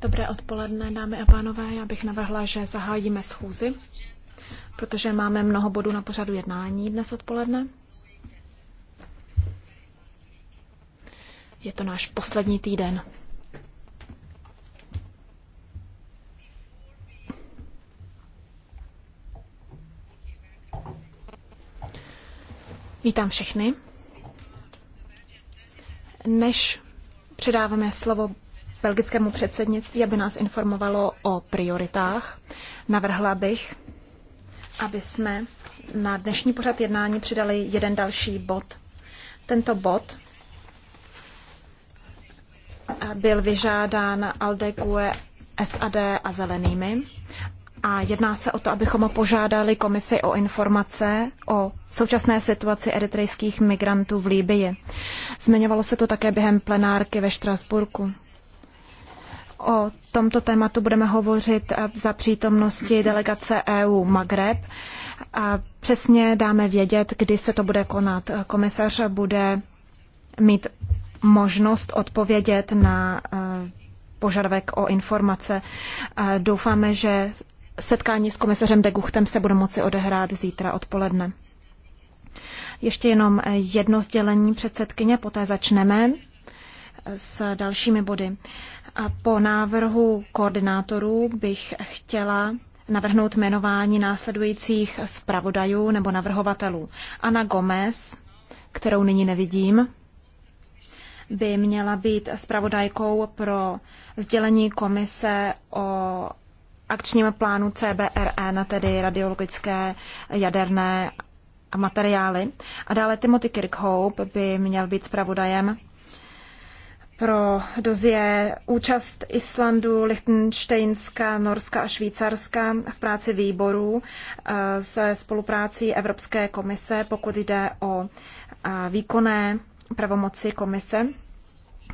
Dobré odpoledne, dámy a pánové. Já bych navrhla, že zahájíme schůzi, protože máme mnoho bodů na pořadu jednání dnes odpoledne. Je to náš poslední týden. Vítám všechny. Než Předáváme slovo belgickému předsednictví, aby nás informovalo o prioritách. Navrhla bych, aby jsme na dnešní pořad jednání přidali jeden další bod. Tento bod byl vyžádán Aldegue, SAD a Zelenými a jedná se o to, abychom požádali komisi o informace o současné situaci eritrejských migrantů v Líbii. Zmiňovalo se to také během plenárky ve Štrasburku. O tomto tématu budeme hovořit eh, za přítomnosti delegace EU Magreb. A přesně dáme vědět, kdy se to bude konat. Komisař bude mít možnost odpovědět na eh, požadavek o informace. Doufáme, že setkání s komisařem de Guchtem se bude moci odehrát zítra odpoledne. Ještě jenom eh, jedno sdělení předsedkyně, poté začneme eh, s dalšími body. A po návrhu koordinátorů bych chtěla navrhnout jmenování následujících zpravodajů nebo navrhovatelů. Ana Gomez, kterou nyní nevidím, by měla být zpravodajkou pro sdělení komise o akčním plánu CBRN, e, tedy radiologické jaderné materiály. A dále Timothy Kirkhope by měl být zpravodajem pro dozie účast Islandu, Lichtensteinska, Norska a Švýcarska v práci výborů eh, se spoluprácí Evropské komise, pokud jde o eh, výkonné pravomoci komise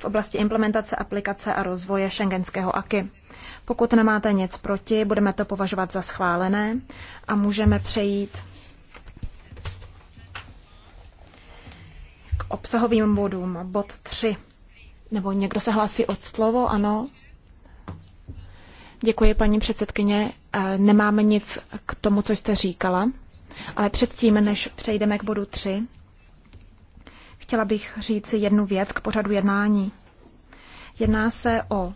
v oblasti implementace, aplikace a rozvoje šengenského AKY. Pokud nemáte nic proti, budeme to považovat za schválené a můžeme přejít k obsahovým bodům. Bod 3. Nebo někdo se hlásí od slovo? Ano. Děkuji, paní předsedkyně. Eh, nemáme nic k tomu, co jste říkala, ale předtím, než přejdeme k bodu 3, Chtěla bych říci jednu věc k pořadu jednání. Jedná se o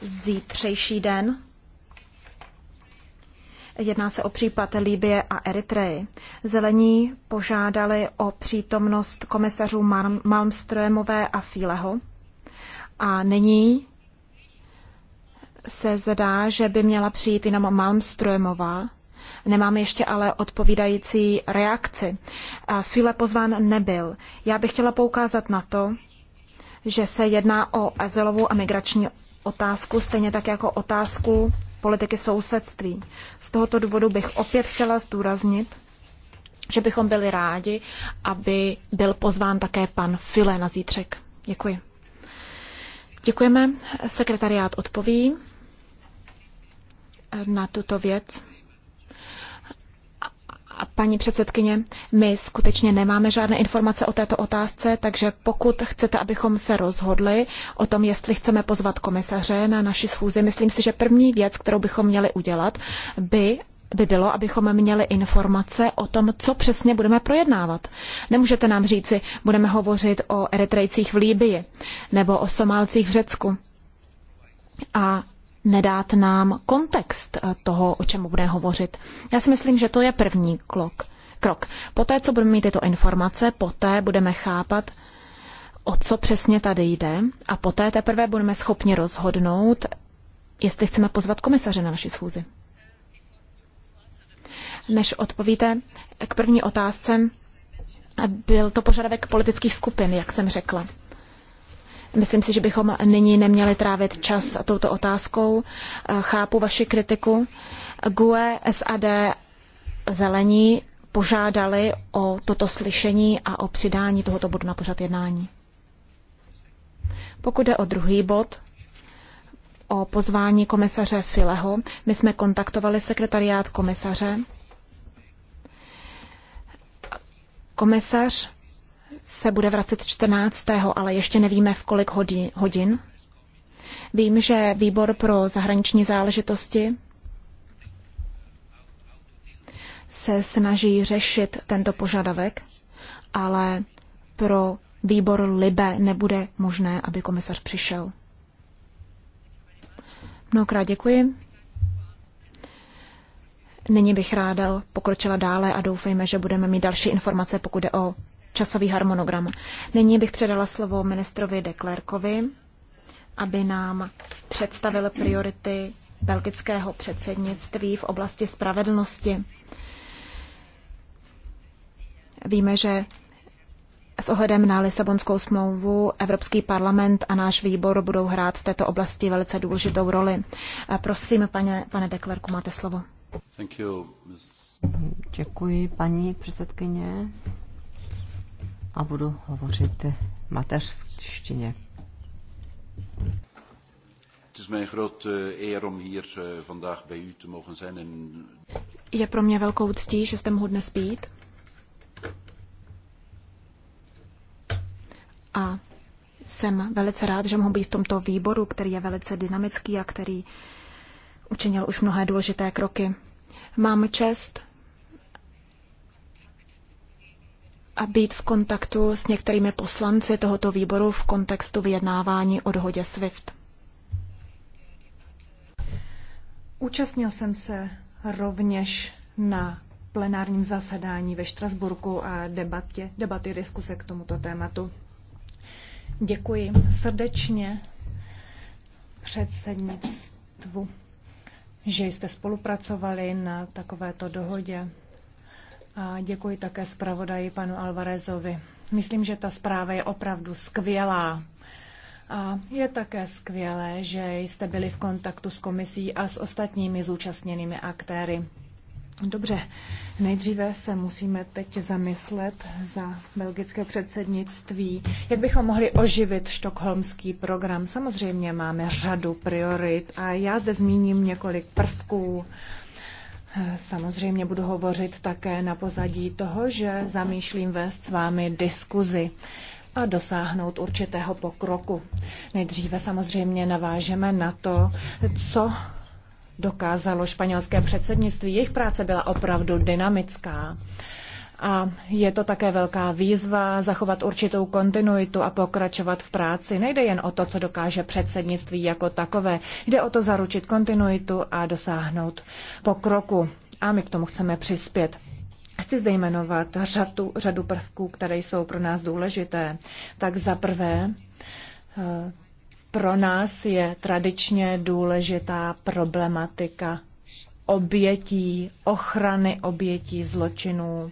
zítřejší den. Jedná se o případ Líbie a Eritreji. Zelení požádali o přítomnost komisařů Malmströmové a Fíleho. A nyní se zdá, že by měla přijít jenom Malmströmová, Nemáme ještě ale odpovídající reakci. File pozván nebyl. Já bych chtěla poukázat na to, že se jedná o azylovou a migrační otázku, stejně tak jako otázku politiky sousedství. Z tohoto důvodu bych opět chtěla zdůraznit, že bychom byli rádi, aby byl pozván také pan File na zítřek. Děkuji. Děkujeme. Sekretariát odpoví na tuto věc. Paní předsedkyně, my skutečně nemáme žádné informace o této otázce, takže pokud chcete, abychom se rozhodli o tom, jestli chceme pozvat komisaře na naši schůzi, myslím si, že první věc, kterou bychom měli udělat, by by bylo, abychom měli informace o tom, co přesně budeme projednávat. Nemůžete nám říci, budeme hovořit o Eritrejcích v Líbii nebo o Somálcích v Řecku. A nedát nám kontext eh, toho, o čem bude hovořit. Já si myslím, že to je první krok. krok. Poté, co budeme mít tyto informace, poté budeme chápat, o co přesně tady jde a poté teprve budeme schopni rozhodnout, jestli chceme pozvat komisaře na naši schůzi. Než odpovíte k první otázce, byl to požadavek politických skupin, jak jsem řekla. Myslím si, že bychom nyní neměli trávit čas touto otázkou. Chápu vaši kritiku. GUE, SAD, Zelení požádali o toto slyšení a o přidání tohoto bodu na pořad jednání. Pokud jde o druhý bod, o pozvání komisaře Fileho, my jsme kontaktovali sekretariát komisaře. Komisař se bude vracet 14. ale ještě nevíme v kolik hodin. Vím, že výbor pro zahraniční záležitosti se snaží řešit tento požadavek, ale pro výbor Libe nebude možné, aby komisař přišel. Mnohokrát děkuji. Nyní bych ráda pokročila dále a doufejme, že budeme mít další informace, pokud jde o časový harmonogram. Nyní bych předala slovo ministrovi De Klerkovi, aby nám představil priority belgického předsednictví v oblasti spravedlnosti. Víme, že s ohledem na Lisabonskou smlouvu Evropský parlament a náš výbor budou hrát v této oblasti velice důležitou roli. Prosím, pane, pane Deklerku, máte slovo. Děkuji, paní předsedkyně a budu hovořit mateřštině. Eh, je pro mě velkou ctí, že jste mohu dnes být. A jsem velice rád, že mohu být v tomto výboru, který je velice dynamický a který učinil už mnohé důležité kroky. Mám čest a být v kontaktu s některými poslanci tohoto výboru v kontextu vyjednávání o dohodě SWIFT. Účastnil jsem se rovněž na plenárním zasedání ve Štrasburku a debatě, debaty diskuse k tomuto tématu. Děkuji srdečně předsednictvu, že jste spolupracovali na takovéto dohodě. A děkuji také zpravodaji panu Alvarezovi. Myslím, že ta zpráva je opravdu skvělá. A je také skvělé, že jste byli v kontaktu s komisí a s ostatními zúčastněnými aktéry. Dobře, nejdříve se musíme teď zamyslet za belgické předsednictví, jak bychom mohli oživit štokholmský program. Samozřejmě máme řadu priorit a já zde zmíním několik prvků, Samozřejmě budu hovořit také na pozadí toho, že zamýšlím vést s vámi diskuzi a dosáhnout určitého pokroku. Nejdříve samozřejmě navážeme na to, co dokázalo španělské předsednictví. Jejich práce byla opravdu dynamická. A je to také velká výzva zachovat určitou kontinuitu a pokračovat v práci. Nejde jen o to, co dokáže předsednictví jako takové. Jde o to zaručit kontinuitu a dosáhnout pokroku. A my k tomu chceme přispět. Chci zde jmenovat řadu, řadu prvků, které jsou pro nás důležité. Tak za prvé, eh, pro nás je tradičně důležitá problematika obětí, ochrany obětí zločinů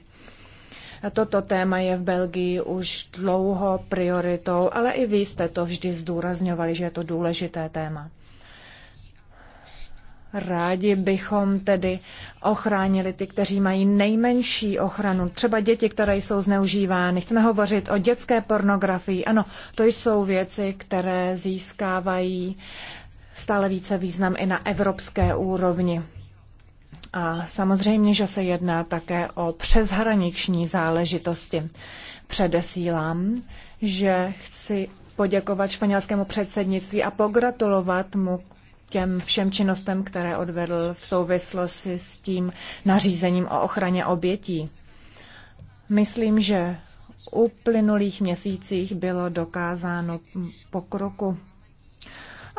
Toto téma je v Belgii už dlouho prioritou, ale i vy jste to vždy zdůrazňovali, že je to důležité téma. Rádi bychom tedy ochránili ty, kteří mají nejmenší ochranu, třeba děti, které jsou zneužívány. Chceme hovořit o dětské pornografii. Ano, to jsou věci, které získávají stále více význam i na evropské úrovni. A samozřejmě, že se jedná také o přeshraniční záležitosti. Předesílám, že chci poděkovat španělskému předsednictví a pogratulovat mu těm všem činnostem, které odvedl v souvislosti s tím nařízením o ochraně obětí. Myslím, že uplynulých měsících bylo dokázáno pokroku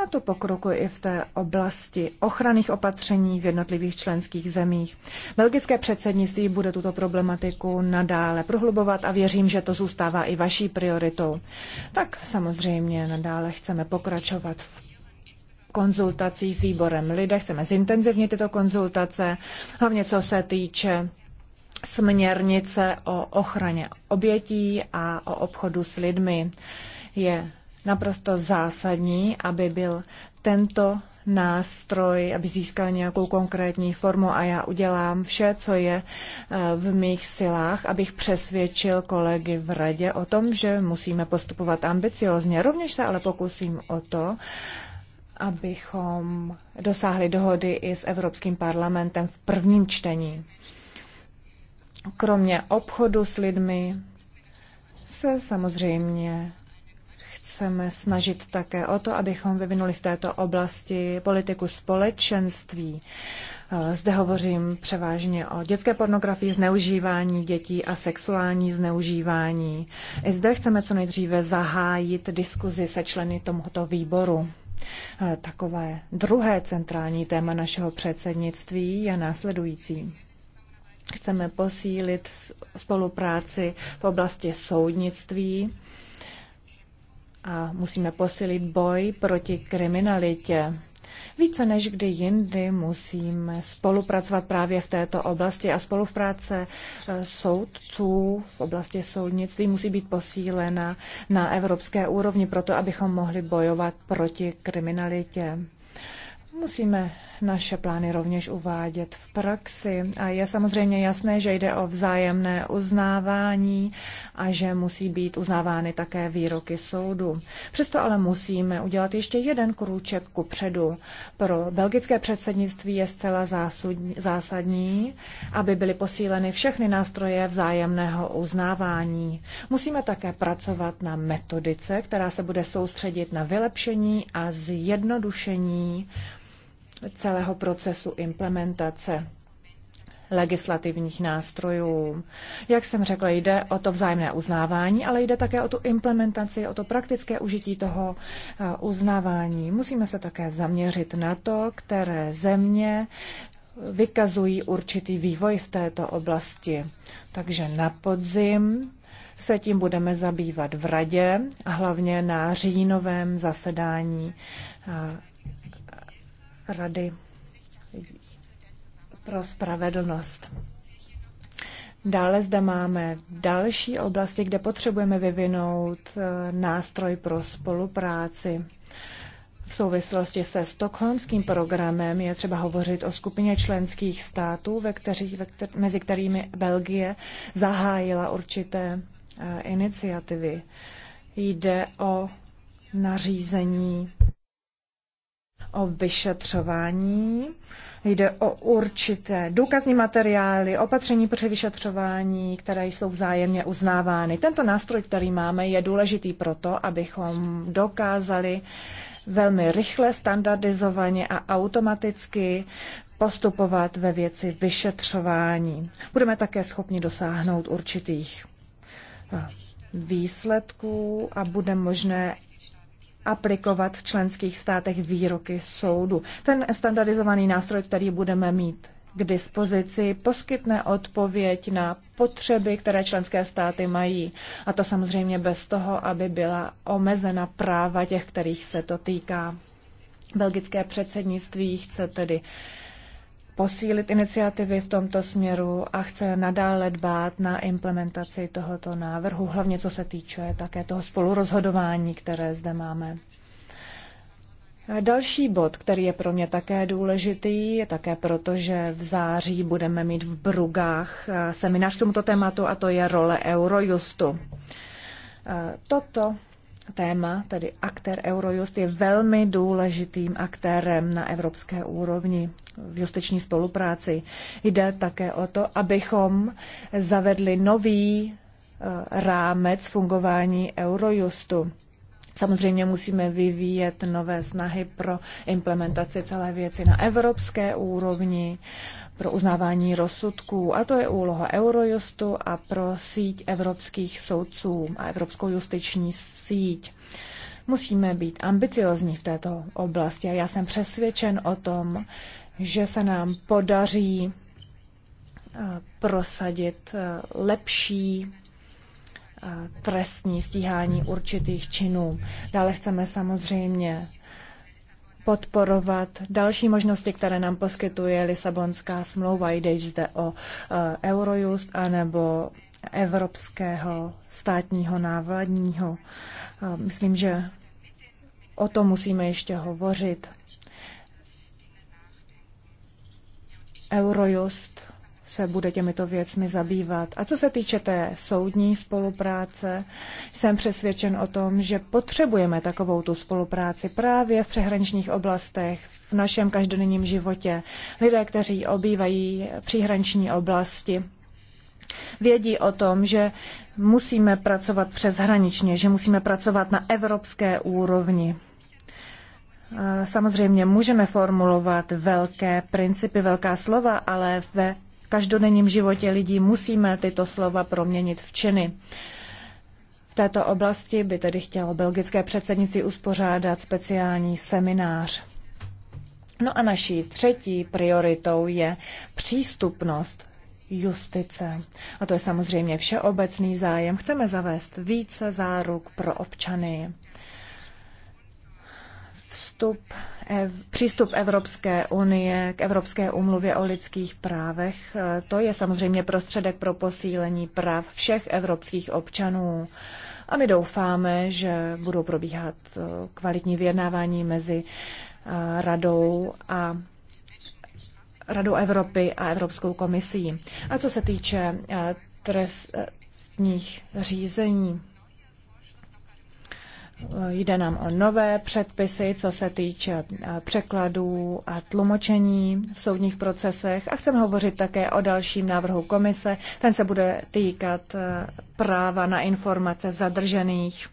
a to pokroku i v té oblasti ochranných opatření v jednotlivých členských zemích. Belgické předsednictví bude tuto problematiku nadále prohlubovat a věřím, že to zůstává i vaší prioritou. Tak samozřejmě nadále chceme pokračovat v konzultací s výborem lidé, chceme zintenzivnit tyto konzultace, hlavně co se týče směrnice o ochraně obětí a o obchodu s lidmi. Je naprosto zásadní, aby byl tento nástroj, aby získal nějakou konkrétní formu a já udělám vše, co je eh, v mých silách, abych přesvědčil kolegy v radě o tom, že musíme postupovat ambiciozně. Rovněž se ale pokusím o to, abychom dosáhli dohody i s Evropským parlamentem v prvním čtení. Kromě obchodu s lidmi se samozřejmě chceme snažit také o to, abychom vyvinuli v této oblasti politiku společenství. Eh, zde hovořím převážně o dětské pornografii, zneužívání dětí a sexuální zneužívání. I zde chceme co nejdříve zahájit diskuzi se členy tomuto výboru. Eh, takové druhé centrální téma našeho předsednictví je následující. Chceme posílit spolupráci v oblasti soudnictví a musíme posilit boj proti kriminalitě. Více než kdy jindy musíme spolupracovat právě v této oblasti a spolupráce e, soudců v oblasti soudnictví musí být posílena na evropské úrovni proto, abychom mohli bojovat proti kriminalitě. Musíme naše plány rovněž uvádět v praxi a je samozřejmě jasné, že jde o vzájemné uznávání a že musí být uznávány také výroky soudu. Přesto ale musíme udělat ještě jeden krůček ku předu. Pro belgické předsednictví je zcela zásadní, aby byly posíleny všechny nástroje vzájemného uznávání. Musíme také pracovat na metodice, která se bude soustředit na vylepšení a zjednodušení celého procesu implementace legislativních nástrojů. Jak jsem řekla, jde o to vzájemné uznávání, ale jde také o tu implementaci, o to praktické užití toho eh, uznávání. Musíme se také zaměřit na to, které země vykazují určitý vývoj v této oblasti. Takže na podzim se tím budeme zabývat v radě a hlavně na říjnovém zasedání eh, Rady pro spravedlnost. Dále zde máme další oblasti, kde potřebujeme vyvinout eh, nástroj pro spolupráci. V souvislosti se stokholmským programem je třeba hovořit o skupině členských států, ve kterých, ve kter, mezi kterými Belgie zahájila určité eh, iniciativy. Jde o nařízení o vyšetřování, jde o určité důkazní materiály, opatření při vyšetřování, které jsou vzájemně uznávány. Tento nástroj, který máme, je důležitý proto, abychom dokázali velmi rychle, standardizovaně a automaticky postupovat ve věci vyšetřování. Budeme také schopni dosáhnout určitých eh, výsledků a bude možné aplikovat v členských státech výroky soudu. Ten standardizovaný nástroj, který budeme mít k dispozici, poskytne odpověď na potřeby, které členské státy mají. A to samozřejmě bez toho, aby byla omezena práva těch, kterých se to týká. Belgické předsednictví chce tedy posílit iniciativy v tomto směru a chce nadále dbát na implementaci tohoto návrhu, hlavně co se týče také toho spolurozhodování, které zde máme. Další bod, který je pro mě také důležitý, je také proto, že v září budeme mít v Brugách eh, seminář k tomuto tématu a to je role Eurojustu. Eh, Toto téma, tedy aktér Eurojust, je velmi důležitým aktérem na evropské úrovni v justiční spolupráci. Jde také o to, abychom zavedli nový eh, rámec fungování Eurojustu. Samozřejmě musíme vyvíjet nové snahy pro implementaci celé věci na evropské úrovni, pro uznávání rozsudků a to je úloha Eurojustu a pro síť evropských soudců a Evropskou justiční síť. Musíme být ambiciozní v této oblasti a já jsem přesvědčen o tom, že se nám podaří eh, prosadit eh, lepší eh, trestní stíhání určitých činů. Dále chceme samozřejmě podporovat další možnosti, které nám poskytuje Lisabonská smlouva, jde zde o e, Eurojust anebo evropského státního návladního. E, myslím, že o tom musíme ještě hovořit. Eurojust se bude těmito věcmi zabývat. A co se týče té soudní spolupráce, jsem přesvědčen o tom, že potřebujeme takovou tu spolupráci právě v přehraničních oblastech, v našem každodenním životě. Lidé, kteří obývají příhraniční oblasti, vědí o tom, že musíme pracovat přeshraničně, že musíme pracovat na evropské úrovni. Samozřejmě můžeme formulovat velké principy, velká slova, ale ve každodenním životě lidí musíme tyto slova proměnit v činy. V této oblasti by tedy chtělo belgické předsednici uspořádat speciální seminář. No a naší třetí prioritou je přístupnost justice. A to je samozřejmě všeobecný zájem. Chceme zavést více záruk pro občany. Přístup, ev, přístup Evropské unie k Evropské umluvě o lidských právech, e, to je samozřejmě prostředek pro posílení práv všech evropských občanů. A my doufáme, že budou probíhat e, kvalitní vyjednávání mezi e, radou a Radou Evropy a Evropskou komisí. A co se týče trestních řízení, Jde nám o nové předpisy, co se týče eh, překladů a tlumočení v soudních procesech a chceme hovořit také o dalším návrhu komise. Ten se bude týkat eh, práva na informace zadržených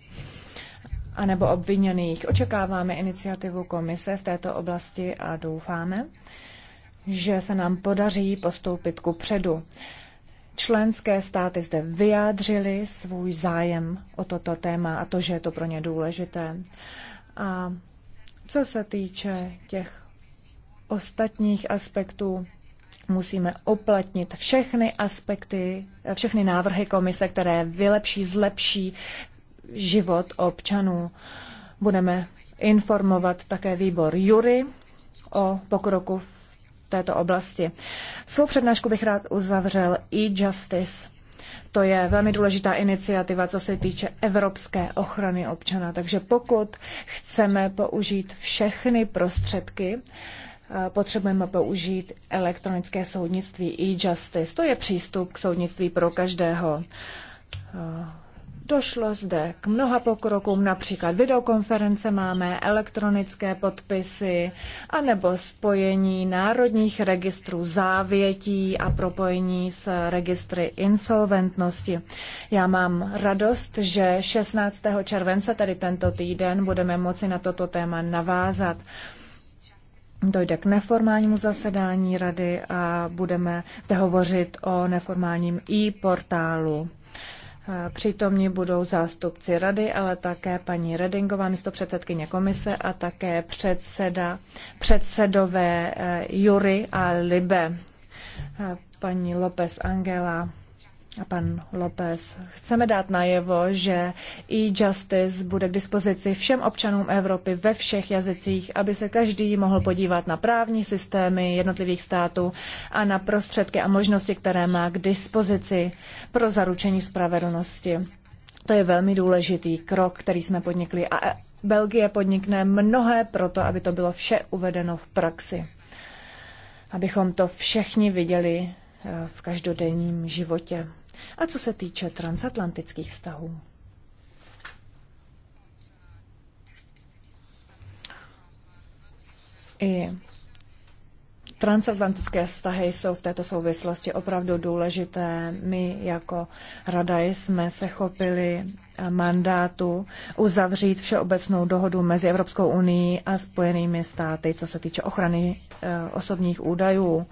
anebo obviněných. Očekáváme iniciativu komise v této oblasti a doufáme, že se nám podaří postoupit ku předu. Členské státy zde vyjádřily svůj zájem o toto téma a to, že je to pro ně důležité. A co se týče těch ostatních aspektů, musíme oplatnit všechny aspekty, všechny návrhy komise, které vylepší, zlepší život občanů. Budeme informovat také výbor Jury o pokroku v této oblasti. Svou přednášku bych rád uzavřel e-justice. To je velmi důležitá iniciativa, co se týče evropské ochrany občana. Takže pokud chceme použít všechny prostředky, eh, potřebujeme použít elektronické soudnictví e-justice. To je přístup k soudnictví pro každého. Eh, Došlo zde k mnoha pokrokům, například videokonference máme, elektronické podpisy, anebo spojení národních registrů závětí a propojení s registry insolventnosti. Já mám radost, že 16. července, tedy tento týden, budeme moci na toto téma navázat. Dojde k neformálnímu zasedání rady a budeme zde hovořit o neformálním e-portálu. Eh, přítomní budou zástupci rady, ale také paní Redingová, místopředsedkyně komise a také předseda, předsedové eh, Jury a Libe, eh, paní López Angela a pan López. Chceme dát najevo, že e-justice bude k dispozici všem občanům Evropy ve všech jazycích, aby se každý mohl podívat na právní systémy jednotlivých států a na prostředky a možnosti, které má k dispozici pro zaručení spravedlnosti. To je velmi důležitý krok, který jsme podnikli a Belgie podnikne mnohé proto, aby to bylo vše uvedeno v praxi. Abychom to všichni viděli eh, v každodenním životě a co se týče transatlantických vztahů. I transatlantické vztahy jsou v této souvislosti opravdu důležité. My jako rada jsme se chopili mandátu uzavřít všeobecnou dohodu mezi Evropskou unii a Spojenými státy, co se týče ochrany eh, osobních údajů.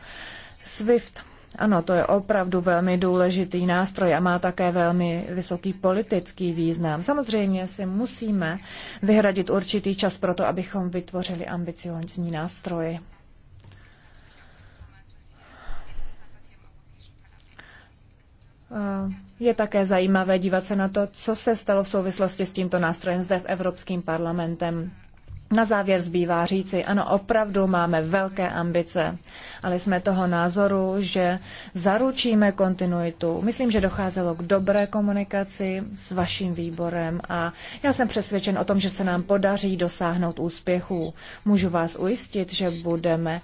SWIFT ano, to je opravdu velmi důležitý nástroj a má také velmi vysoký politický význam. Samozřejmě si musíme vyhradit určitý čas pro to, abychom vytvořili ambiciozní nástroje. Je také zajímavé dívat se na to, co se stalo v souvislosti s tímto nástrojem zde v Evropským parlamentem. Na závěr zbývá říci, ano, opravdu máme velké ambice, ale jsme toho názoru, že zaručíme kontinuitu. Myslím, že docházelo k dobré komunikaci s vaším výborem a já jsem přesvědčen o tom, že se nám podaří dosáhnout úspěchů. Můžu vás ujistit, že budeme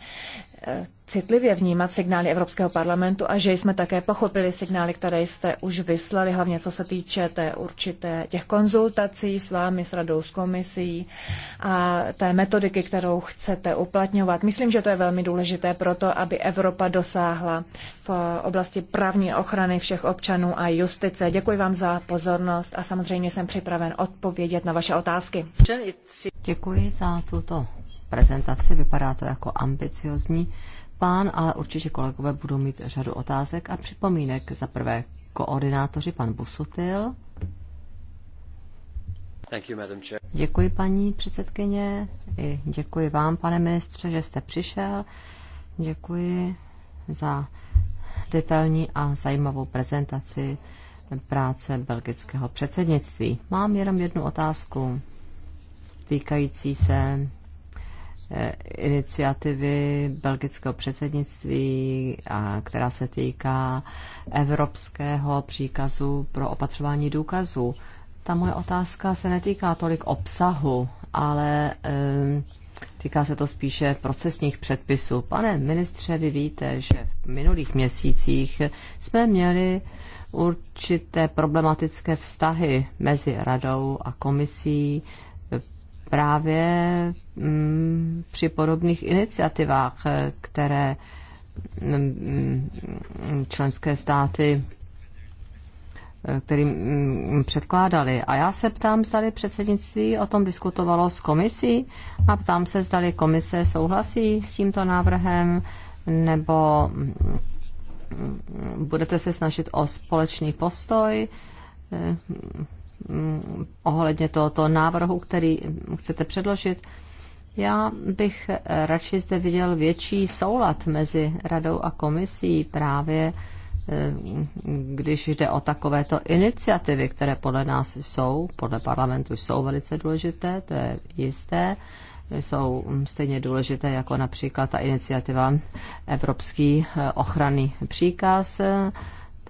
citlivě vnímat signály Evropského parlamentu a že jsme také pochopili signály, které jste už vyslali, hlavně co se týče té určité těch konzultací s vámi, s radou, s komisí a té metodiky, kterou chcete uplatňovat. Myslím, že to je velmi důležité pro to, aby Evropa dosáhla v oblasti právní ochrany všech občanů a justice. Děkuji vám za pozornost a samozřejmě jsem připraven odpovědět na vaše otázky. Děkuji za tuto prezentaci. Vypadá to jako ambiciozní plán, ale určitě kolegové budou mít řadu otázek a připomínek. Za prvé koordinátoři pan Busutil. Děkuji, paní předsedkyně. I děkuji vám, pane ministře, že jste přišel. Děkuji za detailní a zajímavou prezentaci práce belgického předsednictví. Mám jenom jednu otázku týkající se Eh, iniciativy belgického předsednictví, a která se týká evropského příkazu pro opatřování důkazů. Ta moje otázka se netýká tolik obsahu, ale eh, týká se to spíše procesních předpisů. Pane ministře, vy víte, že v minulých měsících jsme měli určité problematické vztahy mezi radou a komisí právě mm, při podobných iniciativách, eh, které mm, členské státy eh, kterým mm, předkládali. A já se ptám, zdali předsednictví o tom diskutovalo s komisí a ptám se, zdali komise souhlasí s tímto návrhem nebo budete se snažit o společný postoj eh, Mm, ohledně tohoto návrhu, který chcete předložit. Já bych radši zde viděl větší soulad mezi radou a komisí právě eh, když jde o takovéto iniciativy, které podle nás jsou, podle parlamentu jsou velice důležité, to je jisté, jsou stejně důležité jako například ta iniciativa Evropský eh, ochranný příkaz,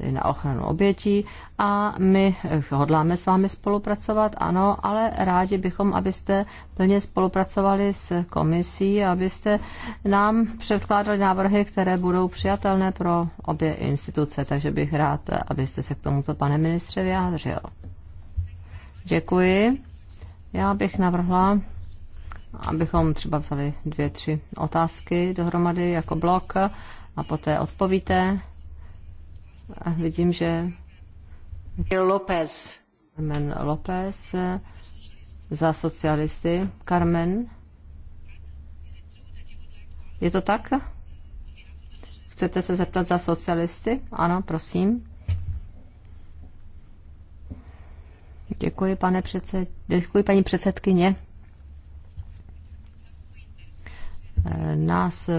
tedy na ochranu obětí a my hodláme s vámi spolupracovat, ano, ale rádi bychom, abyste plně spolupracovali s komisí, abyste nám předkládali návrhy, které budou přijatelné pro obě instituce, takže bych rád, abyste se k tomuto, pane ministře, vyjádřil. Děkuji. Já bych navrhla, abychom třeba vzali dvě, tři otázky dohromady jako blok a poté odpovíte a vidím, že Carmen López eh, za socialisty. Carmen. Je to tak? Chcete se zeptat za socialisty? Ano, prosím. Děkuji, pane předsed... Děkuji, paní předsedkyně. Nás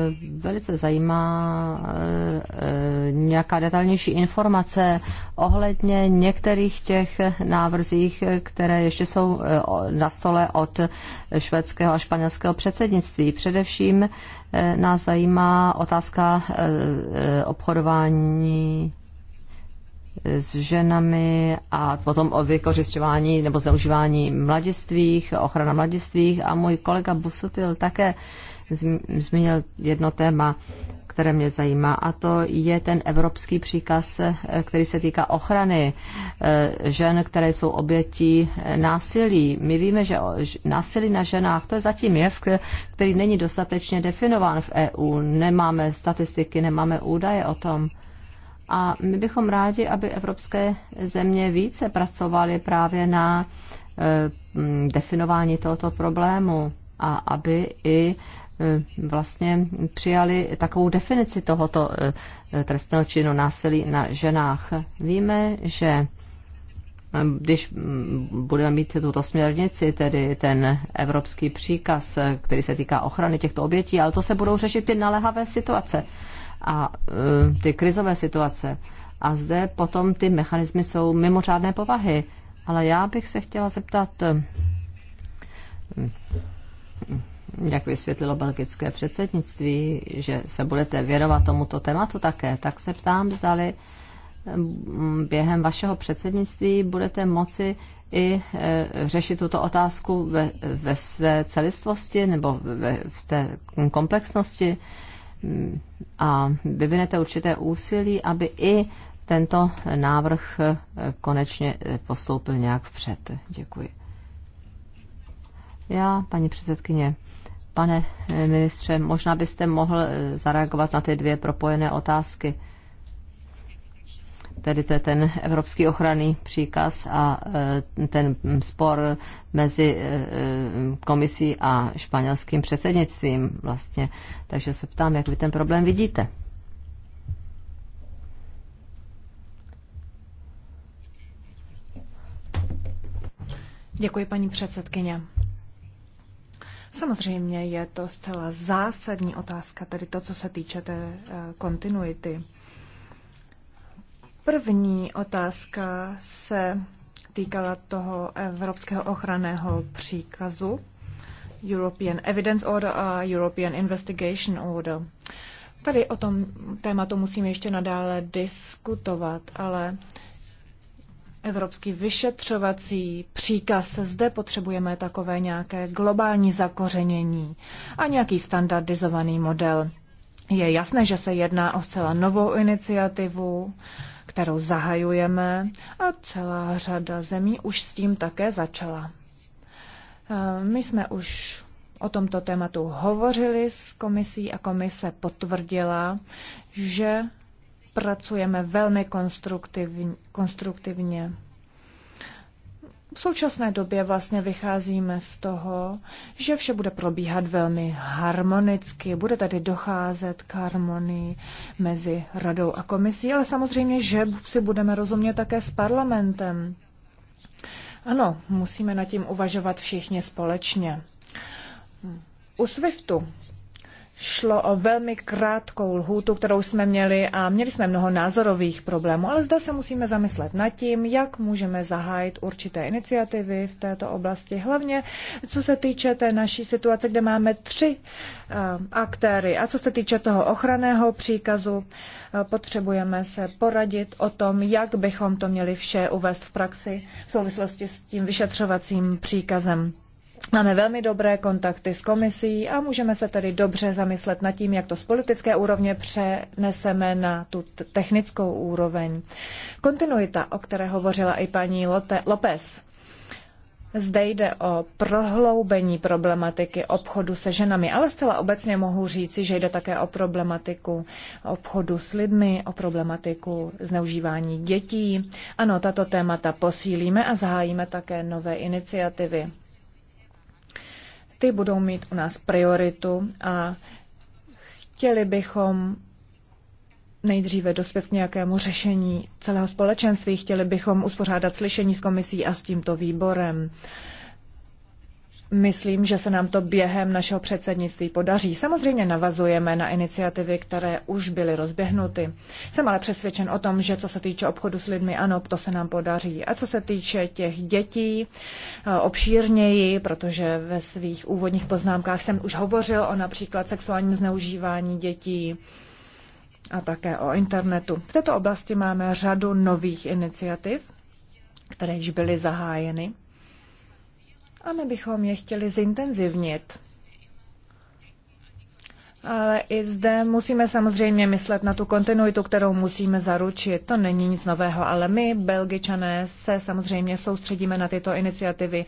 velice zajímá eh, eh, nějaká detailnější informace ohledně některých těch návrzích, které ještě jsou eh, na stole od švédského a španělského předsednictví. Především nás zajímá otázka obchodování s ženami a potom o vykořišťování nebo zneužívání mladistvých, ochrana mladistvých a můj kolega Busutil také zmínil jedno téma, které mě zajímá, a to je ten evropský příkaz, eh, který se týká ochrany eh, žen, které jsou obětí eh, násilí. My víme, že násilí na ženách to je zatím jev, který není dostatečně definován v EU. Nemáme statistiky, nemáme údaje o tom. A my bychom rádi, aby evropské země více pracovaly právě na definování tohoto problému a aby i Eh, vlastně přijali takovou definici tohoto eh, trestného činu násilí na ženách. Víme, že eh, když mm, budeme mít tuto směrnici, tedy ten evropský příkaz, který se týká ochrany těchto obětí, ale to se budou řešit ty naléhavé situace a ty krizové situace. A zde potom ty mechanismy jsou mimořádné povahy. Ale já bych se chtěla zeptat, jak vysvětlilo belgické předsednictví, že se budete věnovat tomuto tématu také, tak se ptám, zdali mm, během vašeho předsednictví budete moci i e, řešit tuto otázku ve, ve své celistvosti nebo ve, v té komplexnosti mm, a vyvinete určité úsilí, aby i tento návrh e, konečně e, postoupil nějak vpřed. Děkuji. Já, paní předsedkyně, Pane eh, ministře, možná byste mohl eh, zareagovat na ty dvě propojené otázky. Tedy to je ten evropský ochranný příkaz a eh, ten spor mezi komisí a španělským předsednictvím vlastně. Takže se ptám, jak vy ten problém vidíte. Děkuji, paní předsedkyně. Samozřejmě je to zcela zásadní otázka, tedy to, co se týče té eh, kontinuity. První otázka se týkala toho Evropského ochranného příkazu, European Evidence Order a European Investigation Order. Tady o tom tématu musíme ještě nadále diskutovat, ale evropský vyšetřovací příkaz. Zde potřebujeme takové nějaké globální zakořenění a nějaký standardizovaný model. Je jasné, že se jedná o zcela novou iniciativu, kterou zahajujeme a celá řada zemí už s tím také začala. My jsme už o tomto tématu hovořili s komisí a komise potvrdila, že pracujeme velmi konstruktivně. konstruktivně. V současné době vlastně vycházíme z toho, že vše bude probíhat velmi harmonicky, bude tady docházet k harmonii mezi radou a komisí, ale samozřejmě, že si budeme rozumět také s parlamentem. Ano, musíme nad tím uvažovat všichni společně. U SWIFTu šlo o velmi krátkou lhůtu, kterou jsme měli a měli jsme mnoho názorových problémů, ale zde se musíme zamyslet nad tím, jak můžeme zahájit určité iniciativy v této oblasti, hlavně co se týče té naší situace, kde máme tři eh, aktéry a co se týče toho ochranného příkazu, eh, potřebujeme se poradit o tom, jak bychom to měli vše uvést v praxi v souvislosti s tím vyšetřovacím příkazem. Máme velmi dobré kontakty s komisí a můžeme se tedy dobře zamyslet nad tím, jak to z politické úrovně přeneseme na tu technickou úroveň. Kontinuita, o které hovořila i paní Lote- López. Zde jde o prohloubení problematiky obchodu se ženami, ale zcela obecně mohu říci, že jde také o problematiku obchodu s lidmi, o problematiku zneužívání dětí. Ano, tato témata posílíme a zahájíme také nové iniciativy ty budou mít u nás prioritu a chtěli bychom nejdříve dospět k nějakému řešení celého společenství. Chtěli bychom uspořádat slyšení s komisí a s tímto výborem. Uh, Myslím, že se nám to během našeho předsednictví podaří. Samozřejmě navazujeme na iniciativy, které už byly rozběhnuty. Jsem ale přesvědčen o tom, že co se týče obchodu s lidmi, ano, to se nám podaří. A co se týče těch dětí, eh, obšírněji, protože ve svých úvodních poznámkách jsem už hovořil o například sexuálním zneužívání dětí a také o internetu. V této oblasti máme řadu nových iniciativ, které již byly zahájeny a my bychom je chtěli zintenzivnit. Ale i zde musíme samozřejmě myslet na tu kontinuitu, kterou musíme zaručit. To není nic nového, ale my, Belgičané, se samozřejmě soustředíme na tyto iniciativy.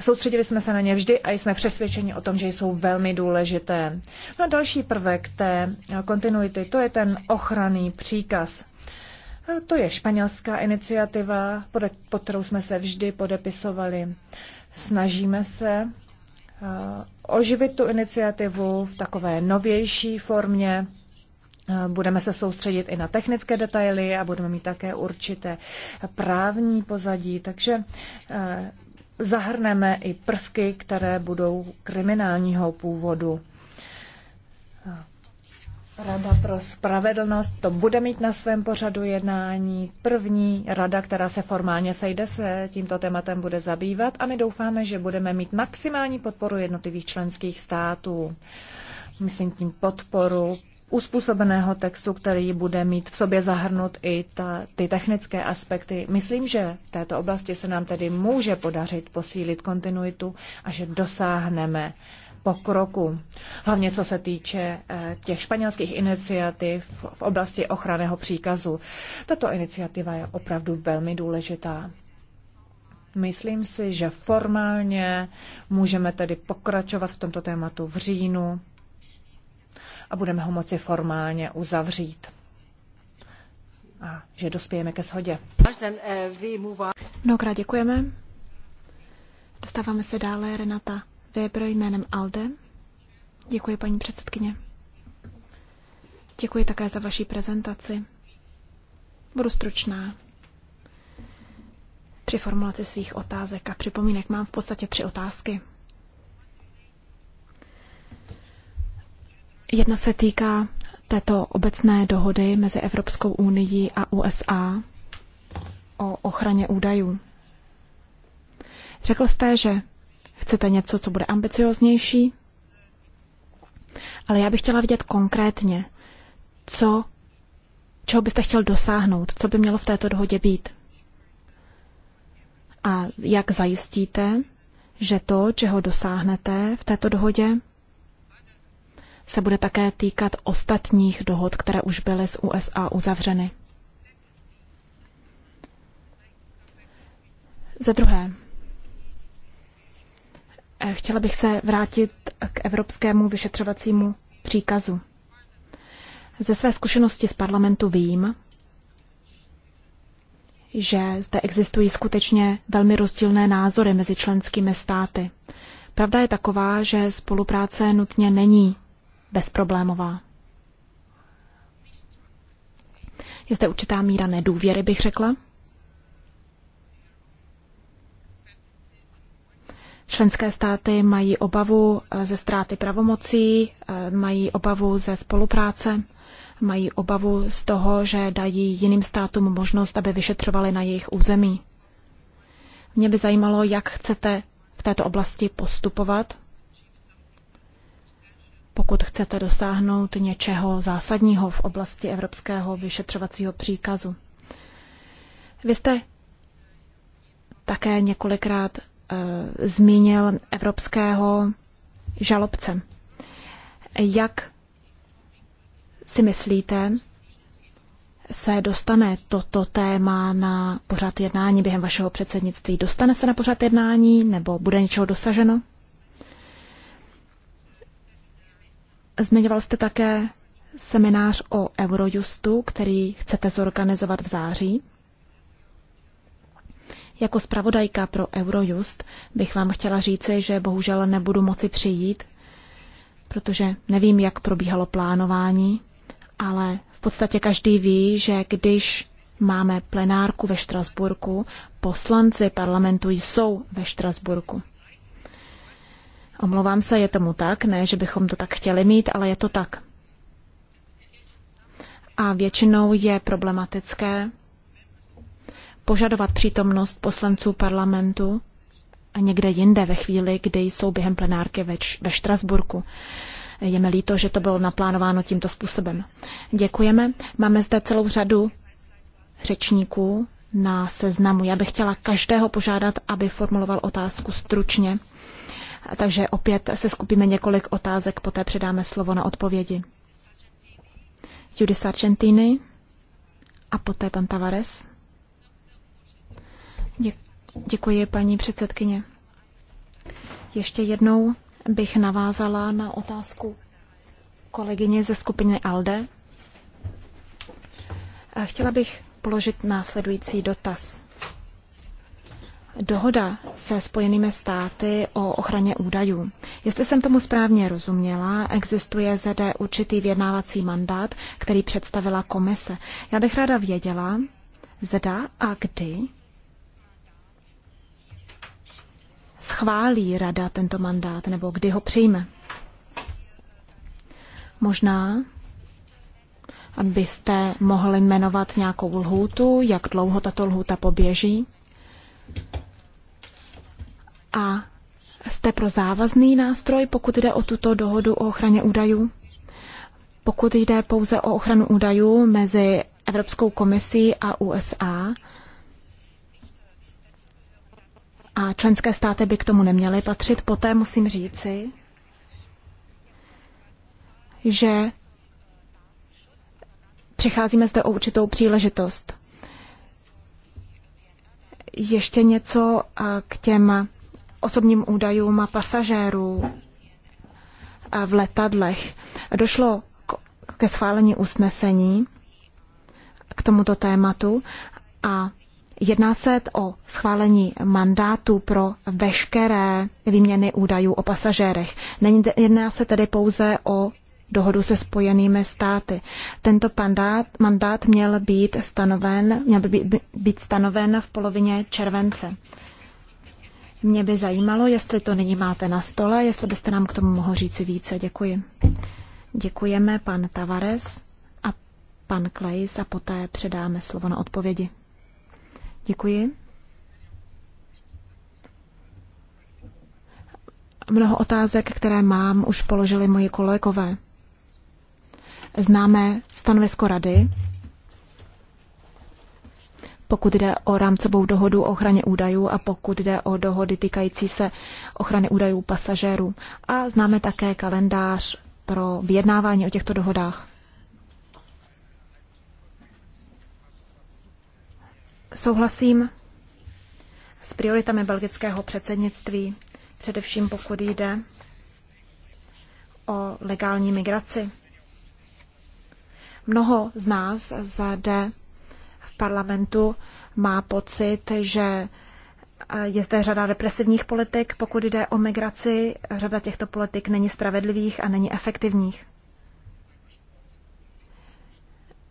Soustředili jsme se na ně vždy a jsme přesvědčeni o tom, že jsou velmi důležité. No a další prvek té kontinuity, to je ten ochranný příkaz. to je španělská iniciativa, pod kterou jsme se vždy podepisovali. Snažíme se eh, oživit tu iniciativu v takové novější formě. Eh, budeme se soustředit i na technické detaily a budeme mít také určité právní pozadí, takže eh, zahrneme i prvky, které budou kriminálního původu. Rada pro spravedlnost to bude mít na svém pořadu jednání. První rada, která se formálně sejde, se tímto tématem bude zabývat a my doufáme, že budeme mít maximální podporu jednotlivých členských států. Myslím tím podporu uspůsobeného textu, který bude mít v sobě zahrnut i ta, ty technické aspekty. Myslím, že v této oblasti se nám tedy může podařit posílit kontinuitu a že dosáhneme pokroku. Hlavně co se týče eh, těch španělských iniciativ v oblasti ochranného příkazu. Tato iniciativa je opravdu velmi důležitá. Myslím si, že formálně můžeme tedy pokračovat v tomto tématu v říjnu a budeme ho moci formálně uzavřít a že dospějeme ke shodě. Mnohokrát děkujeme. Dostáváme se dále, Renata Weber jménem Alde. Děkuji, paní předsedkyně. Děkuji také za vaši prezentaci. Budu stručná. Při formulaci svých otázek a připomínek mám v podstatě tři otázky. Jedna se týká této obecné dohody mezi Evropskou unii a USA o ochraně údajů. Řekl jste, že Chcete něco, co bude ambicioznější? Ale já bych chtěla vidět konkrétně, co, čeho byste chtěl dosáhnout, co by mělo v této dohodě být. A jak zajistíte, že to, čeho dosáhnete v této dohodě, se bude také týkat ostatních dohod, které už byly z USA uzavřeny. Za druhé, Eh, chtěla bych se vrátit k evropskému vyšetřovacímu příkazu. Ze své zkušenosti z parlamentu vím, že zde existují skutečně velmi rozdílné názory mezi členskými státy. Pravda je taková, že spolupráce nutně není bezproblémová. Je zde určitá míra nedůvěry, bych řekla. Členské státy mají obavu eh, ze ztráty pravomocí, eh, mají obavu ze spolupráce, mají obavu z toho, že dají jiným státům možnost, aby vyšetřovali na jejich území. Mě by zajímalo, jak chcete v této oblasti postupovat, pokud chcete dosáhnout něčeho zásadního v oblasti evropského vyšetřovacího příkazu. Vy jste také několikrát Eh, zmínil evropského žalobce. Jak si myslíte, se dostane toto téma na pořad jednání během vašeho předsednictví? Dostane se na pořad jednání nebo bude něčeho dosaženo? Zmiňoval jste také seminář o Eurojustu, který chcete zorganizovat v září. Jako zpravodajka pro Eurojust bych vám chtěla říci, že bohužel nebudu moci přijít, protože nevím, jak probíhalo plánování, ale v podstatě každý ví, že když máme plenárku ve Štrasburku, poslanci parlamentu jsou ve Štrasburku. Omlouvám se, je tomu tak, ne, že bychom to tak chtěli mít, ale je to tak. A většinou je problematické požadovat přítomnost poslanců parlamentu a někde jinde ve chvíli, kdy jsou během plenárky ve, ve Štrasburku. Je mi líto, že to bylo naplánováno tímto způsobem. Děkujeme. Máme zde celou řadu řečníků na seznamu. Já bych chtěla každého požádat, aby formuloval otázku stručně. Takže opět se skupíme několik otázek, poté předáme slovo na odpovědi. Judy Sargentini a poté pan Tavares. Děkuji, paní předsedkyně. Ještě jednou bych navázala na otázku kolegyně ze skupiny ALDE. A chtěla bych položit následující dotaz. Dohoda se Spojenými státy o ochraně údajů. Jestli jsem tomu správně rozuměla, existuje zde určitý vyjednávací mandát, který představila komise. Já bych ráda věděla, zda a kdy schválí rada tento mandát nebo kdy ho přijme. Možná abyste mohli jmenovat nějakou lhůtu, jak dlouho tato lhůta poběží. A jste pro závazný nástroj, pokud jde o tuto dohodu o ochraně údajů? Pokud jde pouze o ochranu údajů mezi Evropskou komisí a USA, a členské státy by k tomu neměly patřit. Poté musím říci, že přicházíme zde o určitou příležitost. Ještě něco k těm osobním údajům pasažérů v letadlech. Došlo ke schválení usnesení k tomuto tématu a Jedná se o schválení mandátu pro veškeré výměny údajů o pasažérech. jedná se tedy pouze o dohodu se spojenými státy. Tento mandát, mandát měl být stanoven, měl by být stanoven v polovině července. Mě by zajímalo, jestli to nyní máte na stole, jestli byste nám k tomu mohl říci více. Děkuji. Děkujeme pan Tavares a pan Klejs a poté předáme slovo na odpovědi. Děkuji. Mnoho otázek, které mám, už položili moji kolegové. Známe stanovisko rady, pokud jde o rámcovou dohodu o ochraně údajů a pokud jde o dohody týkající se ochrany údajů pasažérů. A známe také kalendář pro vyjednávání o těchto dohodách. Souhlasím s prioritami belgického předsednictví, především pokud jde o legální migraci. Mnoho z nás zde v parlamentu má pocit, že je zde řada represivních politik, pokud jde o migraci, řada těchto politik není spravedlivých a není efektivních.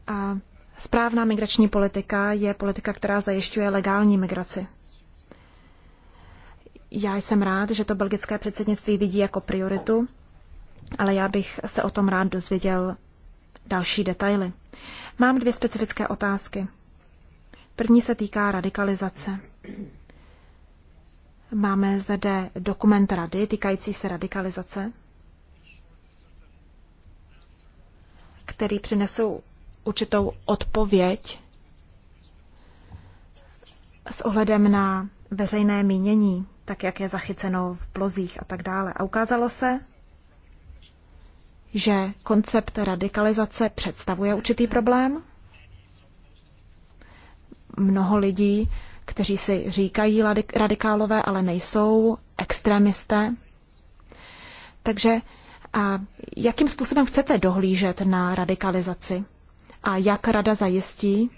A Správná migrační politika je politika, která zajišťuje legální migraci. Já jsem rád, že to belgické předsednictví vidí jako prioritu, ale já bych se o tom rád dozvěděl další detaily. Mám dvě specifické otázky. První se týká radikalizace. Máme zde dokument rady týkající se radikalizace, který přinesou určitou odpověď s ohledem na veřejné mínění, tak jak je zachyceno v plozích a tak dále. A ukázalo se, že koncept radikalizace představuje určitý problém. Mnoho lidí, kteří si říkají radikálové, ale nejsou extremisté. Takže a jakým způsobem chcete dohlížet na radikalizaci? a jak rada zajistí,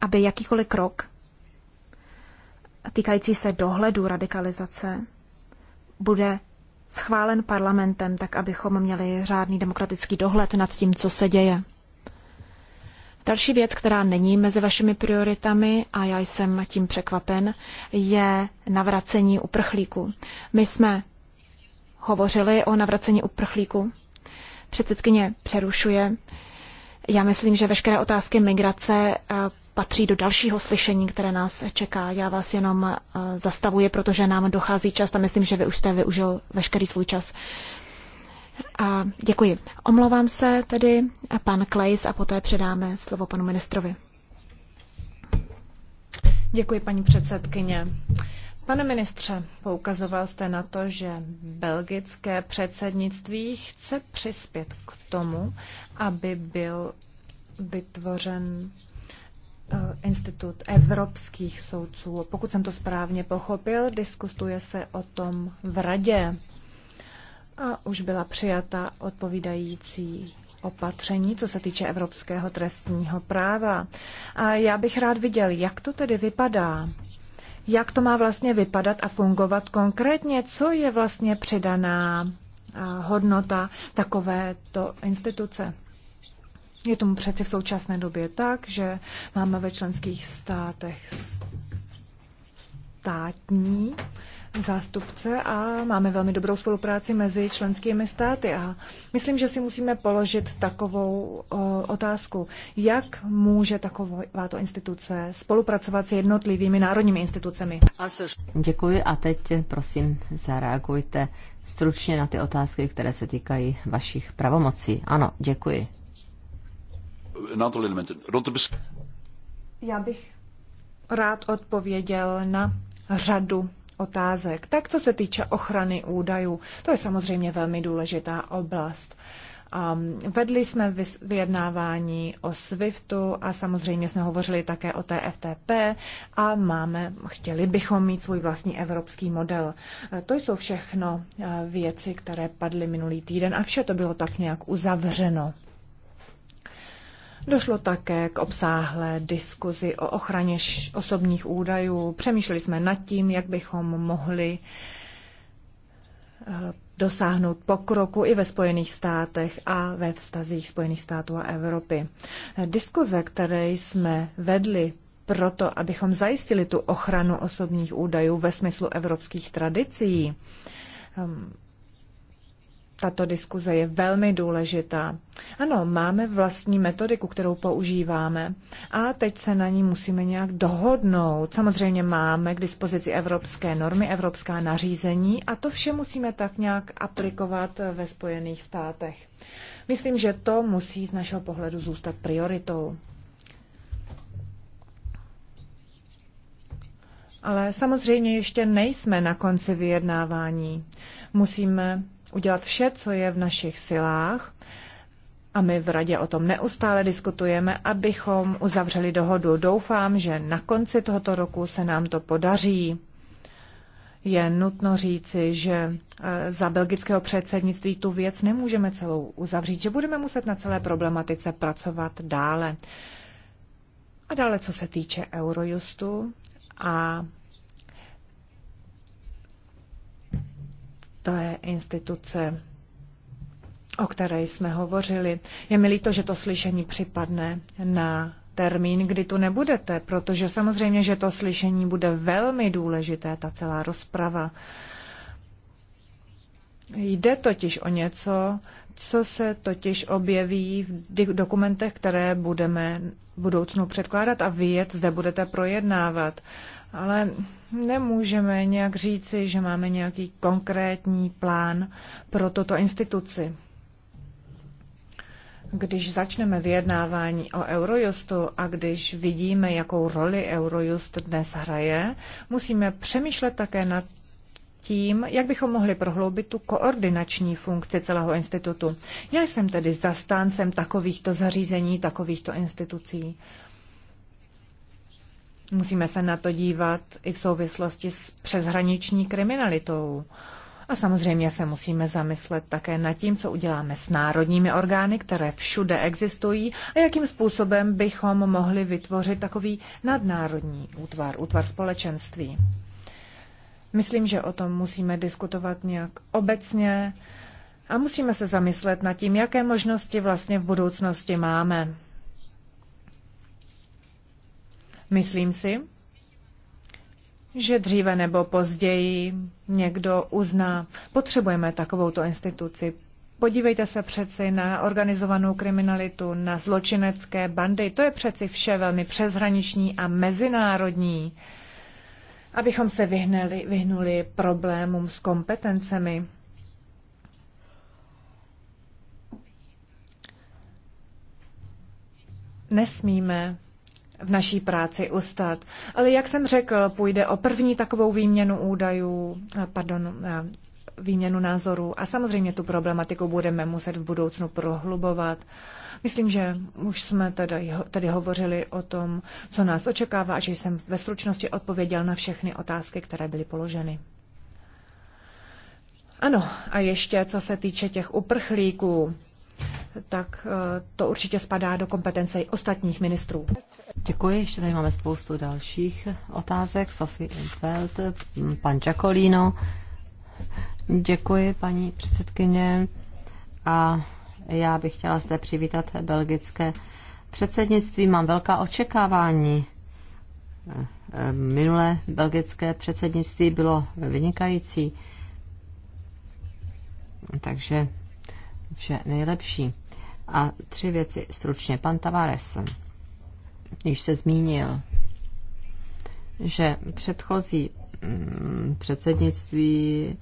aby jakýkoliv krok týkající se dohledu radikalizace bude schválen parlamentem, tak abychom měli řádný demokratický dohled nad tím, co se děje. Další věc, která není mezi vašimi prioritami, a já jsem tím překvapen, je navracení uprchlíku. My jsme hovořili o navracení uprchlíku. Předsedkyně přerušuje. Já myslím, že veškeré otázky migrace eh, patří do dalšího slyšení, které nás čeká. Já vás jenom eh, zastavuji, protože nám dochází čas a myslím, že vy už jste využil veškerý svůj čas. A děkuji. Omlouvám se tedy eh, pan Klejs a poté předáme slovo panu ministrovi. Děkuji, paní předsedkyně. Pane ministře, poukazoval jste na to, že belgické předsednictví chce přispět k tomu, aby byl vytvořen eh, Institut evropských soudců. Pokud jsem to správně pochopil, diskutuje se o tom v radě a už byla přijata odpovídající opatření, co se týče evropského trestního práva. A já bych rád viděl, jak to tedy vypadá jak to má vlastně vypadat a fungovat konkrétně, co je vlastně přidaná hodnota takovéto instituce. Je tomu přeci v současné době tak, že máme ve členských státech státní zástupce a máme velmi dobrou spolupráci mezi členskými státy. A myslím, že si musíme položit takovou otázku, jak může takováto instituce spolupracovat s jednotlivými národními institucemi. Děkuji a teď prosím zareagujte stručně na ty otázky, které se týkají vašich pravomocí. Ano, děkuji. Já bych rád odpověděl na řadu otázek. Tak co se týče ochrany údajů, to je samozřejmě velmi důležitá oblast. Um, vedli jsme vyjednávání o SWIFTu a samozřejmě jsme hovořili také o TFTP a máme, chtěli bychom mít svůj vlastní evropský model. E, to jsou všechno e, věci, které padly minulý týden a vše to bylo tak nějak uzavřeno. Došlo také k obsáhlé diskuzi o ochraně osobních údajů. Přemýšleli jsme nad tím, jak bychom mohli eh, dosáhnout pokroku i ve Spojených státech a ve vztazích Spojených států a Evropy. Diskuze, které jsme vedli proto, abychom zajistili tu ochranu osobních údajů ve smyslu evropských tradicí, ehm, tato diskuze je velmi důležitá. Ano, máme vlastní metodiku, kterou používáme a teď se na ní musíme nějak dohodnout. Samozřejmě máme k dispozici evropské normy, evropská nařízení a to vše musíme tak nějak aplikovat ve Spojených státech. Myslím, že to musí z našeho pohledu zůstat prioritou. Ale samozřejmě ještě nejsme na konci vyjednávání. Musíme udělat vše, co je v našich silách, a my v Radě o tom neustále diskutujeme, abychom uzavřeli dohodu. Doufám, že na konci tohoto roku se nám to podaří. Je nutno říci, že eh, za belgického předsednictví tu věc nemůžeme celou uzavřít, že budeme muset na celé problematice pracovat dále. A dále, co se týče Eurojustu a té instituce, o které jsme hovořili. Je mi líto, že to slyšení připadne na termín, kdy tu nebudete, protože samozřejmě, že to slyšení bude velmi důležité, ta celá rozprava. Jde totiž o něco, co se totiž objeví v dokumentech, které budeme v budoucnu předkládat a vy je zde budete projednávat ale nemůžeme nějak říci, že máme nějaký konkrétní plán pro toto instituci. Když začneme vyjednávání o Eurojustu a když vidíme, jakou roli Eurojust dnes hraje, musíme přemýšlet také nad tím, jak bychom mohli prohloubit tu koordinační funkci celého institutu. Já jsem tedy zastáncem takovýchto zařízení, takovýchto institucí. Musíme se na to dívat i v souvislosti s přeshraniční kriminalitou. A samozřejmě se musíme zamyslet také nad tím, co uděláme s národními orgány, které všude existují a jakým způsobem bychom mohli vytvořit takový nadnárodní útvar, útvar společenství. Myslím, že o tom musíme diskutovat nějak obecně a musíme se zamyslet nad tím, jaké možnosti vlastně v budoucnosti máme. Myslím si, že dříve nebo později někdo uzná, potřebujeme takovouto instituci. Podívejte se přeci na organizovanou kriminalitu, na zločinecké bandy. To je přeci vše velmi přeshraniční a mezinárodní. Abychom se vyhnuli, vyhnuli problémům s kompetencemi. Nesmíme v naší práci ustat. Ale jak jsem řekl, půjde o první takovou výměnu údajů, pardon, výměnu názorů a samozřejmě tu problematiku budeme muset v budoucnu prohlubovat. Myslím, že už jsme tady, tady hovořili o tom, co nás očekává a že jsem ve stručnosti odpověděl na všechny otázky, které byly položeny. Ano, a ještě co se týče těch uprchlíků, tak eh, to určitě spadá do kompetence i ostatních ministrů. Děkuji, ještě tady máme spoustu dalších otázek. Sofie Infeld, mm, pan Čakolíno. Děkuji, paní předsedkyně. A já bych chtěla zde přivítat belgické předsednictví. Mám velká očekávání. Eh, minulé belgické předsednictví bylo vynikající. Takže vše nejlepší. A tři věci stručně. Pan Tavares již se zmínil, že předchozí mm, předsednictví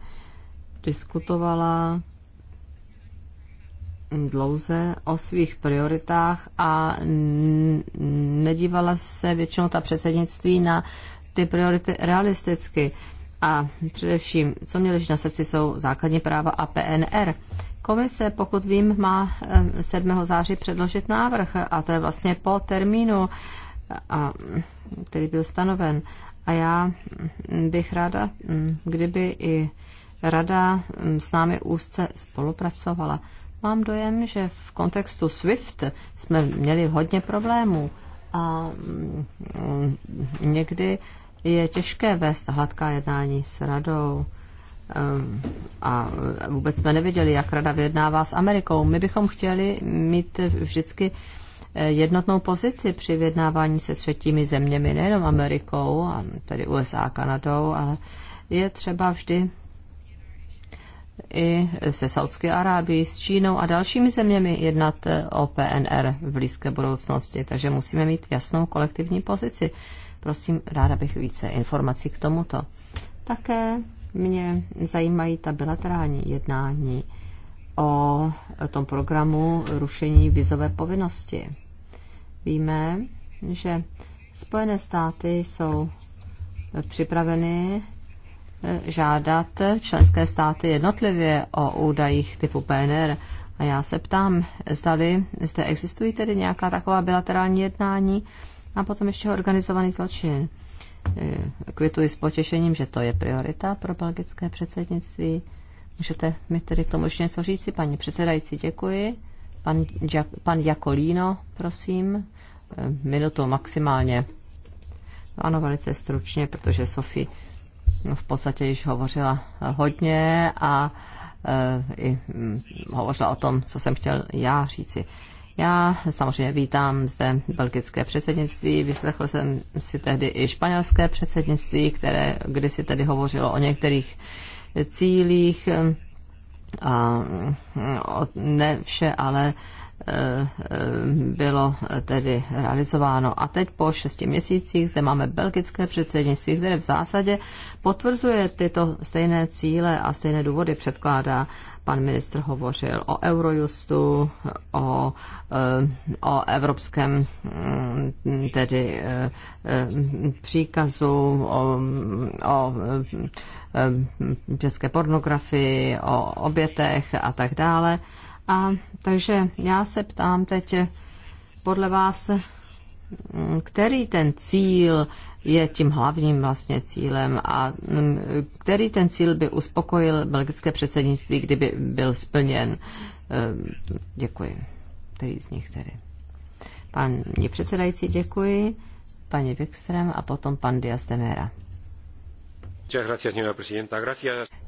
diskutovala dlouze o svých prioritách a nedívala se většinou ta předsednictví na ty priority realisticky. A především, co mě leží na srdci, jsou základní práva a PNR. Komise, pokud vím, má 7. Eh, září předložit návrh a to je vlastně po termínu, a, který byl stanoven. A já bych ráda, hm, kdyby i rada hm, s námi úzce spolupracovala. Mám dojem, že v kontextu SWIFT jsme měli hodně problémů a hm, někdy je těžké vést hladká jednání s radou ehm, a vůbec jsme nevěděli, jak rada vyjednává s Amerikou. My bychom chtěli mít vždycky eh, jednotnou pozici při vyjednávání se třetími zeměmi, nejenom Amerikou, tedy USA a Kanadou, ale je třeba vždy i se Saudské Arábií, s Čínou a dalšími zeměmi jednat eh, o PNR v blízké budoucnosti. Takže musíme mít jasnou kolektivní pozici. Prosím, ráda bych více informací k tomuto. Také mě zajímají ta bilaterální jednání o tom programu rušení vizové povinnosti. Víme, že Spojené státy jsou připraveny eh, žádat členské státy jednotlivě o údajích typu PNR. A já se ptám, zdali zde existují tedy nějaká taková bilaterální jednání a potom ještě organizovaný zločin. E, kvituji s potěšením, že to je priorita pro belgické předsednictví. Můžete mi tedy k tomu ještě něco říci, paní předsedající, děkuji. Pan, pan Jakolíno, prosím, e, minutu maximálně. Ano, velice stručně, protože Sofi v podstatě již hovořila hodně a e, i mm, hovořila o tom, co jsem chtěl já říci. Já samozřejmě vítám zde belgické předsednictví, vyslechl jsem si tehdy i španělské předsednictví, které kdysi tedy hovořilo o některých cílích a ne vše ale Eh, eh, bylo tedy realizováno. A teď po šesti měsících zde máme belgické předsednictví, které v zásadě potvrzuje tyto stejné cíle a stejné důvody předkládá. Pan ministr hovořil o Eurojustu, o, eh, o evropském mm, tedy příkazu, o, o dětské pornografii, o obětech a tak dále. A takže já se ptám teď, podle vás, který ten cíl je tím hlavním vlastně cílem a mm, který ten cíl by uspokojil belgické předsednictví, kdyby byl splněn? Ehm, děkuji. Který z nich tedy? Pani předsedající, děkuji. Pani Wikström a potom pan Dias de Mera.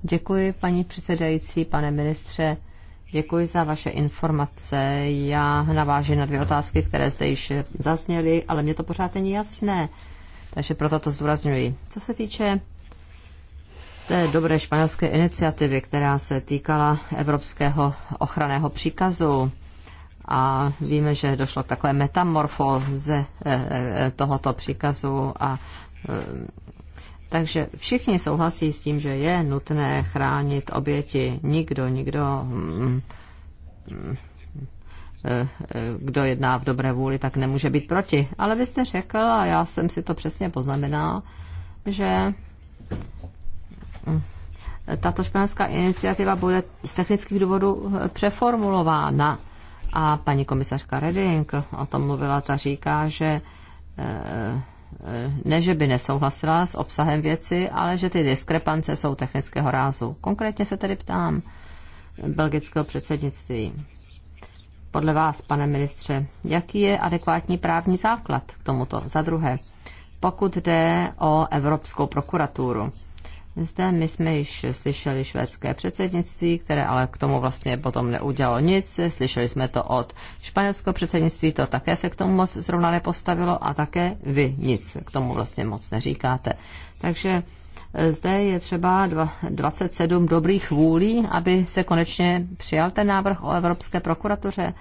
Děkuji, paní předsedající, pane ministře. Děkuji za vaše informace. Já navážu na dvě otázky, které zde již zazněly, ale mě to pořád není jasné, takže proto to zdůrazňuji. Co se týče té dobré španělské iniciativy, která se týkala evropského ochranného příkazu, a víme, že došlo k takové metamorfoze eh, eh, tohoto příkazu a eh, takže všichni souhlasí s tím, že je nutné chránit oběti. Nikdo, nikdo, mm, mm, eh, eh, kdo jedná v dobré vůli, tak nemůže být proti. Ale vy jste řekl, a já jsem si to přesně poznamenal, že mm, tato španělská iniciativa bude z technických důvodů eh, přeformulována. A paní komisařka Reding o tom mluvila, ta říká, že Eh, ne, že by nesouhlasila s obsahem věci, ale že ty diskrepance jsou technického rázu. Konkrétně se tedy ptám belgického předsednictví. Podle vás, pane ministře, jaký je adekvátní právní základ k tomuto? Za druhé, pokud jde o Evropskou prokuraturu. Zde my jsme již slyšeli švédské předsednictví, které ale k tomu vlastně potom neudělalo nic. Slyšeli jsme to od španělského předsednictví, to také se k tomu moc zrovna nepostavilo a také vy nic k tomu vlastně moc neříkáte. Takže eh, zde je třeba 27 dobrých vůlí, aby se konečně přijal ten návrh o Evropské prokuratuře.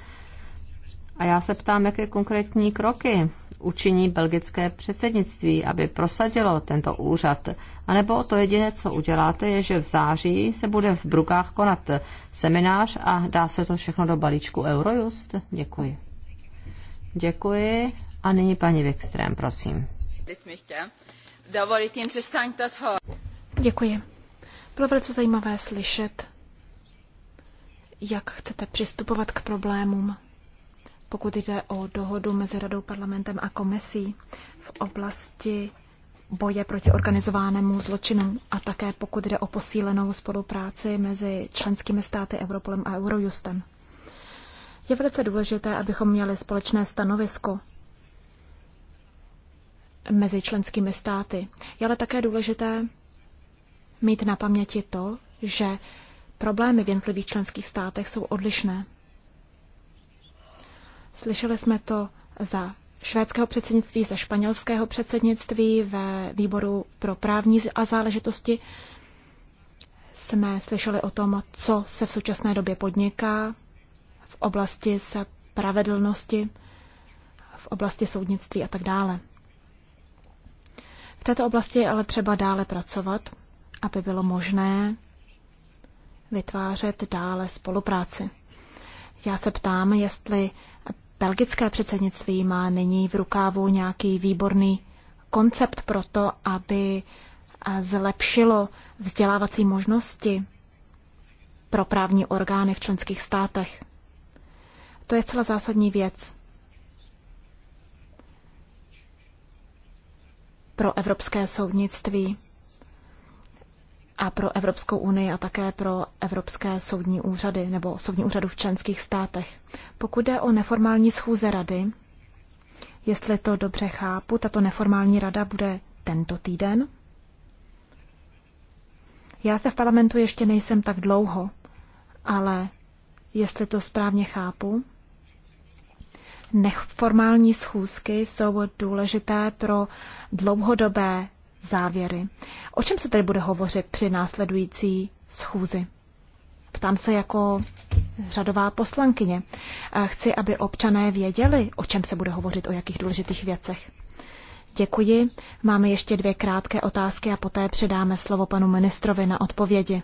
A já se ptám, jaké konkrétní kroky učiní belgické předsednictví, aby prosadilo tento úřad. A nebo to jediné, co uděláte, je, že v září se bude v Brukách konat seminář a dá se to všechno do balíčku Eurojust? Děkuji. Děkuji. A nyní paní Wikström, prosím. Děkuji. Bylo velice zajímavé slyšet, jak chcete přistupovat k problémům pokud jde o dohodu mezi Radou parlamentem a komisí v oblasti boje proti organizovanému zločinu a také pokud jde o posílenou spolupráci mezi členskými státy Europolem a Eurojustem. Je velice důležité, abychom měli společné stanovisko mezi členskými státy. Je ale také důležité mít na paměti to, že problémy v jednotlivých členských státech jsou odlišné. Slyšeli jsme to za švédského předsednictví, za španělského předsednictví ve výboru pro právní a záležitosti. Jsme slyšeli o tom, co se v současné době podniká v oblasti spravedlnosti, v oblasti soudnictví a tak dále. V této oblasti je ale třeba dále pracovat, aby bylo možné vytvářet dále spolupráci. Já se ptám, jestli belgické předsednictví má nyní v rukávu nějaký výborný koncept pro to, aby eh, zlepšilo vzdělávací možnosti pro právní orgány v členských státech. To je celá zásadní věc pro evropské soudnictví a pro Evropskou unii a také pro evropské soudní úřady nebo soudní úřadu v členských státech. Pokud jde o neformální schůze rady, jestli to dobře chápu, tato neformální rada bude tento týden. Já zde v parlamentu ještě nejsem tak dlouho, ale jestli to správně chápu, neformální schůzky jsou důležité pro dlouhodobé závěry. O čem se tedy bude hovořit při následující schůzi? Ptám se jako řadová poslankyně. Chci, aby občané věděli, o čem se bude hovořit, o jakých důležitých věcech. Děkuji. Máme ještě dvě krátké otázky a poté předáme slovo panu ministrovi na odpovědi.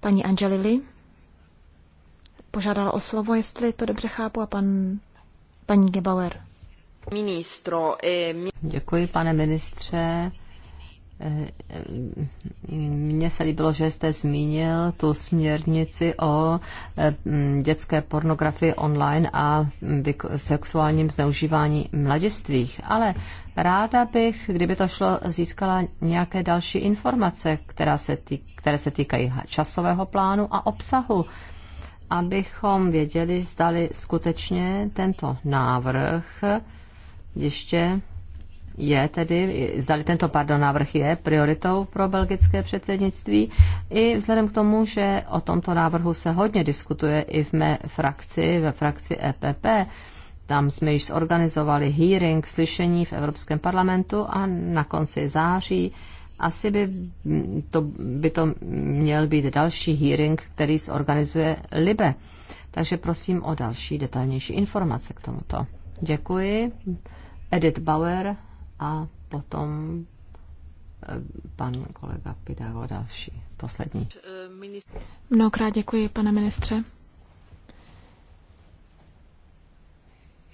Paní Angelili požádala o slovo, jestli to dobře chápu, a pan, paní Gebauer. Ministro, eh, Děkuji, pane ministře mně se líbilo, že jste zmínil tu směrnici o eh, dětské pornografii online a sexuálním zneužívání mladistvých, ale ráda bych, kdyby to šlo, získala nějaké další informace, která se tý, které se týkají časového plánu a obsahu, abychom věděli, zdali skutečně tento návrh ještě je tedy, zdali tento pardon návrh je prioritou pro belgické předsednictví i vzhledem k tomu, že o tomto návrhu se hodně diskutuje i v mé frakci, ve frakci EPP. Tam jsme již zorganizovali hearing, slyšení v Evropském parlamentu a na konci září asi by to, by to měl být další hearing, který zorganizuje Libe. Takže prosím o další detailnější informace k tomuto. Děkuji. Edith Bauer a potom eh, pan kolega Pidago další, poslední. Mnohokrát děkuji, pane ministře.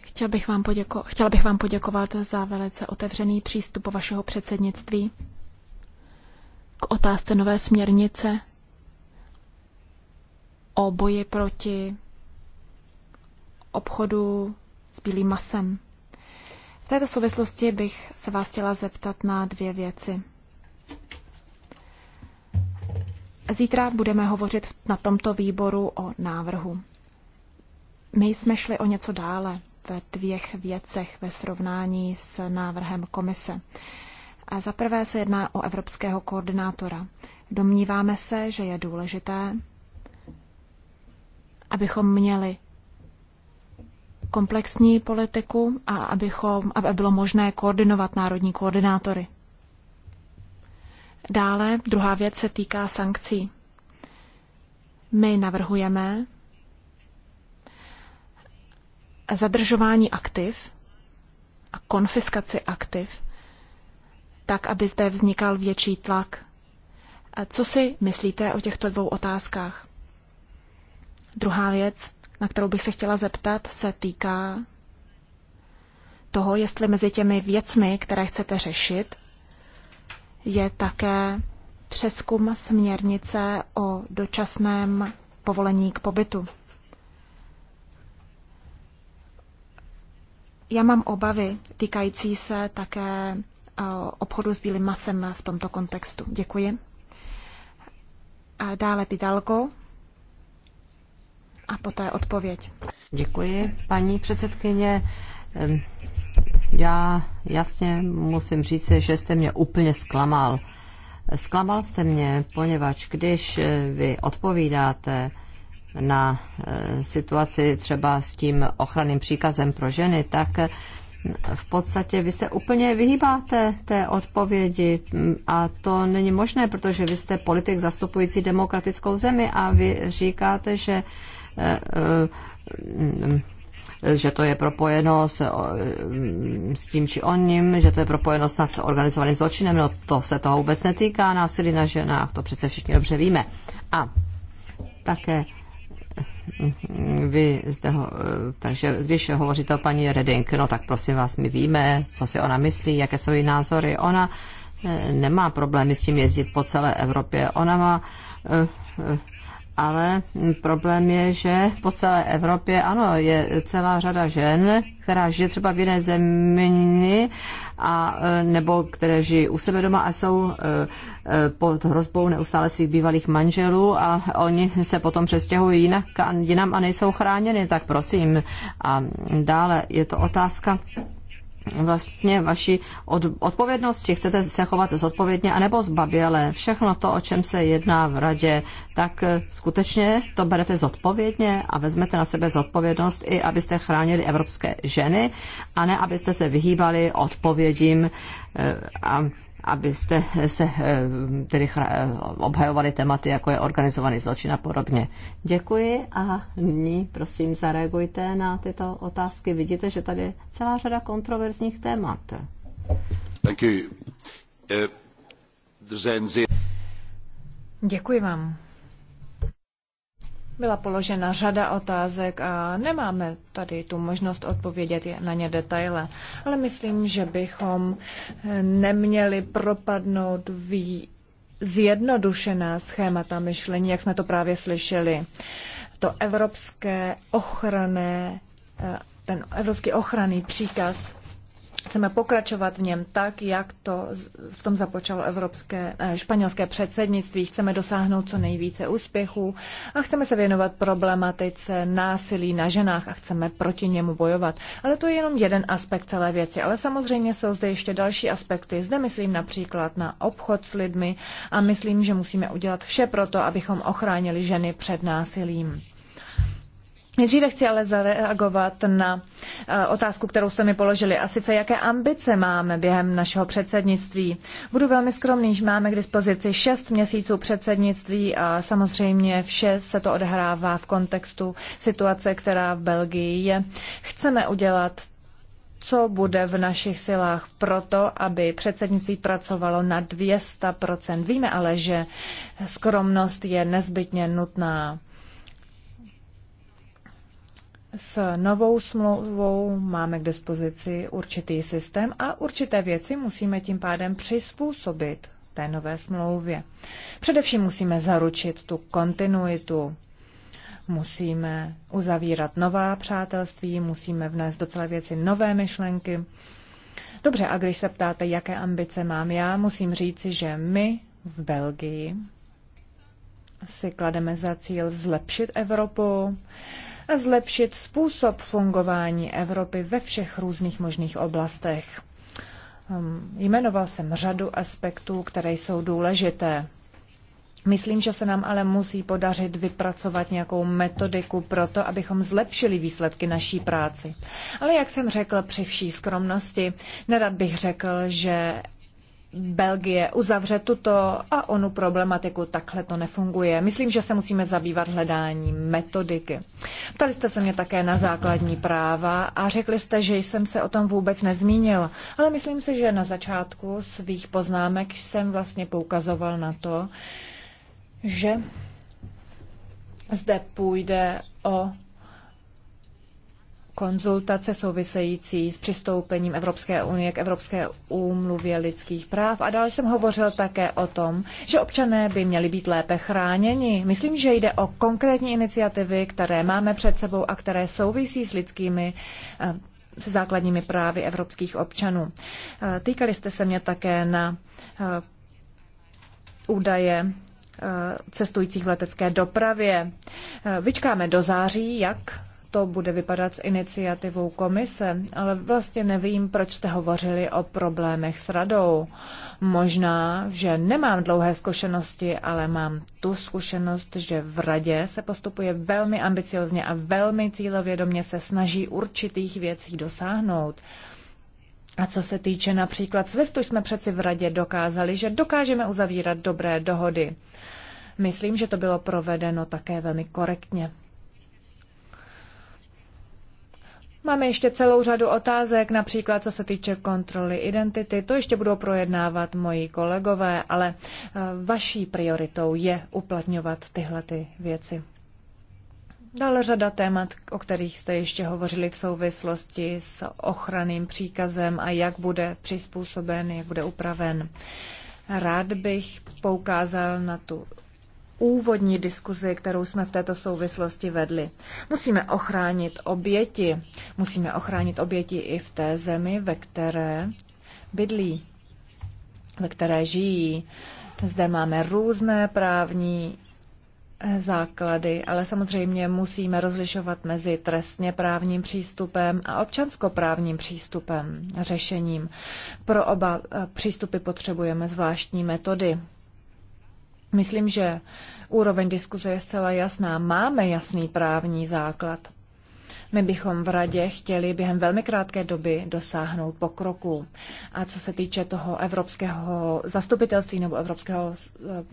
Chtěl bych vám poděko- chtěla bych vám poděkovat za velice otevřený přístup vašeho předsednictví k otázce nové směrnice o boji proti obchodu s bílým masem. V této souvislosti bych se vás chtěla zeptat na dvě věci. Zítra budeme hovořit na tomto výboru o návrhu. My jsme šli o něco dále ve dvěch věcech ve srovnání s návrhem komise. A za prvé se jedná o evropského koordinátora. Domníváme se, že je důležité, abychom měli komplexní politiku a abychom, aby bylo možné koordinovat národní koordinátory. Dále druhá věc se týká sankcí. My navrhujeme zadržování aktiv a konfiskaci aktiv, tak, aby zde vznikal větší tlak. A co si myslíte o těchto dvou otázkách? Druhá věc na kterou bych se chtěla zeptat, se týká toho, jestli mezi těmi věcmi, které chcete řešit, je také přeskum směrnice o dočasném povolení k pobytu. Já mám obavy týkající se také eh, obchodu s bílým masem v tomto kontextu. Děkuji. A dále Pidalko a poté odpověď. Děkuji, paní předsedkyně. Já jasně musím říct, že jste mě úplně zklamal. Zklamal jste mě, poněvadž když eh, vy odpovídáte na eh, situaci třeba s tím ochranným příkazem pro ženy, tak eh, v podstatě vy se úplně vyhýbáte té odpovědi a to není možné, protože vy jste politik zastupující demokratickou zemi a vy říkáte, že Eh, eh, že to je propojeno s, mm, s tím či o ním, že to je propojeno snad s organizovaným zločinem, no to se toho vůbec netýká, násilí na ženách, to přece všichni dobře víme. A také mm, vy zde ho, eh, takže když hovoříte o paní Reding, no tak prosím vás, my víme, co si ona myslí, jaké jsou její názory. Ona nemá problémy s tím jezdit po celé Evropě. Ona má ale problém je, že po celé Evropě, ano, je celá řada žen, která žije třeba v jiné zemi, a, e, nebo které žijí u sebe doma a jsou e, e, pod hrozbou neustále svých bývalých manželů a oni se potom přestěhují jinak, jinam a nejsou chráněny, tak prosím. A dále je to otázka vlastně vaší od, odpovědnosti. Chcete se chovat zodpovědně anebo zbaběle. Všechno to, o čem se jedná v radě, tak eh, skutečně to berete zodpovědně a vezmete na sebe zodpovědnost i, abyste chránili evropské ženy a ne, abyste se vyhýbali odpovědím eh, a abyste se eh, tedy eh, obhajovali tématy, jako je organizovaný zločin a podobně. Děkuji a nyní prosím zareagujte na tyto otázky. Vidíte, že tady je celá řada kontroverzních témat. Děkuji. Eh, Děkuji vám. Byla položena řada otázek a nemáme tady tu možnost odpovědět na ně detaile, ale myslím, že bychom eh, neměli propadnout v zjednodušená schémata myšlení, jak jsme to právě slyšeli. To evropské ochranné, eh, ten evropský ochranný příkaz chceme pokračovat v něm tak, jak to v tom započalo evropské, eh, španělské předsednictví. Chceme dosáhnout co nejvíce úspěchů a chceme se věnovat problematice násilí na ženách a chceme proti němu bojovat. Ale to je jenom jeden aspekt celé věci. Ale samozřejmě jsou zde ještě další aspekty. Zde myslím například na obchod s lidmi a myslím, že musíme udělat vše proto, abychom ochránili ženy před násilím. Nejdříve chci ale zareagovat na eh, otázku, kterou jste mi položili, a sice jaké ambice máme během našeho předsednictví. Budu velmi skromný, že máme k dispozici šest měsíců předsednictví a samozřejmě vše se to odehrává v kontextu situace, která v Belgii je. Chceme udělat co bude v našich silách proto, aby předsednictví pracovalo na 200%. Víme ale, že skromnost je nezbytně nutná. S novou smlouvou máme k dispozici určitý systém a určité věci musíme tím pádem přizpůsobit té nové smlouvě. Především musíme zaručit tu kontinuitu. Musíme uzavírat nová přátelství, musíme vnést do celé věci nové myšlenky. Dobře, a když se ptáte, jaké ambice mám já, musím říci, že my v Belgii si klademe za cíl zlepšit Evropu, a zlepšit způsob fungování Evropy ve všech různých možných oblastech. Um, jmenoval jsem řadu aspektů, které jsou důležité. Myslím, že se nám ale musí podařit vypracovat nějakou metodiku pro to, abychom zlepšili výsledky naší práci. Ale jak jsem řekl při vší skromnosti, nerad bych řekl, že Belgie uzavře tuto a onu problematiku, takhle to nefunguje. Myslím, že se musíme zabývat hledáním metodiky. Ptali jste se mě také na základní práva a řekli jste, že jsem se o tom vůbec nezmínil, ale myslím si, že na začátku svých poznámek jsem vlastně poukazoval na to, že zde půjde o konzultace související s přistoupením Evropské unie k Evropské úmluvě lidských práv a dále jsem hovořil také o tom, že občané by měli být lépe chráněni. Myslím, že jde o konkrétní iniciativy, které máme před sebou a které souvisí s lidskými eh, se základními právy evropských občanů. Eh, týkali jste se mě také na eh, údaje cestujících v letecké dopravě. Vyčkáme do září, jak to bude vypadat s iniciativou komise, ale vlastně nevím, proč jste hovořili o problémech s radou. Možná, že nemám dlouhé zkušenosti, ale mám tu zkušenost, že v radě se postupuje velmi ambiciozně a velmi cílovědomě se snaží určitých věcí dosáhnout. A co se týče například SWIFTu, jsme přeci v radě dokázali, že dokážeme uzavírat dobré dohody. Myslím, že to bylo provedeno také velmi korektně. Máme ještě celou řadu otázek, například co se týče kontroly identity. To ještě budou projednávat moji kolegové, ale eh, vaší prioritou je uplatňovat tyhle ty věci. Dále řada témat, o kterých jste ještě hovořili v souvislosti s ochranným příkazem a jak bude přizpůsoben, jak bude upraven. Rád bych poukázal na tu úvodní diskuzi, kterou jsme v této souvislosti vedli. Musíme ochránit oběti. Musíme ochránit oběti i v té zemi, ve které bydlí, ve které žijí. Zde máme různé právní eh, základy, ale samozřejmě musíme rozlišovat mezi trestně právním přístupem a občanskoprávním přístupem, řešením. Pro oba eh, přístupy potřebujeme zvláštní metody. Myslím, že úroveň diskuze je zcela jasná. Máme jasný právní základ. My bychom v radě chtěli během velmi krátké doby dosáhnout pokroku. A co se týče toho evropského zastupitelství nebo evropského eh,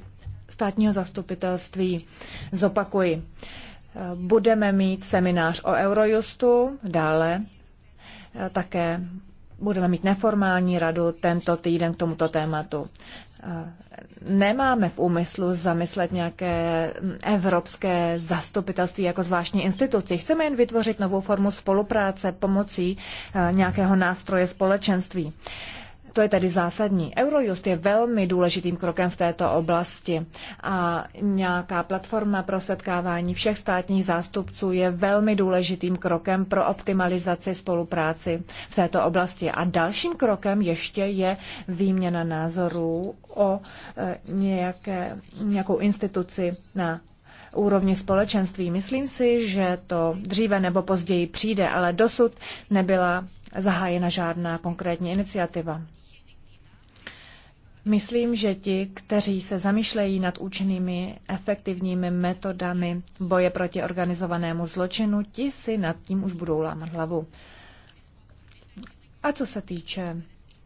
státního zastupitelství, zopakuji. Eh, budeme mít seminář o Eurojustu, dále eh, také budeme mít neformální radu tento týden k tomuto tématu nemáme v úmyslu zamyslet nějaké evropské zastupitelství jako zvláštní instituci. Chceme jen vytvořit novou formu spolupráce pomocí eh, nějakého nástroje společenství. To je tedy zásadní. Eurojust je velmi důležitým krokem v této oblasti a nějaká platforma pro setkávání všech státních zástupců je velmi důležitým krokem pro optimalizaci spolupráci v této oblasti. A dalším krokem ještě je výměna názorů o e, nějaké, nějakou instituci na úrovni společenství. Myslím si, že to dříve nebo později přijde, ale dosud nebyla zahájena žádná konkrétní iniciativa. Myslím, že ti, kteří se zamýšlejí nad účinnými, efektivními metodami boje proti organizovanému zločinu, ti si nad tím už budou lámat hlavu. A co se týče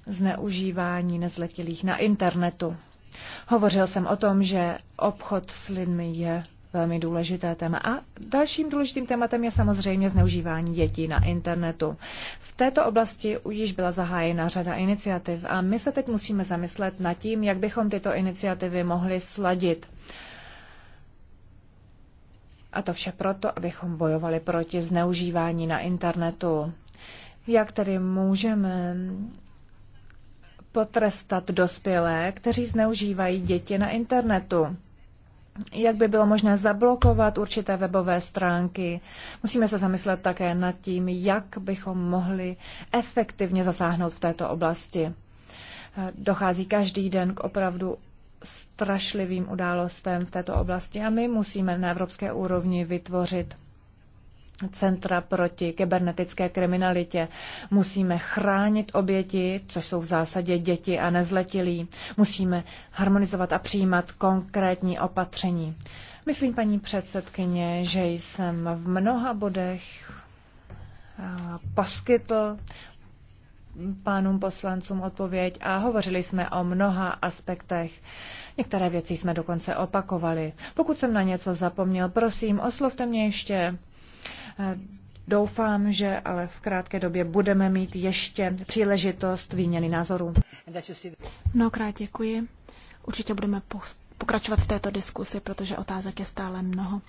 zneužívání nezletilých na internetu, hovořil jsem o tom, že obchod s lidmi je velmi důležité téma. A dalším důležitým tématem je samozřejmě zneužívání dětí na internetu. V této oblasti již byla zahájena řada iniciativ a my se teď musíme zamyslet nad tím, jak bychom tyto iniciativy mohli sladit. A to vše proto, abychom bojovali proti zneužívání na internetu. Jak tedy můžeme potrestat dospělé, kteří zneužívají děti na internetu? jak by bylo možné zablokovat určité webové stránky. Musíme se zamyslet také nad tím, jak bychom mohli efektivně zasáhnout v této oblasti. Dochází každý den k opravdu strašlivým událostem v této oblasti a my musíme na evropské úrovni vytvořit Centra proti kybernetické kriminalitě. Musíme chránit oběti, což jsou v zásadě děti a nezletilí. Musíme harmonizovat a přijímat konkrétní opatření. Myslím, paní předsedkyně, že jsem v mnoha bodech eh, poskytl pánům poslancům odpověď a hovořili jsme o mnoha aspektech. Některé věci jsme dokonce opakovali. Pokud jsem na něco zapomněl, prosím, oslovte mě ještě Eh, doufám, že ale v krátké době budeme mít ještě příležitost výměny názorů. Mnohokrát děkuji. Určitě budeme pokračovat v této diskusi, protože otázek je stále mnoho.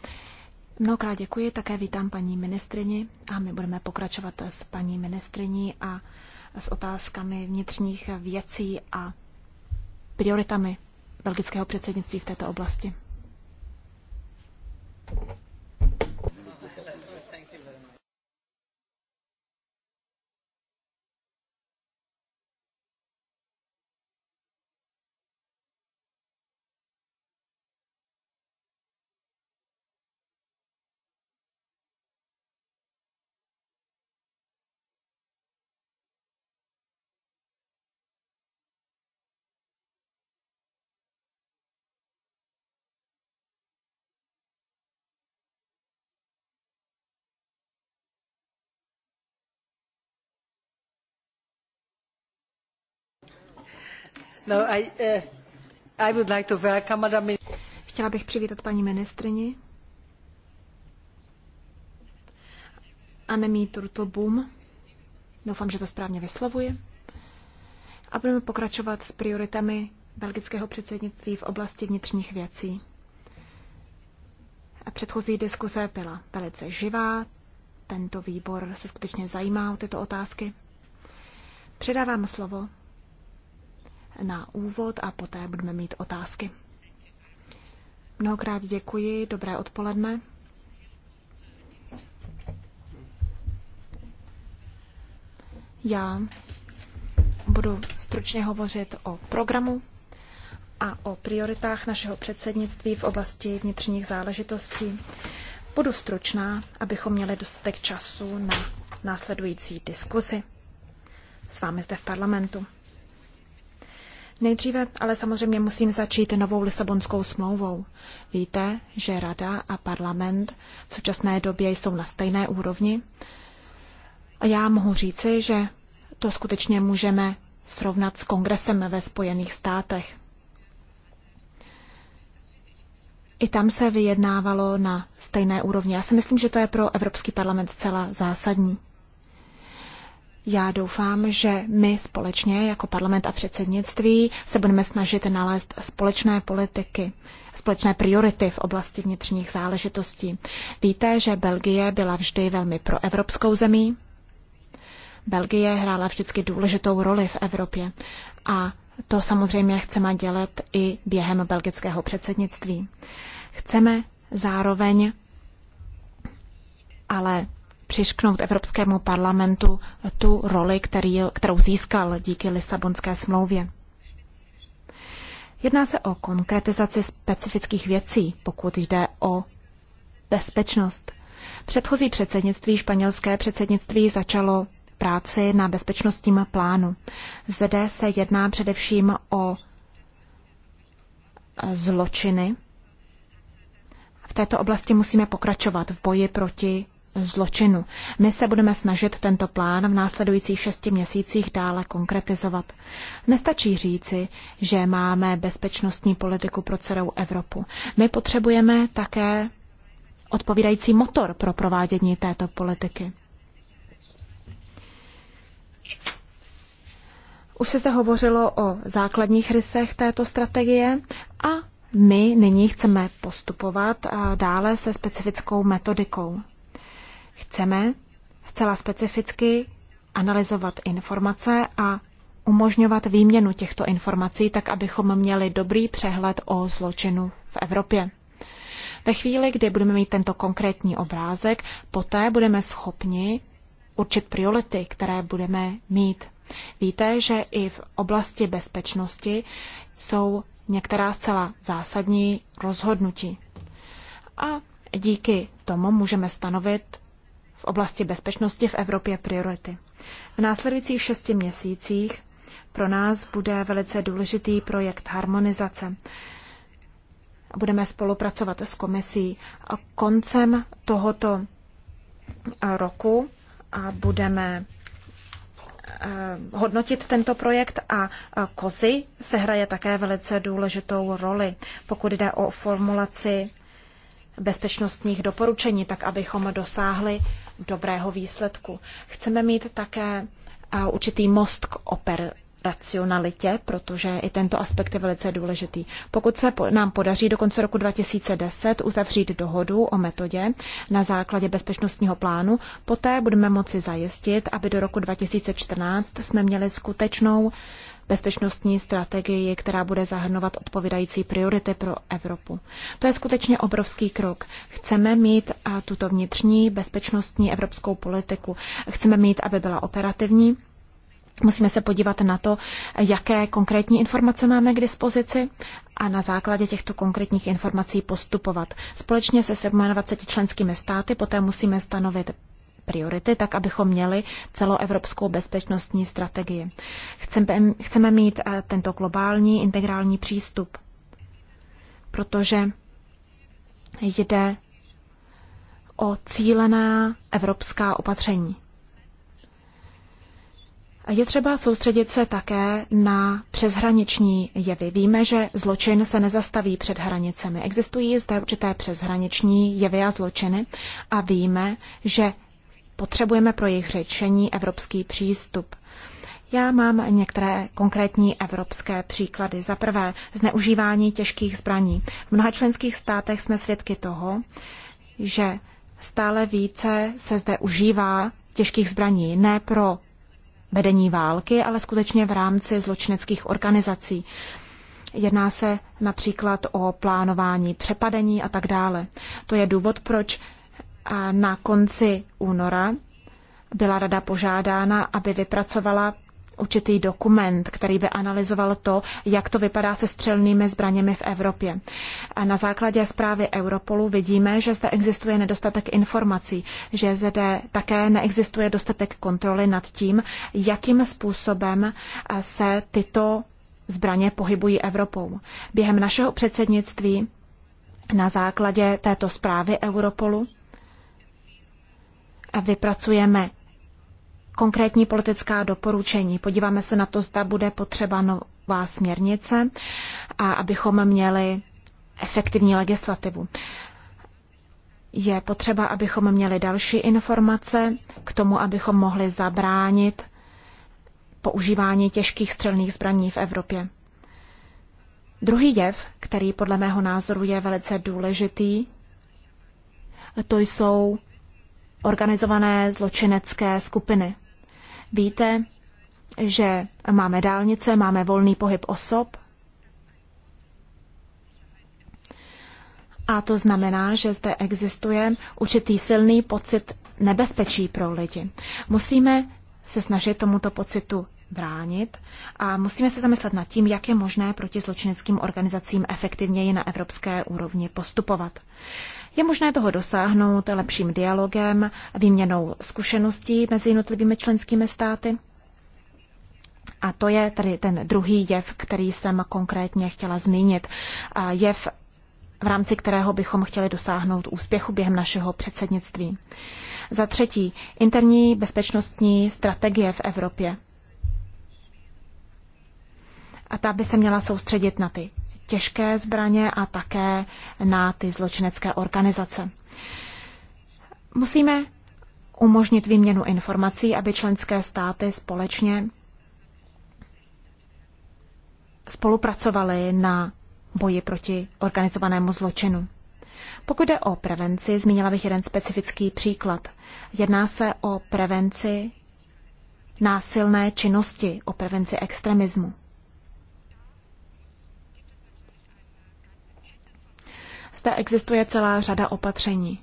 Mnohokrát děkuji, také vítám paní ministrini a my budeme pokračovat s paní ministriní a s otázkami vnitřních věcí a prioritami belgického předsednictví v této oblasti. No, eh, Chtěla bych přivítat paní ministrini. Anemí Turtlboom. Doufám, že to správně vyslovuji. A budeme pokračovat s prioritami belgického předsednictví v oblasti vnitřních věcí. A předchozí diskuse byla velice živá, tento výbor se skutečně zajímá o tyto otázky. Předávám slovo na úvod a poté budeme mít otázky. Mnohokrát děkuji, dobré odpoledne. Já budu stručně hovořit o programu a o prioritách našeho předsednictví v oblasti vnitřních záležitostí. Budu stručná, abychom měli dostatek času na následující diskuzi s vámi zde v parlamentu. Nejdříve ale samozřejmě musím začít novou Lisabonskou smlouvou. Víte, že Rada a parlament v současné době jsou na stejné úrovni. A já mohu říci, že to skutečně můžeme srovnat s kongresem ve Spojených státech. I tam se vyjednávalo na stejné úrovni. Já si myslím, že to je pro Evropský parlament celá zásadní. Já doufám, že my společně jako parlament a předsednictví se budeme snažit nalézt společné politiky, společné priority v oblasti vnitřních záležitostí. Víte, že Belgie byla vždy velmi proevropskou zemí. Belgie hrála vždycky důležitou roli v Evropě a to samozřejmě chceme dělat i během belgického předsednictví. Chceme zároveň ale přišknout Evropskému parlamentu tu roli, který, kterou získal díky Lisabonské smlouvě. Jedná se o konkretizaci specifických věcí, pokud jde o bezpečnost. Předchozí předsednictví, španělské předsednictví, začalo práci na bezpečnostním plánu. Zde se jedná především o zločiny. V této oblasti musíme pokračovat v boji proti zločinu. My se budeme snažit tento plán v následujících šesti měsících dále konkretizovat. Nestačí říci, že máme bezpečnostní politiku pro celou Evropu. My potřebujeme také odpovídající motor pro provádění této politiky. Už se zde hovořilo o základních rysech této strategie a my nyní chceme postupovat dále se specifickou metodikou. Chceme zcela specificky analyzovat informace a umožňovat výměnu těchto informací, tak abychom měli dobrý přehled o zločinu v Evropě. Ve chvíli, kdy budeme mít tento konkrétní obrázek, poté budeme schopni určit priority, které budeme mít. Víte, že i v oblasti bezpečnosti jsou některá zcela zásadní rozhodnutí. A díky tomu můžeme stanovit v oblasti bezpečnosti v Evropě priority. V následujících šesti měsících pro nás bude velice důležitý projekt harmonizace. Budeme spolupracovat s komisí. A koncem tohoto eh, roku a budeme eh, hodnotit tento projekt a eh, kozy se hraje také velice důležitou roli, pokud jde o formulaci bezpečnostních doporučení, tak abychom dosáhli dobrého výsledku. Chceme mít také určitý most k oper, racionalitě, protože i tento aspekt je velice důležitý. Pokud se nám podaří do konce roku 2010 uzavřít dohodu o metodě na základě bezpečnostního plánu, poté budeme moci zajistit, aby do roku 2014 jsme měli skutečnou bezpečnostní strategii, která bude zahrnovat odpovídající priority pro Evropu. To je skutečně obrovský krok. Chceme mít tuto vnitřní bezpečnostní evropskou politiku. Chceme mít, aby byla operativní. Musíme se podívat na to, jaké konkrétní informace máme k dispozici a na základě těchto konkrétních informací postupovat. Společně se 27 členskými státy poté musíme stanovit priority, tak abychom měli celoevropskou bezpečnostní strategii. Chceme, chceme mít eh, tento globální integrální přístup, protože jde o cílená evropská opatření. Je třeba soustředit se také na přeshraniční jevy. Víme, že zločin se nezastaví před hranicemi. Existují zde určité přeshraniční jevy a zločiny a víme, že Potřebujeme pro jejich řešení evropský přístup. Já mám některé konkrétní evropské příklady. Za prvé, zneužívání těžkých zbraní. V mnoha členských státech jsme svědky toho, že stále více se zde užívá těžkých zbraní ne pro vedení války, ale skutečně v rámci zločineckých organizací. Jedná se například o plánování přepadení a tak dále. To je důvod, proč na konci února byla rada požádána, aby vypracovala určitý dokument, který by analyzoval to, jak to vypadá se střelnými zbraněmi v Evropě. A na základě zprávy Europolu vidíme, že zde existuje nedostatek informací, že zde také neexistuje dostatek kontroly nad tím, jakým způsobem se tyto zbraně pohybují Evropou. Během našeho předsednictví na základě této zprávy Europolu vypracujeme konkrétní politická doporučení. Podíváme se na to, zda bude potřeba nová směrnice, a abychom měli efektivní legislativu. Je potřeba, abychom měli další informace k tomu, abychom mohli zabránit používání těžkých střelných zbraní v Evropě. Druhý jev, který podle mého názoru je velice důležitý, to jsou organizované zločinecké skupiny. Víte, že máme dálnice, máme volný pohyb osob. A to znamená, že zde existuje určitý silný pocit nebezpečí pro lidi. Musíme se snažit tomuto pocitu bránit a musíme se zamyslet nad tím, jak je možné proti zločineckým organizacím efektivněji na evropské úrovni postupovat. Je možné toho dosáhnout lepším dialogem, výměnou zkušeností mezi jednotlivými členskými státy? A to je tedy ten druhý jev, který jsem konkrétně chtěla zmínit. Jev, v rámci kterého bychom chtěli dosáhnout úspěchu během našeho předsednictví. Za třetí, interní bezpečnostní strategie v Evropě. A ta by se měla soustředit na ty těžké zbraně a také na ty zločinecké organizace. Musíme umožnit výměnu informací, aby členské státy společně spolupracovaly na boji proti organizovanému zločinu. Pokud jde o prevenci, zmínila bych jeden specifický příklad. Jedná se o prevenci násilné činnosti, o prevenci extremismu. zde existuje celá řada opatření,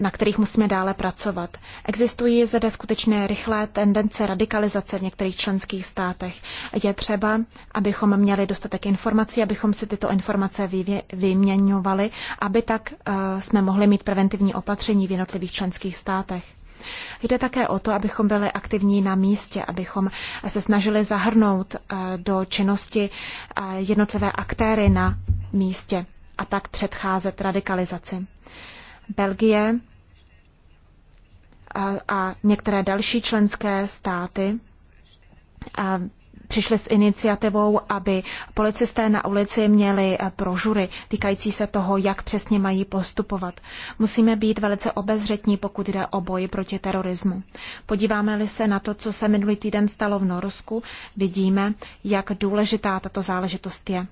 na kterých musíme dále pracovat. Existují zde skutečné rychlé tendence radikalizace v některých členských státech. Je třeba, abychom měli dostatek informací, abychom si tyto informace vyměňovali, aby tak uh, jsme mohli mít preventivní opatření v jednotlivých členských státech. Jde také o to, abychom byli aktivní na místě, abychom se snažili zahrnout eh, do činnosti eh, jednotlivé aktéry na místě a tak předcházet radikalizaci. Belgie a, eh, a některé další členské státy přišli s iniciativou, aby policisté na ulici měli eh, prožury týkající se toho, jak přesně mají postupovat. Musíme být velice obezřetní, pokud jde o boj proti terorismu. Podíváme-li se na to, co se minulý týden stalo v Norsku, vidíme, jak důležitá tato záležitost je.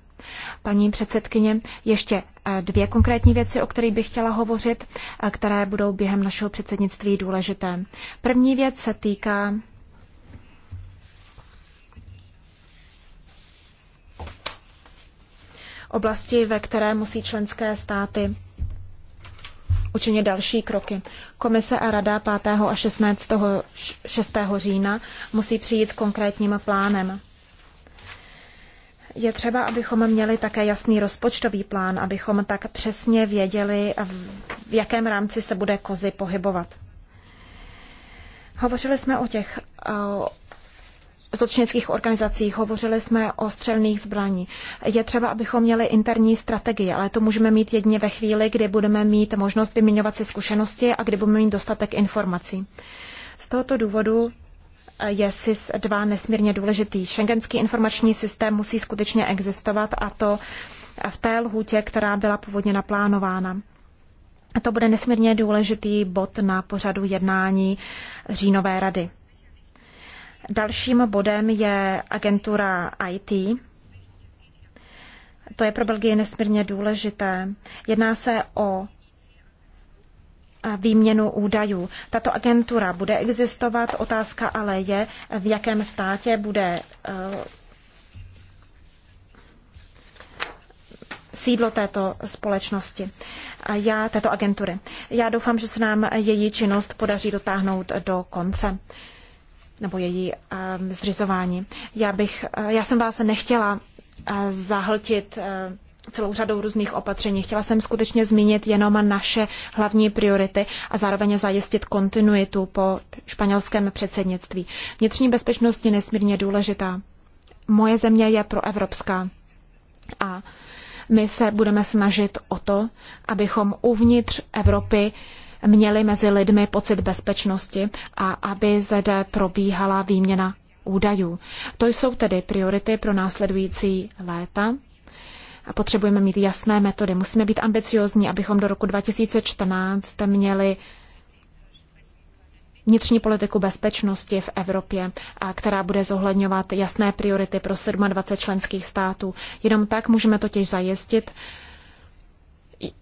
Paní předsedkyně, ještě eh, dvě konkrétní věci, o kterých bych chtěla hovořit, eh, které budou během našeho předsednictví důležité. První věc se týká oblasti, ve které musí členské státy učinit další kroky. Komise a rada 5. a 16. 6. října musí přijít s konkrétním plánem. Je třeba, abychom měli také jasný rozpočtový plán, abychom tak přesně věděli, v jakém rámci se bude kozy pohybovat. Hovořili jsme o těch zločineckých organizacích, hovořili jsme o střelných zbraní. Je třeba, abychom měli interní strategii, ale to můžeme mít jedně ve chvíli, kdy budeme mít možnost vyměňovat si zkušenosti a kdy budeme mít dostatek informací. Z tohoto důvodu je SIS-2 nesmírně důležitý. Schengenský informační systém musí skutečně existovat a to v té lhůtě, která byla původně naplánována. To bude nesmírně důležitý bod na pořadu jednání říjnové rady. Dalším bodem je agentura IT. To je pro Belgii nesmírně důležité. Jedná se o výměnu údajů. Tato agentura bude existovat, otázka ale je, v jakém státě bude sídlo této společnosti, a já, této agentury. Já doufám, že se nám její činnost podaří dotáhnout do konce nebo její eh, zřizování. Já, bych, eh, já jsem vás nechtěla eh, zahltit celou řadou různých opatření. Chtěla jsem skutečně zmínit jenom naše hlavní priority a zároveň zajistit kontinuitu po španělském předsednictví. Vnitřní bezpečnost je nesmírně důležitá. Moje země je proevropská a my se budeme snažit o to, abychom uvnitř Evropy uh, měli mezi lidmi pocit bezpečnosti a aby zde probíhala výměna údajů. To jsou tedy priority pro následující léta. A potřebujeme mít jasné metody. Musíme být ambiciozní, abychom do roku 2014 měli vnitřní politiku bezpečnosti v Evropě, a která bude zohledňovat jasné priority pro 27 členských států. Jenom tak můžeme totiž zajistit,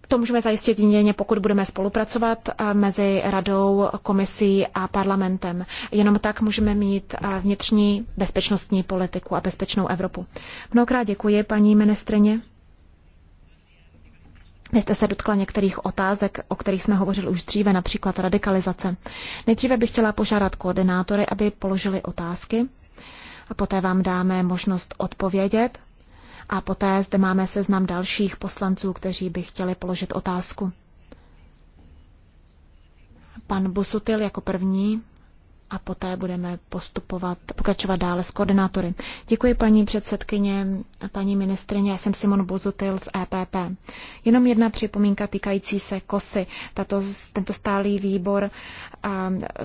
to můžeme zajistit jedině, pokud budeme spolupracovat eh, mezi radou, komisí a parlamentem. Jenom tak můžeme mít eh, vnitřní bezpečnostní politiku a bezpečnou Evropu. Mnohokrát děkuji, paní ministrině. Vy jste se dotkla některých otázek, o kterých jsme hovořili už dříve, například radikalizace. Nejdříve bych chtěla požádat koordinátory, aby položili otázky a poté vám dáme možnost odpovědět. A poté zde máme seznam dalších poslanců, kteří by chtěli položit otázku. Pan Busutil jako první a poté budeme postupovat, pokračovat dále s koordinátory. Děkuji paní předsedkyně, paní ministrině, já jsem Simon Bozutil z EPP. Jenom jedna připomínka týkající se KOSY. Tato, tento stálý výbor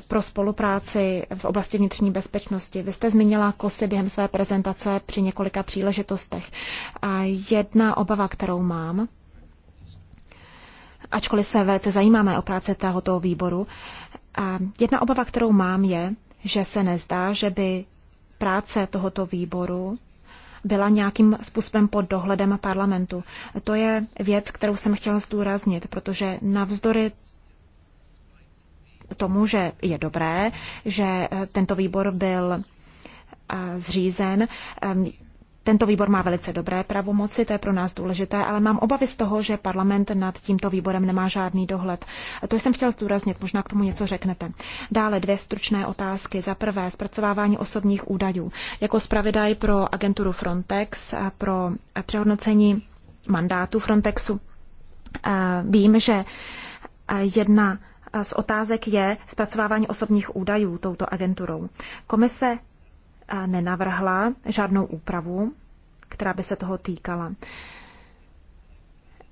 pro spolupráci v oblasti vnitřní bezpečnosti. Vy jste zmínila kosy během své prezentace při několika příležitostech. A Jedna obava, kterou mám, ačkoliv se velice zajímáme o práci tohoto výboru, jedna obava, kterou mám, je, že se nezdá, že by práce tohoto výboru byla nějakým způsobem pod dohledem parlamentu. To je věc, kterou jsem chtěla zdůraznit, protože navzdory tomu, že je dobré, že eh, tento výbor byl eh, zřízen. Ehm, tento výbor má velice dobré pravomoci, to je pro nás důležité, ale mám obavy z toho, že parlament nad tímto výborem nemá žádný dohled. To jsem chtěl zdůraznit, možná k tomu něco řeknete. Dále dvě stručné otázky. Za prvé, zpracovávání osobních údajů. Jako zpravidaj pro agenturu Frontex a pro přehodnocení mandátu Frontexu eh, vím, že jedna z otázek je zpracovávání osobních údajů touto agenturou. Komise eh, nenavrhla žádnou úpravu, která by se toho týkala.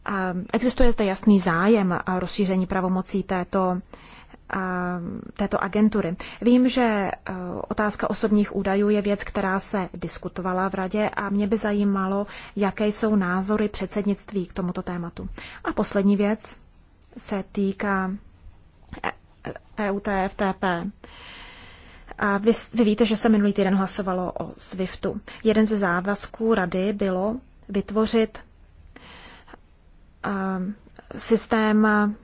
Eh, existuje zde jasný zájem a rozšíření pravomocí této, eh, této agentury. Vím, že otázka osobních údajů je věc, která se diskutovala v radě a mě by zajímalo, jaké jsou názory předsednictví k tomuto tématu. A poslední věc se týká EUTFTP. A vy, vy víte, že se minulý týden hlasovalo o SWIFTu. Jeden ze závazků rady bylo vytvořit ehm, systém ehm,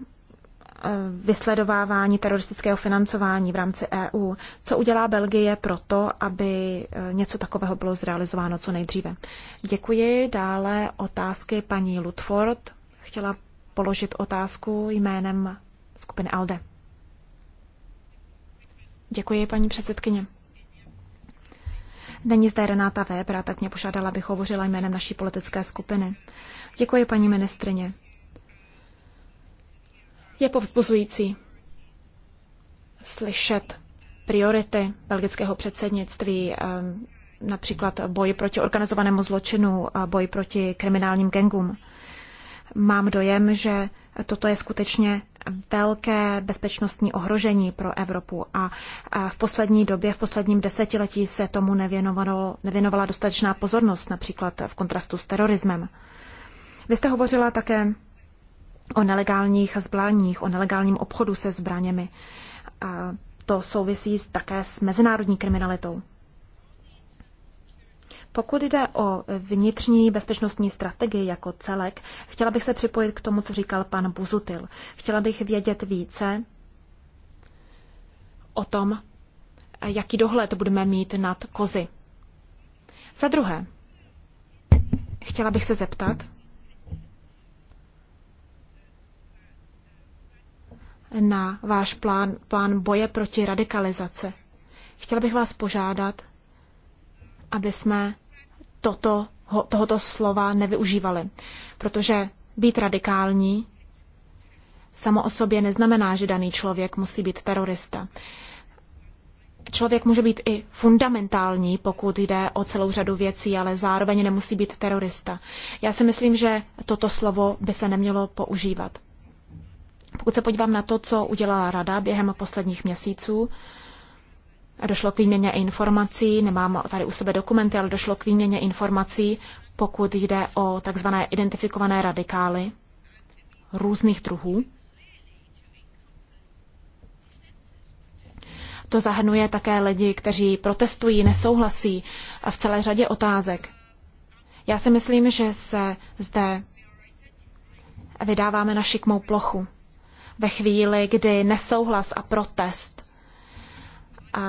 vysledovávání teroristického financování v rámci EU. Co udělá Belgie pro to, aby eh, něco takového bylo zrealizováno co nejdříve? Děkuji. Dále otázky paní Ludford. Chtěla položit otázku jménem skupiny ALDE. Děkuji, paní předsedkyně. Není zde Renáta Weber, tak mě požádala, abych hovořila jménem naší politické skupiny. Děkuji, paní ministrině. Je povzbuzující slyšet priority belgického předsednictví, ehm, například boj proti organizovanému zločinu a boj proti kriminálním gengům. Mám dojem, že toto je skutečně velké bezpečnostní ohrožení pro Evropu a v poslední době, v posledním desetiletí se tomu nevěnovala dostatečná pozornost, například v kontrastu s terorismem. Vy jste hovořila také o nelegálních zbraních, o nelegálním obchodu se zbraněmi. A to souvisí také s mezinárodní kriminalitou. Pokud jde o vnitřní bezpečnostní strategii jako celek, chtěla bych se připojit k tomu, co říkal pan Buzutil. Chtěla bych vědět více o tom, jaký dohled budeme mít nad kozy. Za druhé, chtěla bych se zeptat na váš plán, plán boje proti radikalizaci. Chtěla bych vás požádat, aby jsme toto, tohoto slova nevyužívali. Protože být radikální samo o sobě neznamená, že daný člověk musí být terorista. Člověk může být i fundamentální, pokud jde o celou řadu věcí, ale zároveň nemusí být terorista. Já si myslím, že toto slovo by se nemělo používat. Pokud se podívám na to, co udělala Rada během posledních měsíců, Došlo k výměně informací, nemám tady u sebe dokumenty, ale došlo k výměně informací, pokud jde o takzvané identifikované radikály různých druhů. To zahrnuje také lidi, kteří protestují, nesouhlasí v celé řadě otázek. Já si myslím, že se zde vydáváme na šikmou plochu. Ve chvíli, kdy nesouhlas a protest